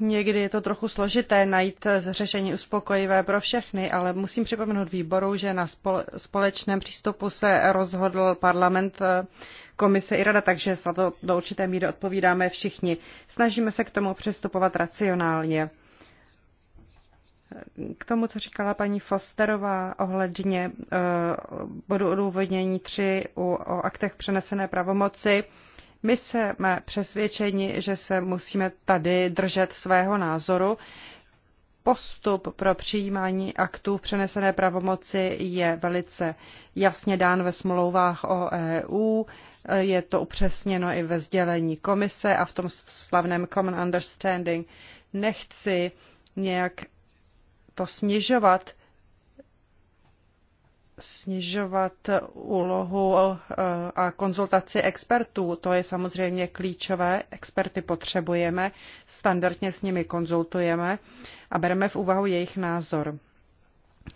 Někdy je to trochu složité najít řešení uspokojivé pro všechny, ale musím připomenout výboru, že na společném přístupu se rozhodl parlament, eh, komise i rada, takže za to do určité míry odpovídáme všichni. Snažíme se k tomu přistupovat racionálně. K tomu, co říkala paní Fosterová ohledně eh, bodu odůvodnění 3 u, o aktech přenesené pravomoci, my jsme přesvědčeni, že se musíme tady držet svého názoru. Postup pro přijímání aktů v přenesené pravomoci je velice jasně dán ve smlouvách o EU, je to upřesněno i ve sdělení komise a v tom slavném Common Understanding. Nechci nějak to snižovat, snižovat úlohu eh, a konzultaci expertů. To je samozřejmě klíčové. Experty potřebujeme, standardně s nimi konzultujeme a bereme v úvahu jejich názor.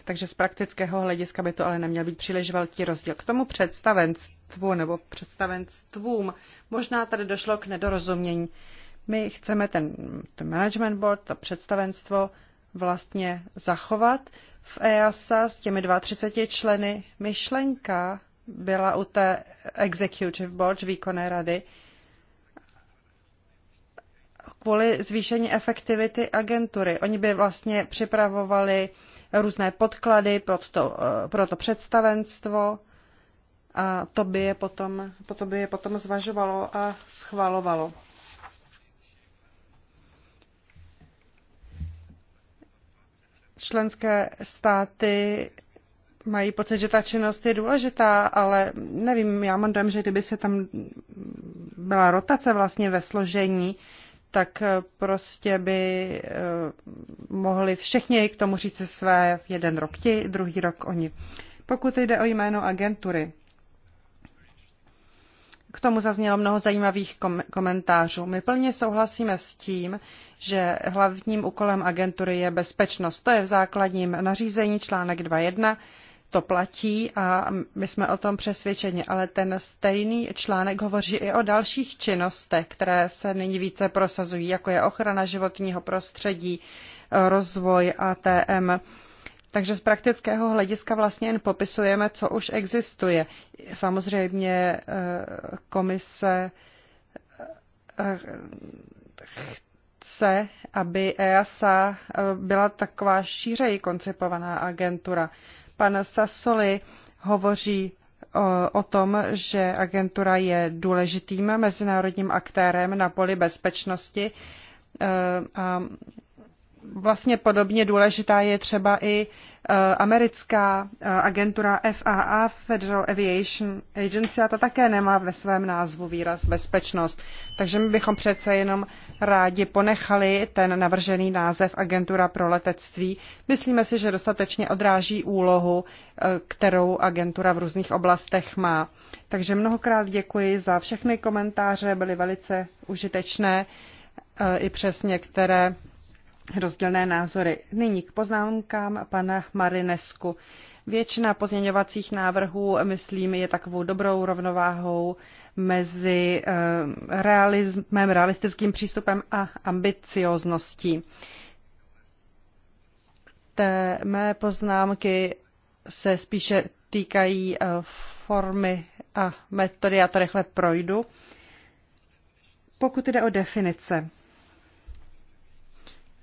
Takže z praktického hlediska by to ale neměl být příliš velký rozdíl. K tomu představenstvu nebo představenstvům možná tady došlo k nedorozumění. My chceme ten, ten management board, to představenstvo, vlastně zachovat v EASA s těmi 32 členy. Myšlenka byla u té Executive Board výkonné rady kvůli zvýšení efektivity agentury. Oni by vlastně připravovali různé podklady pro to, pro to představenstvo a to by je potom, to by je potom zvažovalo a schvalovalo. členské státy mají pocit, že ta činnost je důležitá, ale nevím, já mám dojem, že kdyby se tam byla rotace vlastně ve složení, tak eh, prostě by eh, mohli všichni k tomu říct své jeden rok ti, druhý rok oni. Pokud jde o jméno agentury, k tomu zaznělo mnoho zajímavých komentářů. My plně souhlasíme s tím, že hlavním úkolem agentury je bezpečnost. To je v základním nařízení článek 2.1 to platí a my jsme o tom přesvědčeni, ale ten stejný článek hovoří i o dalších činnostech, které se nyní více prosazují, jako je ochrana životního prostředí, rozvoj ATM takže z praktického hlediska vlastně jen popisujeme, co už existuje. Samozřejmě eh, komise eh, chce, aby EASA eh, byla taková šířeji koncipovaná agentura. Pan Sassoli hovoří o tom, že agentura je důležitým mezinárodním aktérem na poli bezpečnosti a vlastně podobně důležitá je třeba i eh, americká eh, agentura FAA, Federal Aviation Agency, a ta také nemá ve svém názvu výraz bezpečnost. Takže my bychom přece jenom rádi ponechali ten navržený název Agentura pro letectví. Myslíme si, že dostatečně odráží úlohu, eh, kterou agentura v různých oblastech má. Takže mnohokrát děkuji za všechny komentáře, byly velice užitečné i přes některé rozdílné názory. Nyní k poznámkám pana Marinesku. Většina pozměňovacích návrhů, myslím, je takovou dobrou rovnováhou mezi eh, realismem, realistickým přístupem a ambiciozností. Té mé poznámky se spíše týkají eh, formy a metody, já to rychle projdu. Pokud jde o definice,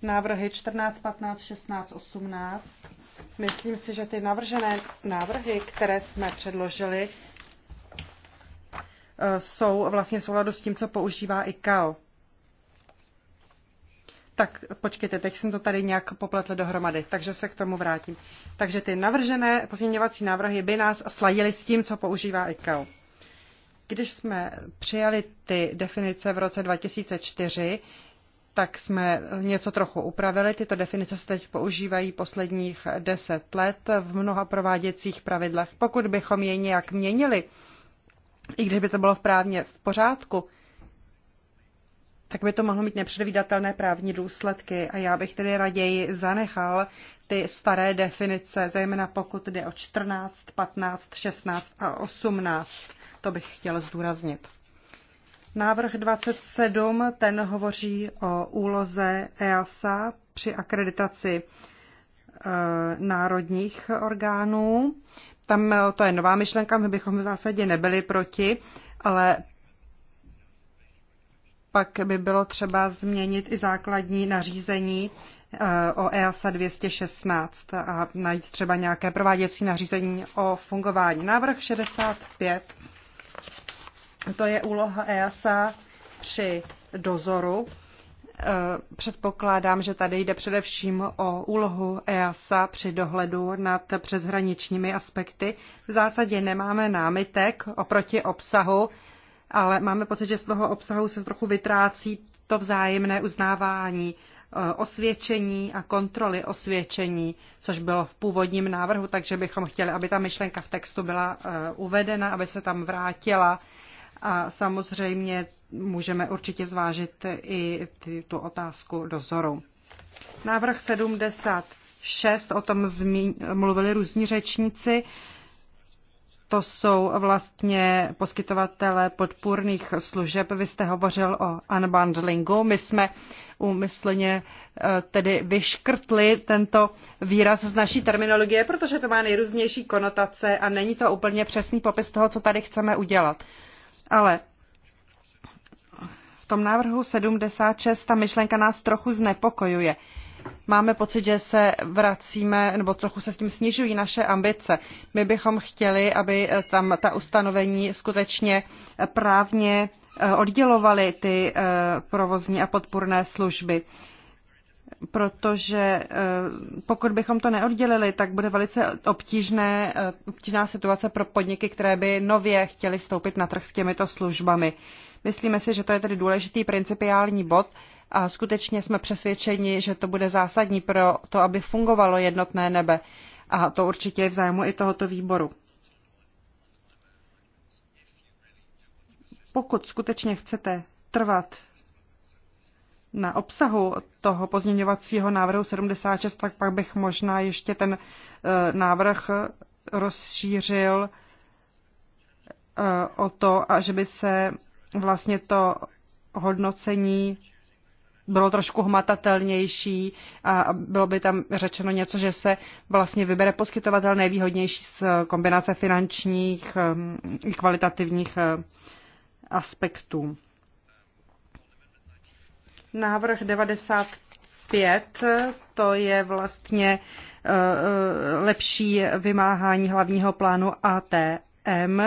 návrhy 14, 15, 16, 18. Myslím si, že ty navržené návrhy, které jsme předložili, eh, jsou vlastně souladu s tím, co používá ICAO. Tak počkejte, teď jsem to tady nějak popletl dohromady, takže se k tomu vrátím. Takže ty navržené pozměňovací návrhy by nás sladily s tím, co používá ICAO. Když jsme přijali ty definice v roce 2004, tak jsme něco trochu upravili. Tyto definice se teď používají posledních deset let v mnoha prováděcích pravidlech. Pokud bychom je nějak měnili, i když by to bylo v právně v pořádku, tak by to mohlo mít nepředvídatelné právní důsledky a já bych tedy raději zanechal ty staré definice, zejména pokud jde o 14, 15, 16 a 18. To bych chtěl zdůraznit. Návrh 27, ten hovoří o úloze EASA při akreditaci e, národních orgánů. Tam e, to je nová myšlenka, my bychom v zásadě nebyli proti, ale pak by bylo třeba změnit i základní nařízení e, o EASA 216 a najít třeba nějaké prováděcí nařízení o fungování. Návrh 65 to je úloha EASA při dozoru. E, předpokládám, že tady jde především o úlohu EASA při dohledu nad přeshraničními aspekty. V zásadě nemáme námitek oproti obsahu, ale máme pocit, že z toho obsahu se trochu vytrácí to vzájemné uznávání e, osvědčení a kontroly osvědčení, což bylo v původním návrhu, takže bychom chtěli, aby ta myšlenka v textu byla e, uvedena, aby se tam vrátila a samozřejmě můžeme určitě zvážit i tu otázku dozoru. Návrh 76, o tom mluvili různí řečníci. To jsou vlastně poskytovatele podpůrných služeb. Vy jste hovořil o unbundlingu. My jsme úmyslně e, tedy vyškrtli tento výraz z naší terminologie, protože to má nejrůznější konotace a není to úplně přesný popis toho, co tady chceme udělat ale v tom návrhu 76 ta myšlenka nás trochu znepokojuje. Máme pocit, že se vracíme, nebo trochu se s tím snižují naše ambice. My bychom chtěli, aby tam ta ustanovení skutečně právně eh, oddělovaly ty eh, provozní a podpůrné služby protože eh, pokud bychom to neoddělili, tak bude velice obtížné, eh, obtížná situace pro podniky, které by nově chtěly vstoupit na trh s těmito službami. Myslíme si, že to je tedy důležitý principiální bod a skutečně jsme přesvědčeni, že to bude zásadní pro to, aby fungovalo jednotné nebe. A to určitě je v zájmu i tohoto výboru. Pokud skutečně chcete trvat na obsahu toho pozměňovacího návrhu 76, tak pak bych možná ještě ten e, návrh rozšířil e, o to, a že by se vlastně to hodnocení bylo trošku hmatatelnější a bylo by tam řečeno něco, že se vlastně vybere poskytovatel nejvýhodnější z kombinace finančních e, i kvalitativních aspektů. Návrh 95, to je vlastně eh, eh, lepší vymáhání hlavního plánu ATM.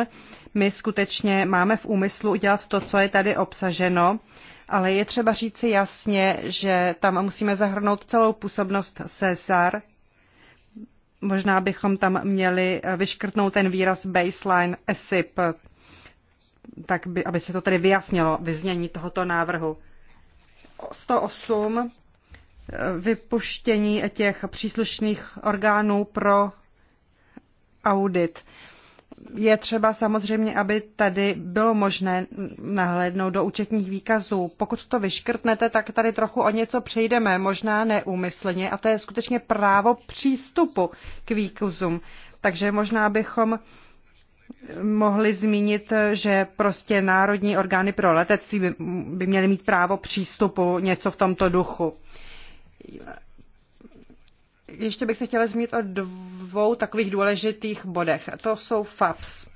My skutečně máme v úmyslu udělat to, co je tady obsaženo, ale je třeba říci jasně, že tam musíme zahrnout celou působnost CESAR. Možná bychom tam měli vyškrtnout ten výraz baseline ESIP, tak by, aby se to tedy vyjasnilo, vyznění tohoto návrhu. 108 eh, vypuštění těch příslušných orgánů pro audit. Je třeba samozřejmě, aby tady bylo možné nahlédnout do účetních výkazů. Pokud to vyškrtnete, tak tady trochu o něco přejdeme, možná neúmyslně, a to je skutečně právo přístupu k výkazům. Takže možná bychom mohli zmínit, že prostě národní orgány pro letectví by, by měly mít právo přístupu, něco v tomto duchu. Ještě bych se chtěla zmínit o dvou takových důležitých bodech. To jsou FAPS.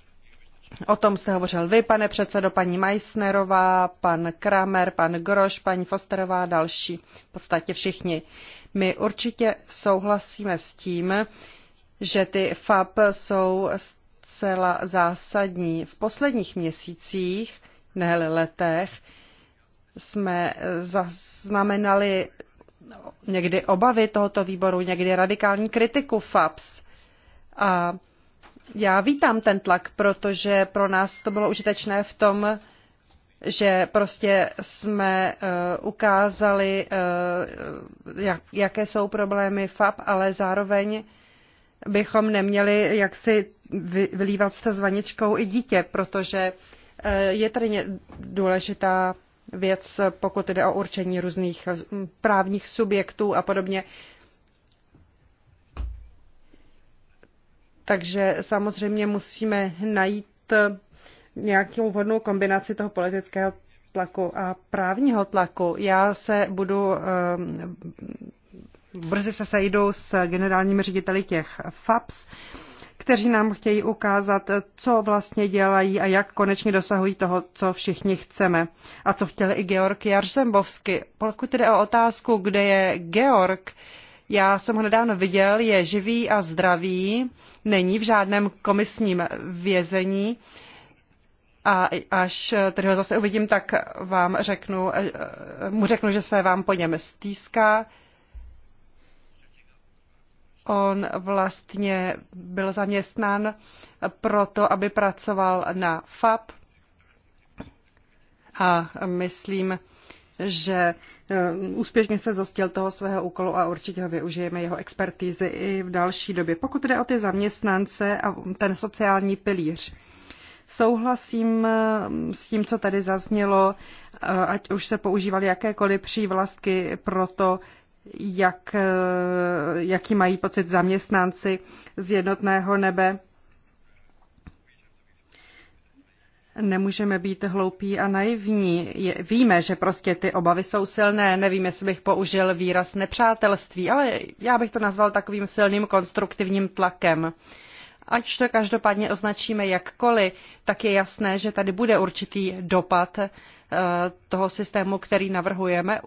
O tom jste hovořil vy, pane předsedo, paní Meissnerová, pan Kramer, pan Groš, paní Fosterová, další, v podstatě všichni. My určitě souhlasíme s tím, že ty FAP jsou zcela zásadní. V posledních měsících, ne letech, jsme zaznamenali někdy obavy tohoto výboru, někdy radikální kritiku FAPS. A já vítám ten tlak, protože pro nás to bylo užitečné v tom, že prostě jsme uh, ukázali, uh, jak, jaké jsou problémy FAP, ale zároveň bychom neměli jaksi vylívat se s i dítě, protože eh, je tady důležitá věc, pokud jde o určení různých hm, právních subjektů a podobně. Takže samozřejmě musíme najít eh, nějakou vhodnou kombinaci toho politického tlaku a právního tlaku. Já se budu eh, brzy se sejdou s generálními řediteli těch FAPS, kteří nám chtějí ukázat, co vlastně dělají a jak konečně dosahují toho, co všichni chceme. A co chtěl i Georg Jarzembovsky. Pokud jde o otázku, kde je Georg, já jsem ho nedávno viděl, je živý a zdravý, není v žádném komisním vězení. A až tedy ho zase uvidím, tak vám řeknu, mu řeknu, že se vám po něm stýská on vlastně byl zaměstnán proto, aby pracoval na FAP. A myslím, že eh, úspěšně se zostil toho svého úkolu a určitě ho využijeme jeho expertízy i v další době. Pokud jde o ty zaměstnance a ten sociální pilíř, souhlasím eh, s tím, co tady zaznělo, eh, ať už se používaly jakékoliv přívlastky pro to, jak, eh, jaký mají pocit zaměstnanci z jednotného nebe. Nemůžeme být hloupí a naivní. Je, víme, že prostě ty obavy jsou silné. Nevím, jestli bych použil výraz nepřátelství, ale já bych to nazval takovým silným konstruktivním tlakem. Ať to každopádně označíme jakkoliv, tak je jasné, že tady bude určitý dopad eh, toho systému, který navrhujeme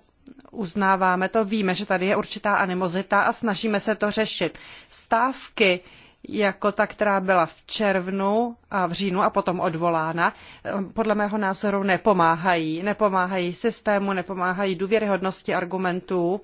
Uznáváme to, víme, že tady je určitá animozita a snažíme se to řešit. Stávky jako ta, která byla v červnu a v říjnu a potom odvolána, podle mého názoru nepomáhají. Nepomáhají systému, nepomáhají důvěryhodnosti argumentů. Uh,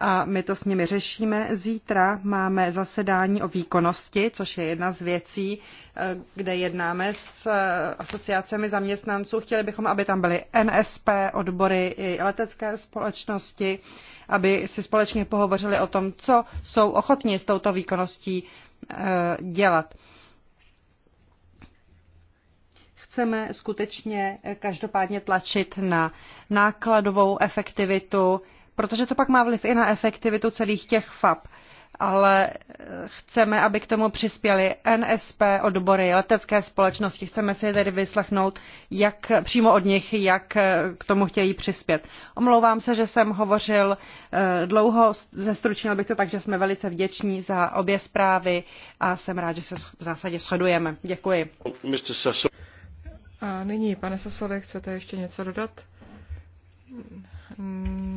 a my to s nimi řešíme. Zítra máme zasedání o výkonnosti, což je jedna z věcí, eh, kde jednáme s eh, asociacemi zaměstnanců. Chtěli bychom, aby tam byly NSP, odbory i letecké společnosti, aby si společně pohovořili o tom, co jsou ochotni s touto výkonností eh, dělat chceme skutečně každopádně tlačit na nákladovou efektivitu, protože to pak má vliv i na efektivitu celých těch fap, Ale eh, chceme, aby k tomu přispěli NSP, odbory, letecké společnosti. Chceme si tedy vyslechnout jak, přímo od nich, jak eh, k tomu chtějí přispět. Omlouvám se, že jsem hovořil eh, dlouho, zestručnil bych to tak, že jsme velice vděční za obě zprávy a jsem rád, že se v zásadě shodujeme. Děkuji. A nyní, pane Sasole, chcete ještě něco dodat?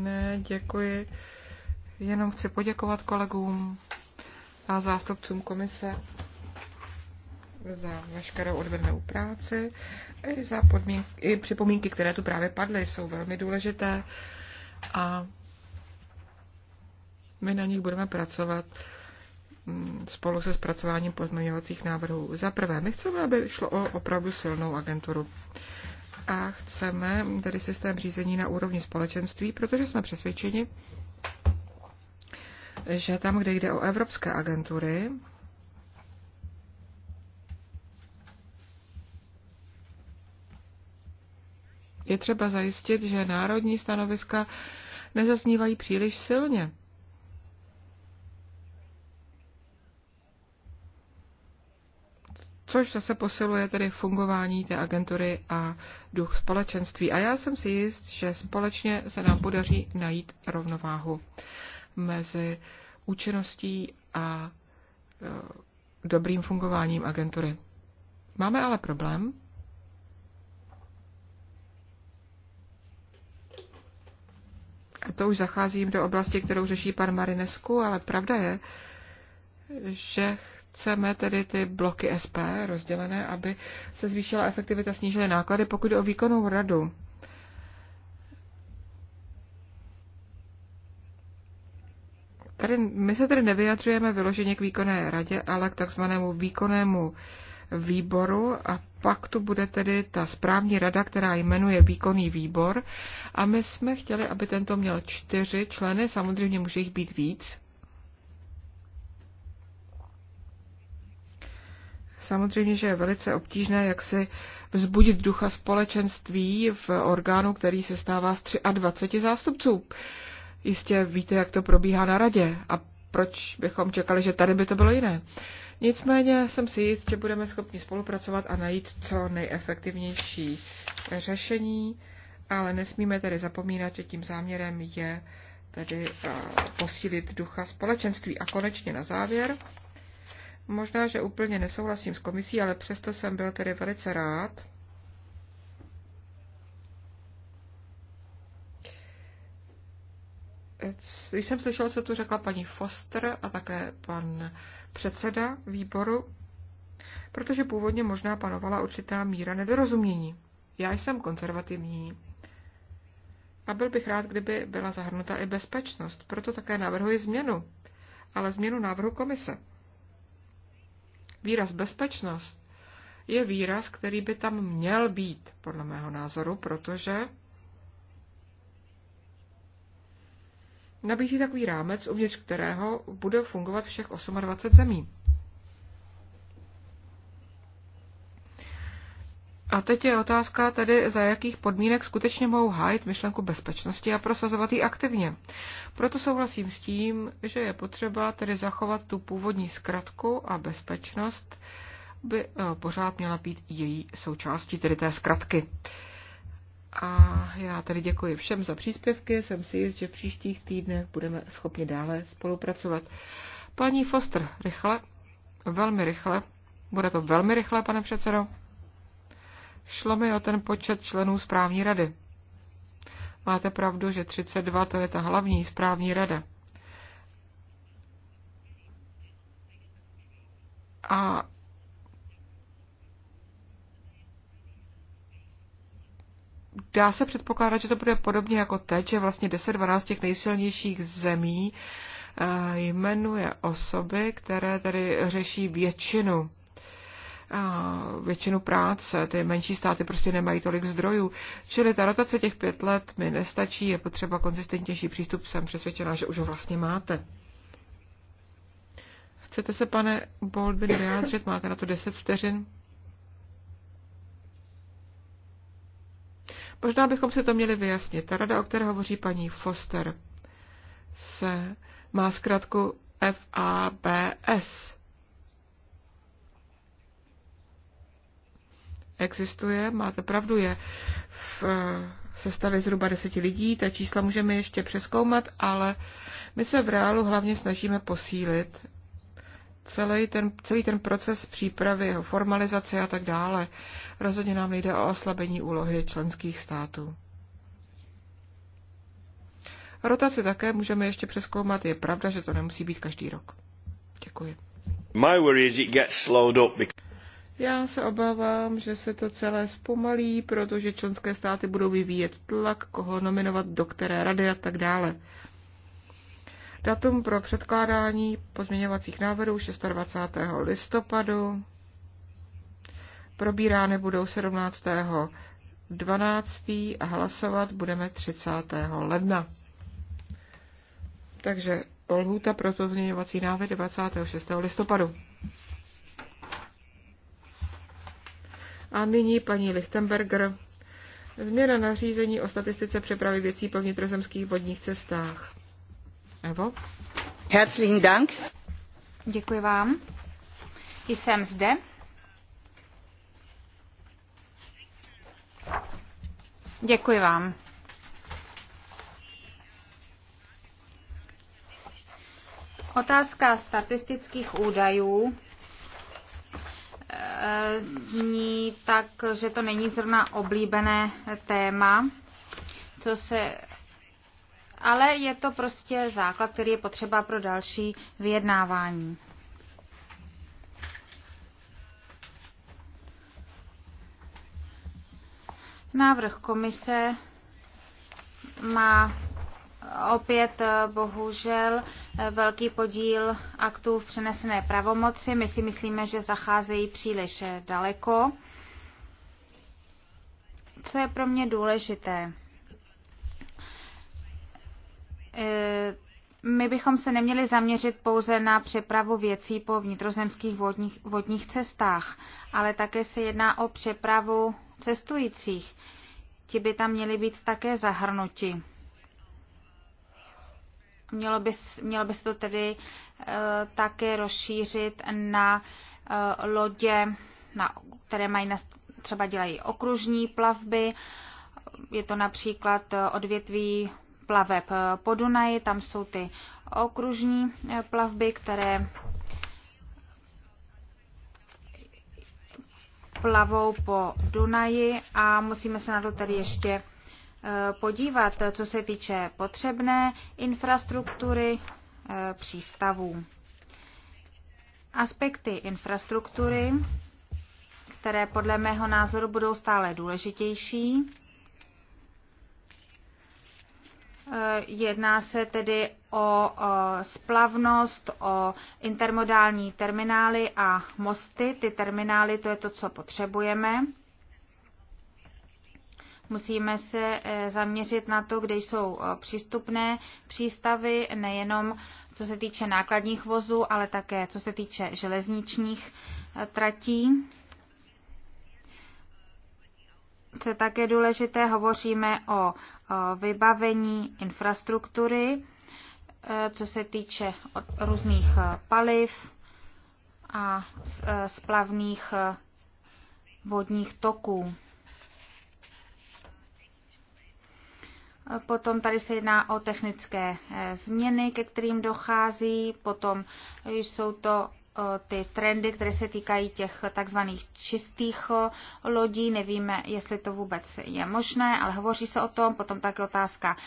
Ne, děkuji. Jenom chci poděkovat kolegům a zástupcům komise za veškerou odvednou práci i za podmínky, i připomínky, které tu právě padly, jsou velmi důležité a my na nich budeme pracovat mm, spolu se zpracováním pozměňovacích návrhů. Za prvé, my chceme, aby šlo o opravdu silnou agenturu a chceme tedy systém řízení na úrovni společenství, protože jsme přesvědčeni, že tam, kde jde o evropské agentury, je třeba zajistit, že národní stanoviska nezaznívají příliš silně. což zase posiluje tedy fungování té agentury a duch společenství. A já jsem si jist, že společně se nám podaří najít rovnováhu mezi účinností a e, dobrým fungováním agentury. Máme ale problém. A to už zacházím do oblasti, kterou řeší pan Marinesku, ale pravda je, že chceme tedy ty bloky SP rozdělené, aby se zvýšila efektivita, snížily náklady, pokud jde o výkonnou radu. Tady, my se tedy nevyjadřujeme vyloženě k výkonné radě, ale k takzvanému výkonnému výboru a pak tu bude tedy ta správní rada, která jmenuje výkonný výbor a my jsme chtěli, aby tento měl čtyři členy, samozřejmě může jich být víc. Samozřejmě, že je velice obtížné, jak si vzbudit ducha společenství v orgánu, který se stává z 23 zástupců. Jistě víte, jak to probíhá na radě a proč bychom čekali, že tady by to bylo jiné. Nicméně jsem si jist, že budeme schopni spolupracovat a najít co nejefektivnější řešení, ale nesmíme tedy zapomínat, že tím záměrem je tedy posílit ducha společenství. A konečně na závěr. Možná, že úplně nesouhlasím s komisí, ale přesto jsem byl tedy velice rád, když jsem slyšel, co tu řekla paní Foster a také pan předseda výboru, protože původně možná panovala určitá míra nedorozumění. Já jsem konzervativní a byl bych rád, kdyby byla zahrnuta i bezpečnost, proto také navrhuji změnu, ale změnu návrhu komise výraz bezpečnost je výraz, který by tam měl být, podle mého názoru, protože nabízí takový rámec, uvnitř kterého bude fungovat všech 28 zemí. A teď je otázka tedy, za jakých podmínek skutečně mohou hájit myšlenku bezpečnosti a prosazovat ji aktivně. Proto souhlasím s tím, že je potřeba tedy zachovat tu původní zkratku a bezpečnost by eh, pořád měla být její součástí, tedy té zkratky. A já tedy děkuji všem za příspěvky, jsem si jist, že v příštích týdnech budeme schopni dále spolupracovat. Paní Foster, rychle, velmi rychle, bude to velmi rychle, pane předsedo. Šlo mi o ten počet členů správní rady. Máte pravdu, že 32 to je ta hlavní správní rada. A dá se předpokládat, že to bude podobně jako teď, že vlastně 10-12 těch nejsilnějších zemí eh, jmenuje osoby, které tedy řeší většinu většinu práce. Ty menší státy prostě nemají tolik zdrojů. Čili ta rotace těch pět let mi nestačí, je potřeba konzistentnější přístup. Jsem přesvědčená, že už ho vlastně máte. Chcete se, pane Boldvin, vyjádřit? Máte na to 10 vteřin? Možná bychom se to měli vyjasnit. Ta rada, o které hovoří paní Foster, se má zkrátku FABS. existuje, máte pravdu, je eh, v sestavě zhruba deseti lidí, ta čísla můžeme ještě přeskoumat, ale my se v reálu hlavně snažíme posílit celý ten, celý ten proces přípravy, jeho formalizace a tak dále. Rozhodně nám nejde o oslabení úlohy členských států. Rotaci také můžeme ještě přeskoumat. Je pravda, že to nemusí být každý rok. Děkuji. My worry is it gets slowed up because... Já se obávám, že se to celé zpomalí, protože členské státy budou vyvíjet tlak, koho nominovat do které rady a tak dále. Datum pro předkládání pozměňovacích návrhů 26. listopadu. Probírány budou 17. 12. a hlasovat budeme 30. ledna. Takže lhůta pro pozměňovací návrh 26. listopadu. A nyní paní Lichtenberger. Změna nařízení o statistice přepravy věcí po vnitrozemských vodních cestách. Evo? Herzlichen Dank. Děkuji vám. Jsem zde. Děkuji vám. Otázka statistických údajů zní tak, že to není zrovna oblíbené téma, co se, ale je to prostě základ, který je potřeba pro další vyjednávání. Návrh komise má opět eh, bohužel eh, velký podíl aktů v přenesené pravomoci. My si myslíme, že zacházejí příliš eh, daleko. Co je pro mě důležité? My bychom se neměli zaměřit pouze na přepravu věcí po vnitrozemských vodních, vodních cestách, ale také se jedná o přepravu cestujících. Ti by tam měli být také zahrnuti. Mělo by, mělo by se to tedy eh, také rozšířit na eh, lodě, na, které mají na, třeba dělají okružní plavby. Je to například eh, odvětví plaveb po Dunaji, tam jsou ty okružní plavby, které plavou po Dunaji a musíme se na to tedy ještě Eh, podívat, co se týče potřebné infrastruktury eh, přístavů. Aspekty infrastruktury, které podle mého názoru budou stále důležitější. Eh, jedná se tedy o splavnost, o intermodální terminály a mosty. Ty terminály, to je to, co potřebujeme. Musíme se eh, zaměřit na to, kde jsou eh, přístupné přístavy, nejenom co se týče nákladních vozů, ale také co se týče železničních eh, tratí. Co je také důležité, hovoříme o vybavení infrastruktury, co se týče různých paliv a splavných vodních toků. Potom tady se jedná o technické eh, změny, ke kterým dochází. Potom jsou to eh, ty trendy, které se týkají těch takzvaných čistých eh, lodí. Nevíme, jestli to vůbec je možné, ale hovoří se o tom. Potom také otázka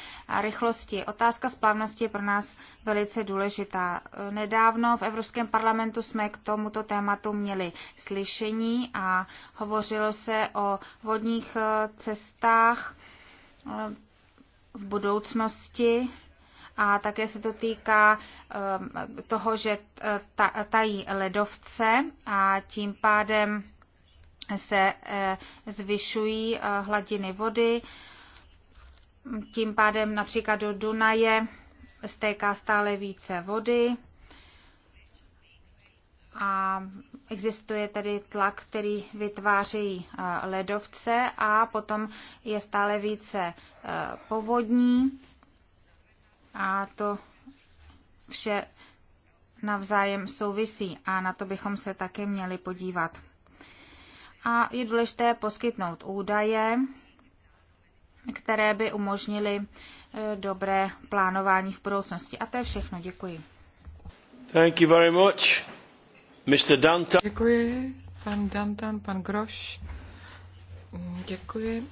rychlosti. Otázka splavnosti je pro nás velice důležitá. Nedávno v Evropském parlamentu jsme k tomuto tématu měli slyšení a hovořilo se o vodních cestách v budoucnosti a také se to týká ehm, toho, že eh, tají ledovce a tím pádem se eh, zvyšují eh, hladiny vody. Tím pádem například do Dunaje stéká stále více vody a existuje tedy tlak, který vytvářejí e, ledovce a potom je stále více e, povodní a to vše navzájem souvisí a na to bychom se také měli podívat. A je důležité poskytnout údaje, které by umožnily e, dobré plánování v budoucnosti. A to je všechno. Děkuji. Thank you very much. Děkuji, pan Dantan, pan Groš. Děkuji,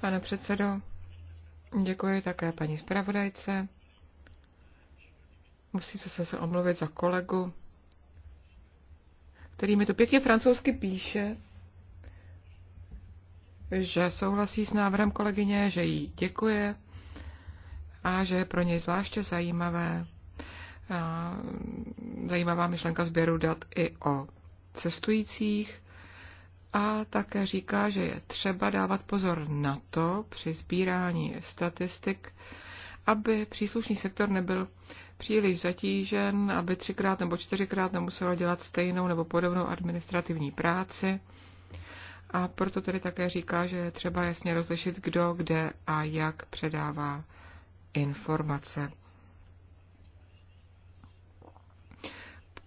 pane předsedo. Děkuji také paní zpravodajce. Musím se, zase omluvit za kolegu, který mi to pěkně francouzsky píše, že souhlasí s návrhem kolegyně, že jí děkuje a že je pro něj zvláště zajímavé, zajímavá myšlenka sběru dat i o cestujících a také říká, že je třeba dávat pozor na to při sbírání statistik, aby příslušný sektor nebyl příliš zatížen, aby třikrát nebo čtyřikrát nemuselo dělat stejnou nebo podobnou administrativní práci. A proto tedy také říká, že je třeba jasně rozlišit, kdo, kde a jak předává informace.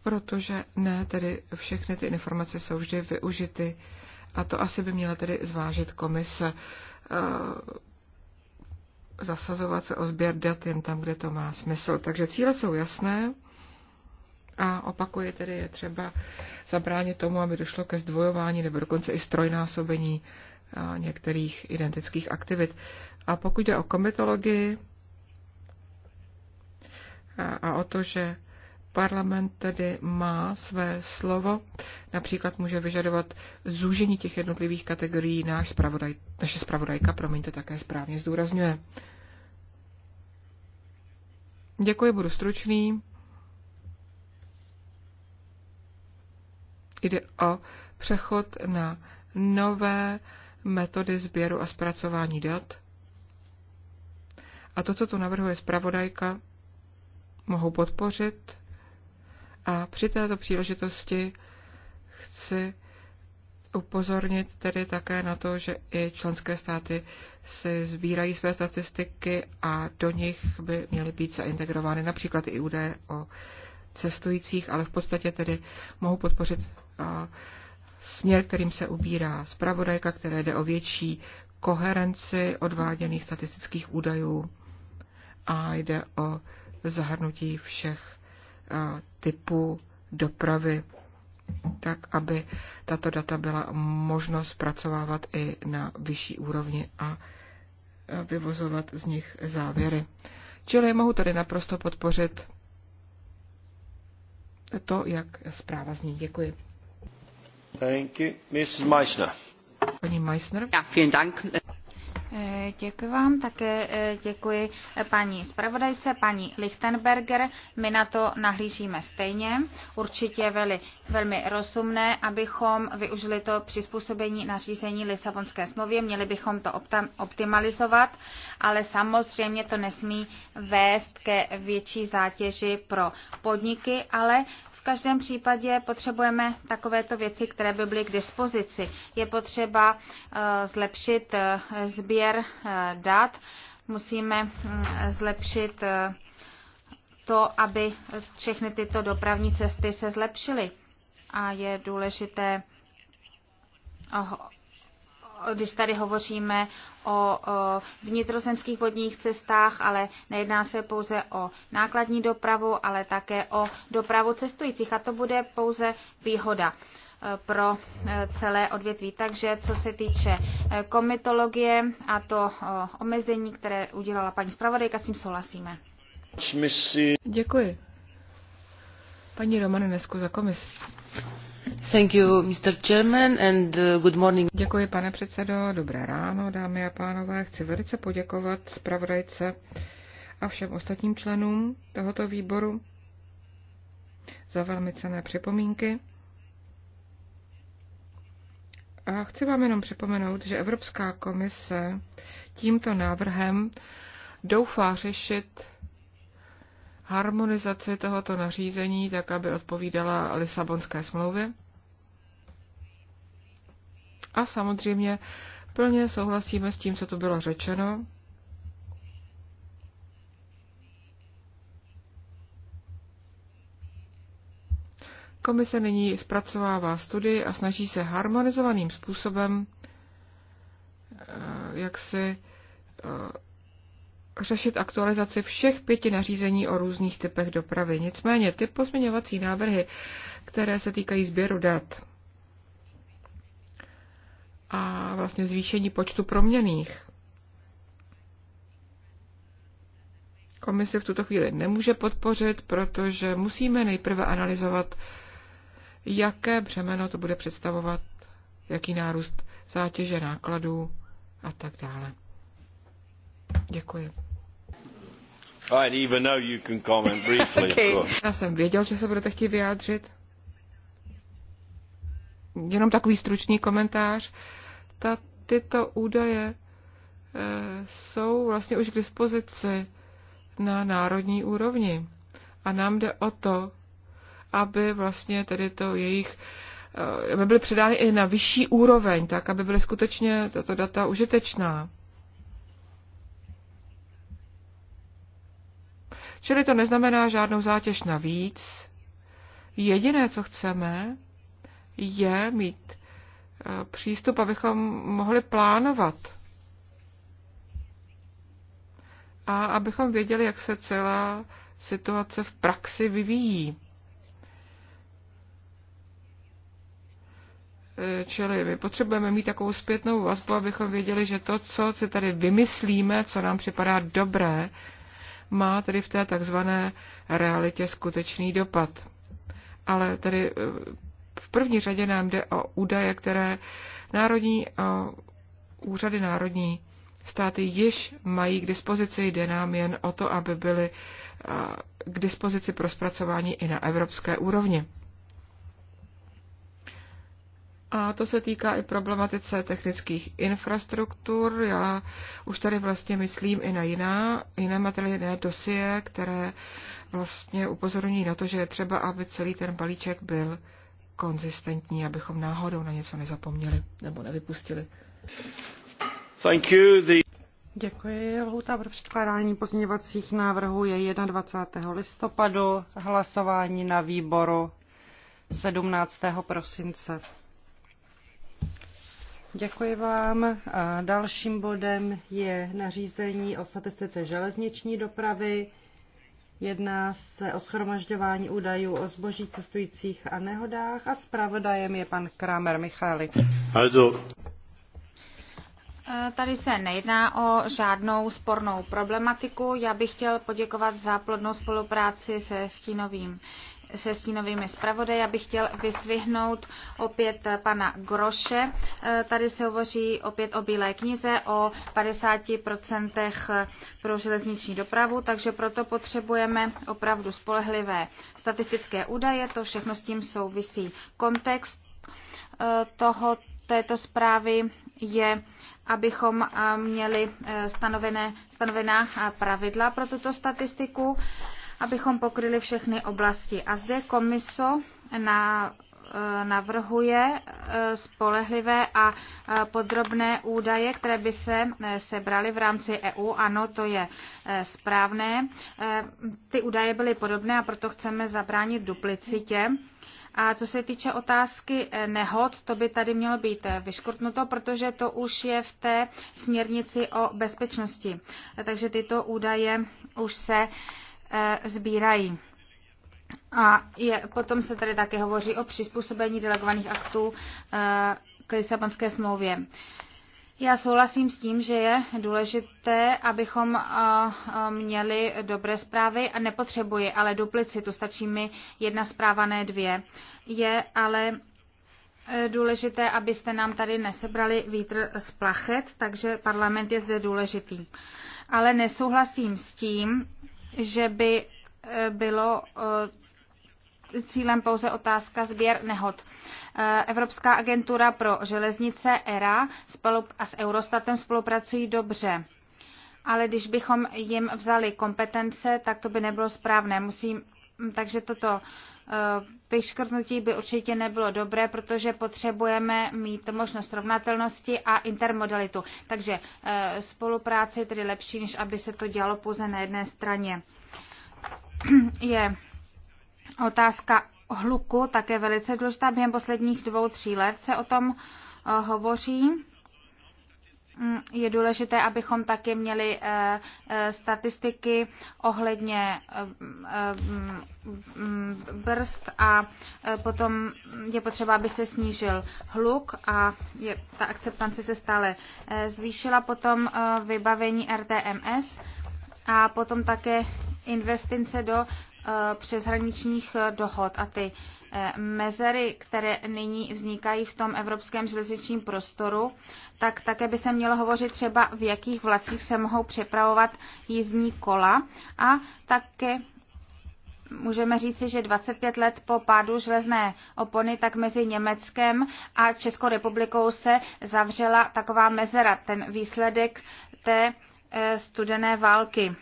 protože ne tedy všechny ty informace jsou vždy využity a to asi by měla tedy zvážit komise eh, zasazovat se o sběr dat jen tam, kde to má smysl. Takže cíle jsou jasné a opakuje tedy je třeba zabránit tomu, aby došlo ke zdvojování nebo dokonce i strojnásobení eh, některých identických aktivit. A pokud jde o komitologii eh, a o to, že Parlament tedy má své slovo, například může vyžadovat zúžení těch jednotlivých kategorií, náš spravodaj, naše spravodajka, promiňte, také správně zdůrazňuje. Děkuji, budu stručný. Jde o přechod na nové metody sběru a zpracování dat. A to, co tu navrhuje zpravodajka, mohu podpořit a při této příležitosti chci upozornit tedy také na to, že i členské státy si sbírají své statistiky a do nich by měly být zaintegrovány například i údaje o cestujících, ale v podstatě tedy mohu podpořit směr, kterým se ubírá zpravodajka, které jde o větší koherenci odváděných statistických údajů a jde o zahrnutí všech typu dopravy, tak aby tato data byla možno zpracovávat i na vyšší úrovni a vyvozovat z nich závěry. Čili mohu tady naprosto podpořit to, jak zpráva zní. Děkuji. Thank you. Mrs. Meissner. Paní Meissner. Ja, vielen Dank. Eh, děkuji vám, také eh, děkuji eh, paní zpravodajce, paní Lichtenberger. My na to nahlížíme stejně. Určitě veli, velmi rozumné, abychom využili to přizpůsobení nařízení Lisabonské smlouvě. Měli bychom to optimalizovat, ale samozřejmě to nesmí vést ke větší zátěži pro podniky, ale v každém případě potřebujeme takovéto věci, které by byly k dispozici. Je potřeba eh, zlepšit eh, sběr eh, dat, musíme hm, zlepšit to, aby všechny tyto dopravní cesty se zlepšily. A je důležité když tady hovoříme o vnitrozemských vodních cestách, ale nejedná se pouze o nákladní dopravu, ale také o dopravu cestujících a to bude pouze výhoda e, pro e, celé odvětví. Takže co se týče e, komitologie a to omezení, které udělala paní zpravodajka, s tím souhlasíme. Děkuji. Paní Nesku za komisi. Uh, Děkuji, pane předsedo. Dobré ráno, dámy a pánové. Chci velice poděkovat zpravodajce a všem ostatním členům tohoto výboru za velmi cené připomínky. A chci vám jenom připomenout, že Evropská komise tímto návrhem doufá řešit harmonizaci tohoto nařízení tak, aby odpovídala Lisabonské smlouvě. A samozřejmě plně souhlasíme s tím, co tu bylo řečeno. Komise nyní zpracovává studii a snaží se harmonizovaným způsobem eh, jak si eh, řešit aktualizaci všech pěti nařízení o různých typech dopravy. Nicméně ty pozměňovací návrhy, které se týkají sběru dat a vlastně zvýšení počtu proměných, komise v tuto chvíli nemůže podpořit, protože musíme nejprve analyzovat, jaké břemeno to bude představovat, jaký nárůst zátěže nákladů a tak dále. Děkuji. I even know you can comment briefly, okay. Já jsem věděl, že se budete chtít vyjádřit. Jenom takový stručný komentář. Ta, tyto údaje e, jsou vlastně už k dispozici na národní úrovni. A nám jde o to, aby vlastně tedy to jejich eh, aby byly předány i na vyšší úroveň, tak aby byly skutečně tato data užitečná. Čili to neznamená žádnou zátěž navíc. Jediné, co chceme, je mít eh, přístup, abychom mohli plánovat. A abychom věděli, jak se celá situace v praxi vyvíjí. Eh, čili my potřebujeme mít takovou zpětnou vazbu, abychom věděli, že to, co si tady vymyslíme, co nám připadá dobré, má tedy v té takzvané realitě skutečný dopad. Ale tedy eh, v první řadě nám jde o údaje, které národní eh, úřady národní státy již mají k dispozici, jde nám jen o to, aby byly eh, k dispozici pro zpracování i na evropské úrovni. A to se týká i problematice technických infrastruktur. Já už tady vlastně myslím i na jiná, jiné materiálné dosie, které vlastně upozorňují na to, že je třeba, aby celý ten balíček byl konzistentní, abychom náhodou na něco nezapomněli nebo nevypustili. Thank you. The... Děkuji. Lhůta pro předkládání pozměňovacích návrhů je 21. listopadu, hlasování na výboru 17. prosince. Děkuji vám. A dalším bodem je nařízení o statistice železniční dopravy. Jedná se o schromažďování údajů o zboží cestujících a nehodách a zpravodajem je pan Kramer Michali. Also. E, tady se nejedná o žádnou spornou problematiku. Já bych chtěl poděkovat za plodnou spolupráci se stínovým se stínovými zpravodaji. Já bych chtěl vysvihnout opět pana Groše. Tady se hovoří opět o Bílé knize, o 50% pro železniční dopravu, takže proto potřebujeme opravdu spolehlivé statistické údaje. To všechno s tím souvisí. Kontext eh, toho, této zprávy je, abychom eh, měli eh, stanovené, stanovená pravidla pro tuto statistiku abychom pokryli všechny oblasti. A zde komiso na e, navrhuje e, spolehlivé a e, podrobné údaje, které by se sebraly v rámci EU. Ano, to je správné. Ty údaje byly podobné a proto chceme zabránit duplicitě. A co se týče otázky nehod, to by tady mělo být vyškrtnuto, protože to už je v té směrnici o bezpečnosti. Takže tyto údaje už se Eh, sbírají. A je, potom se tady také hovoří o přizpůsobení delegovaných aktů eh, k Lisabonské smlouvě. Já souhlasím s tím, že je důležité, abychom eh, měli dobré zprávy a nepotřebuji ale duplicitu, stačí mi jedna zpráva, ne dvě. Je ale důležité, abyste nám tady nesebrali vítr z plachet, takže parlament je zde důležitý. Ale nesouhlasím s tím, že by eh, bylo eh, cílem pouze otázka sběr nehod. Eh, Evropská agentura pro železnice ERA a s Eurostatem spolupracují dobře. Ale když bychom jim vzali kompetence, tak to by nebylo správné. Musím, takže toto vyškrtnutí by určitě nebylo dobré, protože potřebujeme mít možnost rovnatelnosti a intermodalitu. Takže eh, spolupráce je tedy lepší, než aby se to dělalo pouze na jedné straně. Je otázka hluku také velice důležitá. Během posledních dvou, tří let se o tom eh, hovoří Mm, je důležité, abychom také měli eh, eh, statistiky ohledně eh, mm, mm, brzd a potom je potřeba, aby se snížil hluk a je, ta akceptance se stále zvýšila. Potom vybavení RTMS a potom také investice do Eh, přeshraničních eh, dohod a ty eh, mezery, které nyní vznikají v tom evropském železničním prostoru, tak také by se mělo hovořit třeba, v jakých vlacích se mohou přepravovat jízdní kola a také můžeme říci, že 25 let po pádu železné opony, tak mezi Německem a Českou republikou se zavřela taková mezera, ten výsledek té studené války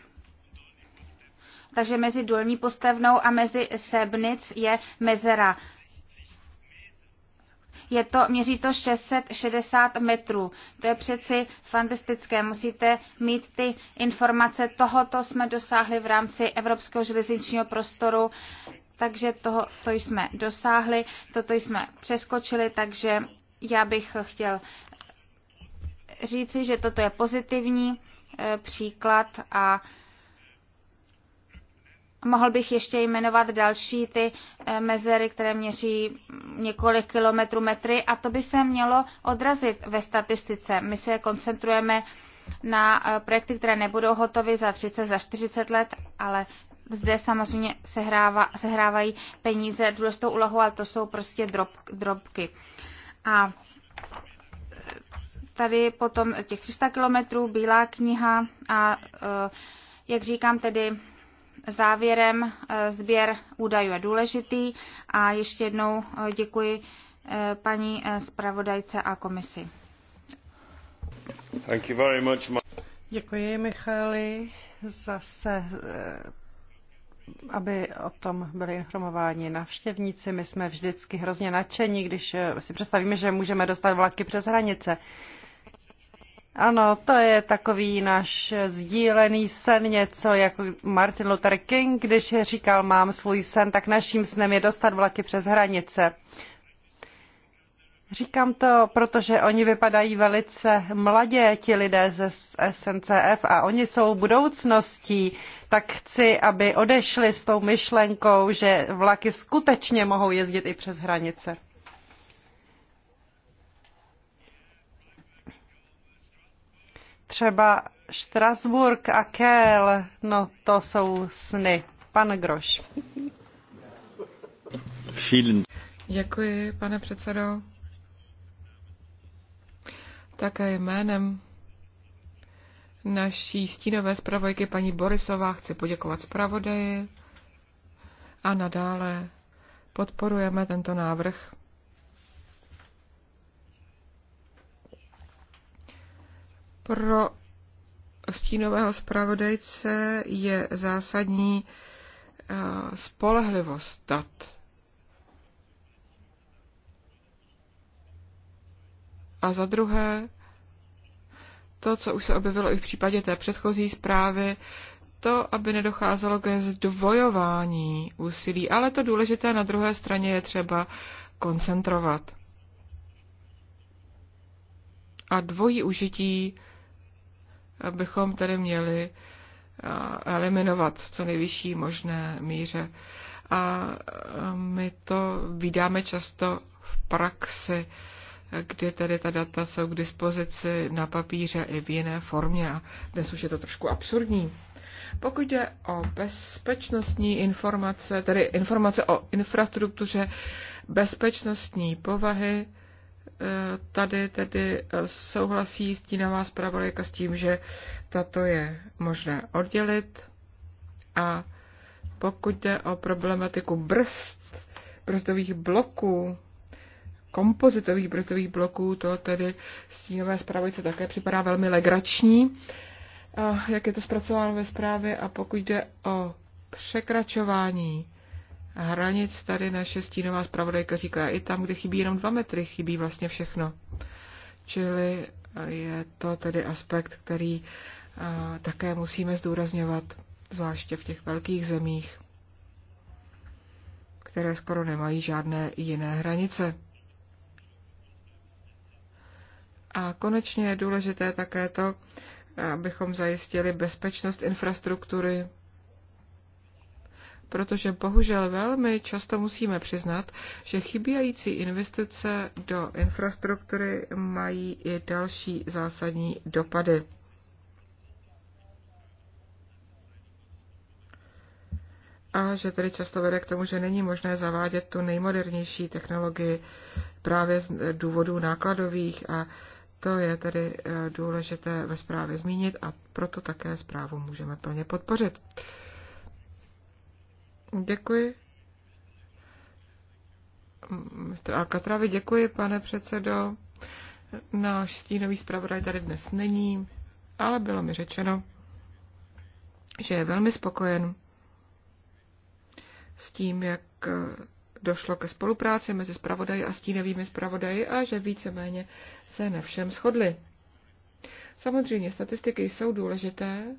takže mezi dolní postavnou a mezi Sebnic je mezera. Je to, měří to 660 metrů. To je přeci fantastické. Musíte mít ty informace. Tohoto jsme dosáhli v rámci Evropského železničního prostoru takže toho, to jsme dosáhli, toto jsme přeskočili, takže já bych chtěl říci, že toto je pozitivní eh, příklad a Mohl bych ještě jmenovat další ty eh, mezery, které měří několik kilometrů metry a to by se mělo odrazit ve statistice. My se koncentrujeme na eh, projekty, které nebudou hotovy za 30, za 40 let, ale zde samozřejmě sehrává, sehrávají peníze důležitou úlohu, ale to jsou prostě drob, drobky. A eh, tady potom těch 300 kilometrů, bílá kniha a jak říkám tedy závěrem eh, sběr údajů je důležitý a ještě jednou eh, děkuji eh, paní zpravodajce a komisi. Thank you very much. Děkuji, Michali, zase, aby o tom byli informováni návštěvníci. My jsme vždycky hrozně nadšení, když si představíme, že můžeme dostat vlaky přes hranice. Ano, to je takový náš sdílený sen, něco jako Martin Luther King, když říkal, mám svůj sen, tak naším snem je dostat vlaky přes hranice. Říkám to, protože oni vypadají velice mladě, ti lidé ze SNCF, a oni jsou budoucností, tak chci, aby odešli s tou myšlenkou, že vlaky skutečně mohou jezdit i přes hranice. Třeba Strasburg a Kel, no to jsou sny. Pan Groš. Děkuji, pane předsedo. Také jménem naší stínové zpravojky paní Borisová chci poděkovat zpravodaji a nadále podporujeme tento návrh. Pro stínového zpravodajce je zásadní eh, spolehlivost dat. A za druhé, to, co už se objevilo i v případě té předchozí zprávy, to, aby nedocházelo ke zdvojování úsilí, ale to důležité na druhé straně je třeba koncentrovat. A dvojí užití bychom tedy měli eliminovat v co nejvyšší možné míře. A my to vydáme často v praxi, kdy tedy ta data jsou k dispozici na papíře i v jiné formě. A dnes už je to trošku absurdní. Pokud jde o bezpečnostní informace, tedy informace o infrastruktuře bezpečnostní povahy, tady tedy eh, souhlasí stínová zpravodajka s tím, že tato je možné oddělit a pokud jde o problematiku brzd, brzdových bloků, kompozitových brzdových bloků, to tedy stínové zpravodajce také připadá velmi legrační, jak je to zpracováno ve zprávě a pokud jde o překračování hranic. Tady naše stínová zpravodajka říká, i tam, kde chybí jenom dva metry, chybí vlastně všechno. Čili eh, je to tedy aspekt, který eh, také musíme zdůrazňovat, zvláště v těch velkých zemích, které skoro nemají žádné jiné hranice. A konečně je důležité také to, eh, abychom zajistili bezpečnost infrastruktury protože bohužel velmi často musíme přiznat, že chybějící investice do infrastruktury mají i další zásadní dopady. a že tedy často vede k tomu, že není možné zavádět tu nejmodernější technologii právě z důvodů nákladových a to je tedy eh, důležité ve zprávě zmínit a proto také zprávu můžeme plně podpořit. Děkuji. Mr. Alcatravi, děkuji, pane předsedo. Náš stínový zpravodaj tady dnes není, ale bylo mi řečeno, že je velmi spokojen s tím, jak došlo ke spolupráci mezi zpravodaji a stínovými zpravodaji a že víceméně se na všem shodli. Samozřejmě statistiky jsou důležité,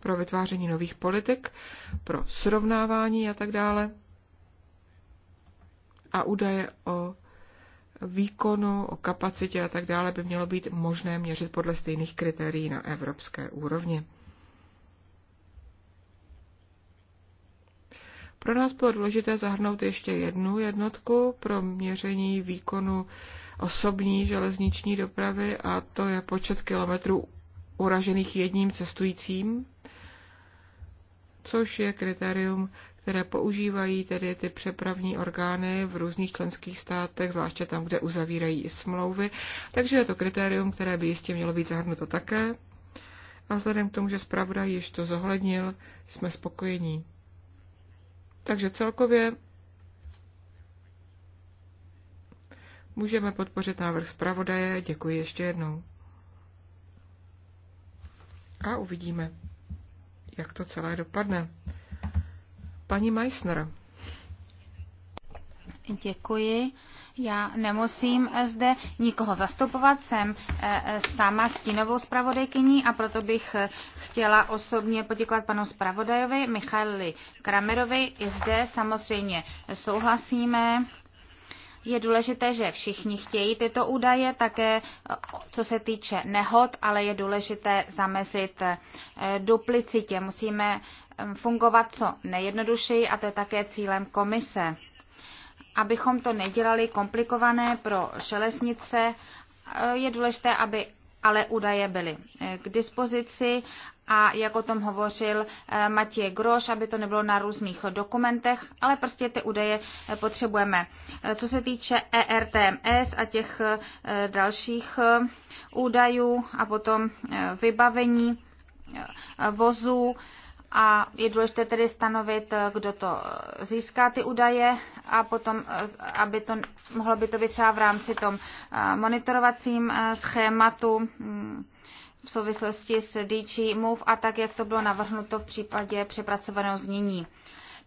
pro vytváření nových politik, pro srovnávání a tak dále. A údaje o výkonu, o kapacitě a tak dále by mělo být možné měřit podle stejných kritérií na evropské úrovni. Pro nás bylo důležité zahrnout ještě jednu jednotku pro měření výkonu osobní železniční dopravy a to je počet kilometrů uražených jedním cestujícím což je kritérium, které používají tedy ty přepravní orgány v různých členských státech, zvláště tam, kde uzavírají smlouvy. Takže je to kritérium, které by jistě mělo být zahrnuto také. A vzhledem k tomu, že zpravda již to zohlednil, jsme spokojení. Takže celkově můžeme podpořit návrh zpravodaje. Děkuji ještě jednou. A uvidíme, jak to celé dopadne. Paní Meissner. Děkuji. Já nemusím zde nikoho zastupovat, jsem eh, sama stínovou zpravodajkyní a proto bych eh, chtěla osobně poděkovat panu zpravodajovi Michaili Kramerovi. I zde samozřejmě souhlasíme je důležité, že všichni chtějí tyto údaje, také eh, co se týče nehod, ale je důležité zamezit eh, duplicitě. Musíme eh, fungovat co nejjednodušeji a to je také cílem komise. Abychom to nedělali komplikované pro železnice, je důležité, aby ale údaje byly k dispozici a jak o tom hovořil eh, Matěj Groš, aby to nebylo na různých dokumentech, ale prostě ty údaje eh, potřebujeme. Eh, co se týče ERTMS a těch dalších údajů a potom vybavení vozů, a je důležité tedy stanovit, kdo to získá ty údaje a potom, aby to, mohlo by to být třeba v rámci tom monitorovacím schématu mm, v souvislosti s DG Move a tak, jak to bylo navrhnuto v případě přepracovaného znění.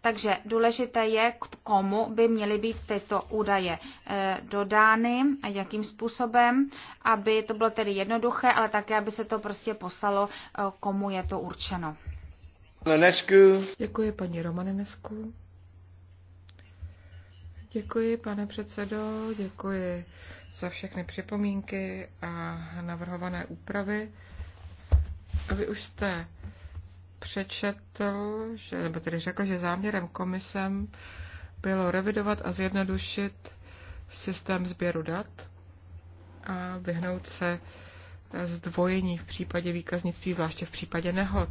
Takže důležité je, k komu by měly být tyto údaje eh, dodány a jakým způsobem, aby to bylo tedy jednoduché, ale také, aby se to prostě poslalo, eh, komu je to určeno. Lenesku. Děkuji paní Romanescu. Děkuji, pane předsedo, děkuji za všechny připomínky a navrhované úpravy. Vy už jste přečetl, že, nebo tedy řekl, že záměrem komisem bylo revidovat a zjednodušit systém sběru dat a vyhnout se zdvojení v případě výkaznictví, zvláště v případě nehod.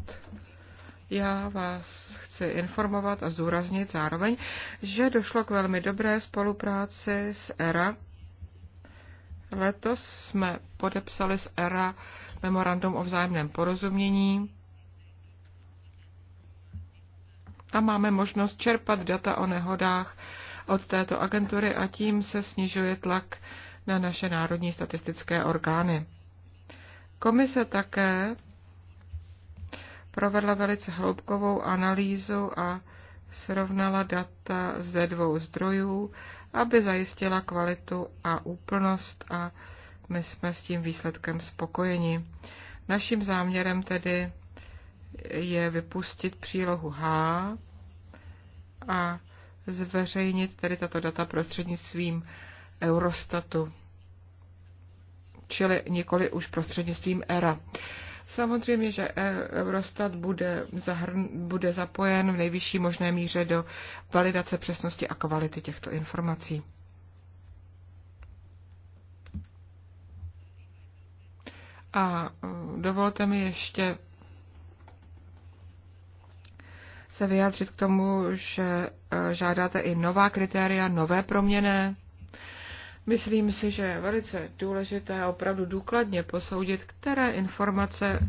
Já vás chci informovat a zdůraznit zároveň, že došlo k velmi dobré spolupráci s ERA Letos jsme podepsali s ERA memorandum o vzájemném porozumění a máme možnost čerpat data o nehodách od této agentury a tím se snižuje tlak na naše národní statistické orgány. Komise také provedla velice hloubkovou analýzu a srovnala data ze dvou zdrojů, aby zajistila kvalitu a úplnost a my jsme s tím výsledkem spokojeni. Naším záměrem tedy je vypustit přílohu H a zveřejnit tedy tato data prostřednictvím Eurostatu, čili nikoli už prostřednictvím ERA. Samozřejmě, že e- Eurostat bude, zahrn, bude zapojen v nejvyšší možné míře do validace přesnosti a kvality těchto informací. A e, dovolte mi ještě se vyjádřit k tomu, že e, žádáte i nová kritéria, nové proměny. Myslím si, že je velice důležité opravdu důkladně posoudit, které informace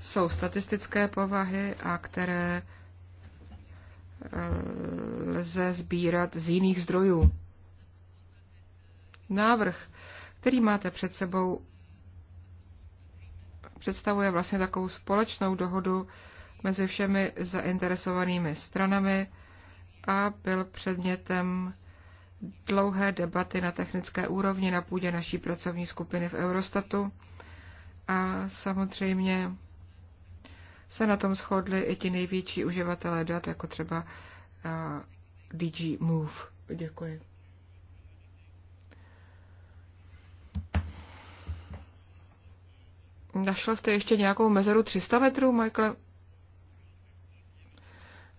jsou statistické povahy a které eh, lze sbírat z jiných zdrojů. Návrh, který máte před sebou, představuje vlastně takovou společnou dohodu mezi všemi zainteresovanými stranami a byl předmětem dlouhé debaty na technické úrovni na půdě naší pracovní skupiny v Eurostatu a samozřejmě se na tom shodli i ti největší uživatelé dat, jako třeba uh, DG Move. Děkuji. Našel jste ještě nějakou mezeru 300 metrů, Michael?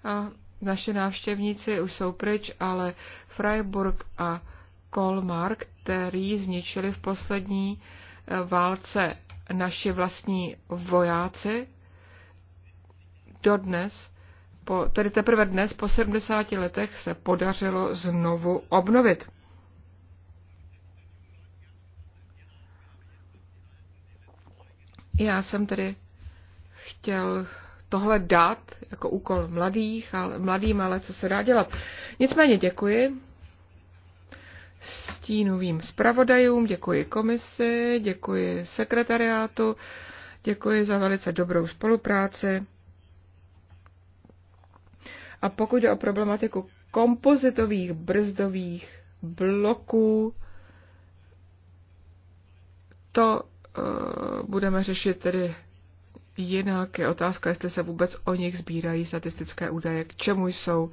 Uh, naše návštěvníci už jsou pryč, ale Freiburg a Kolmar, který zničili v poslední eh, válce naši vlastní vojáci, dodnes, po, tedy teprve dnes, po 70 letech, se podařilo znovu obnovit. Já jsem tedy chtěl tohle dát jako úkol mladých, ale, mladým, ale co se dá dělat. Nicméně děkuji stínovým zpravodajům, děkuji komisi, děkuji sekretariátu, děkuji za velice dobrou spolupráci. A pokud jde o problematiku kompozitových brzdových bloků, to uh, budeme řešit tedy Jinak je otázka, jestli se vůbec o nich sbírají statistické údaje, k čemu jsou.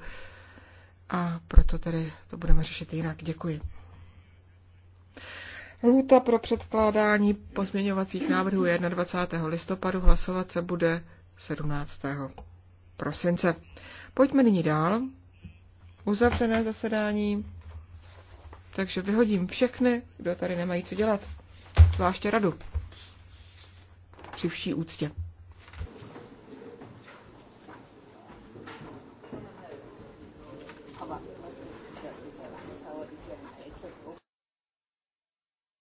A proto tedy to budeme řešit jinak. Děkuji. Lhůta pro předkládání pozměňovacích návrhů je 21. listopadu, hlasovat se bude 17. prosince. Pojďme nyní dál. Uzavřené zasedání. Takže vyhodím všechny, kdo tady nemají co dělat. Zvláště radu. Při vší úctě.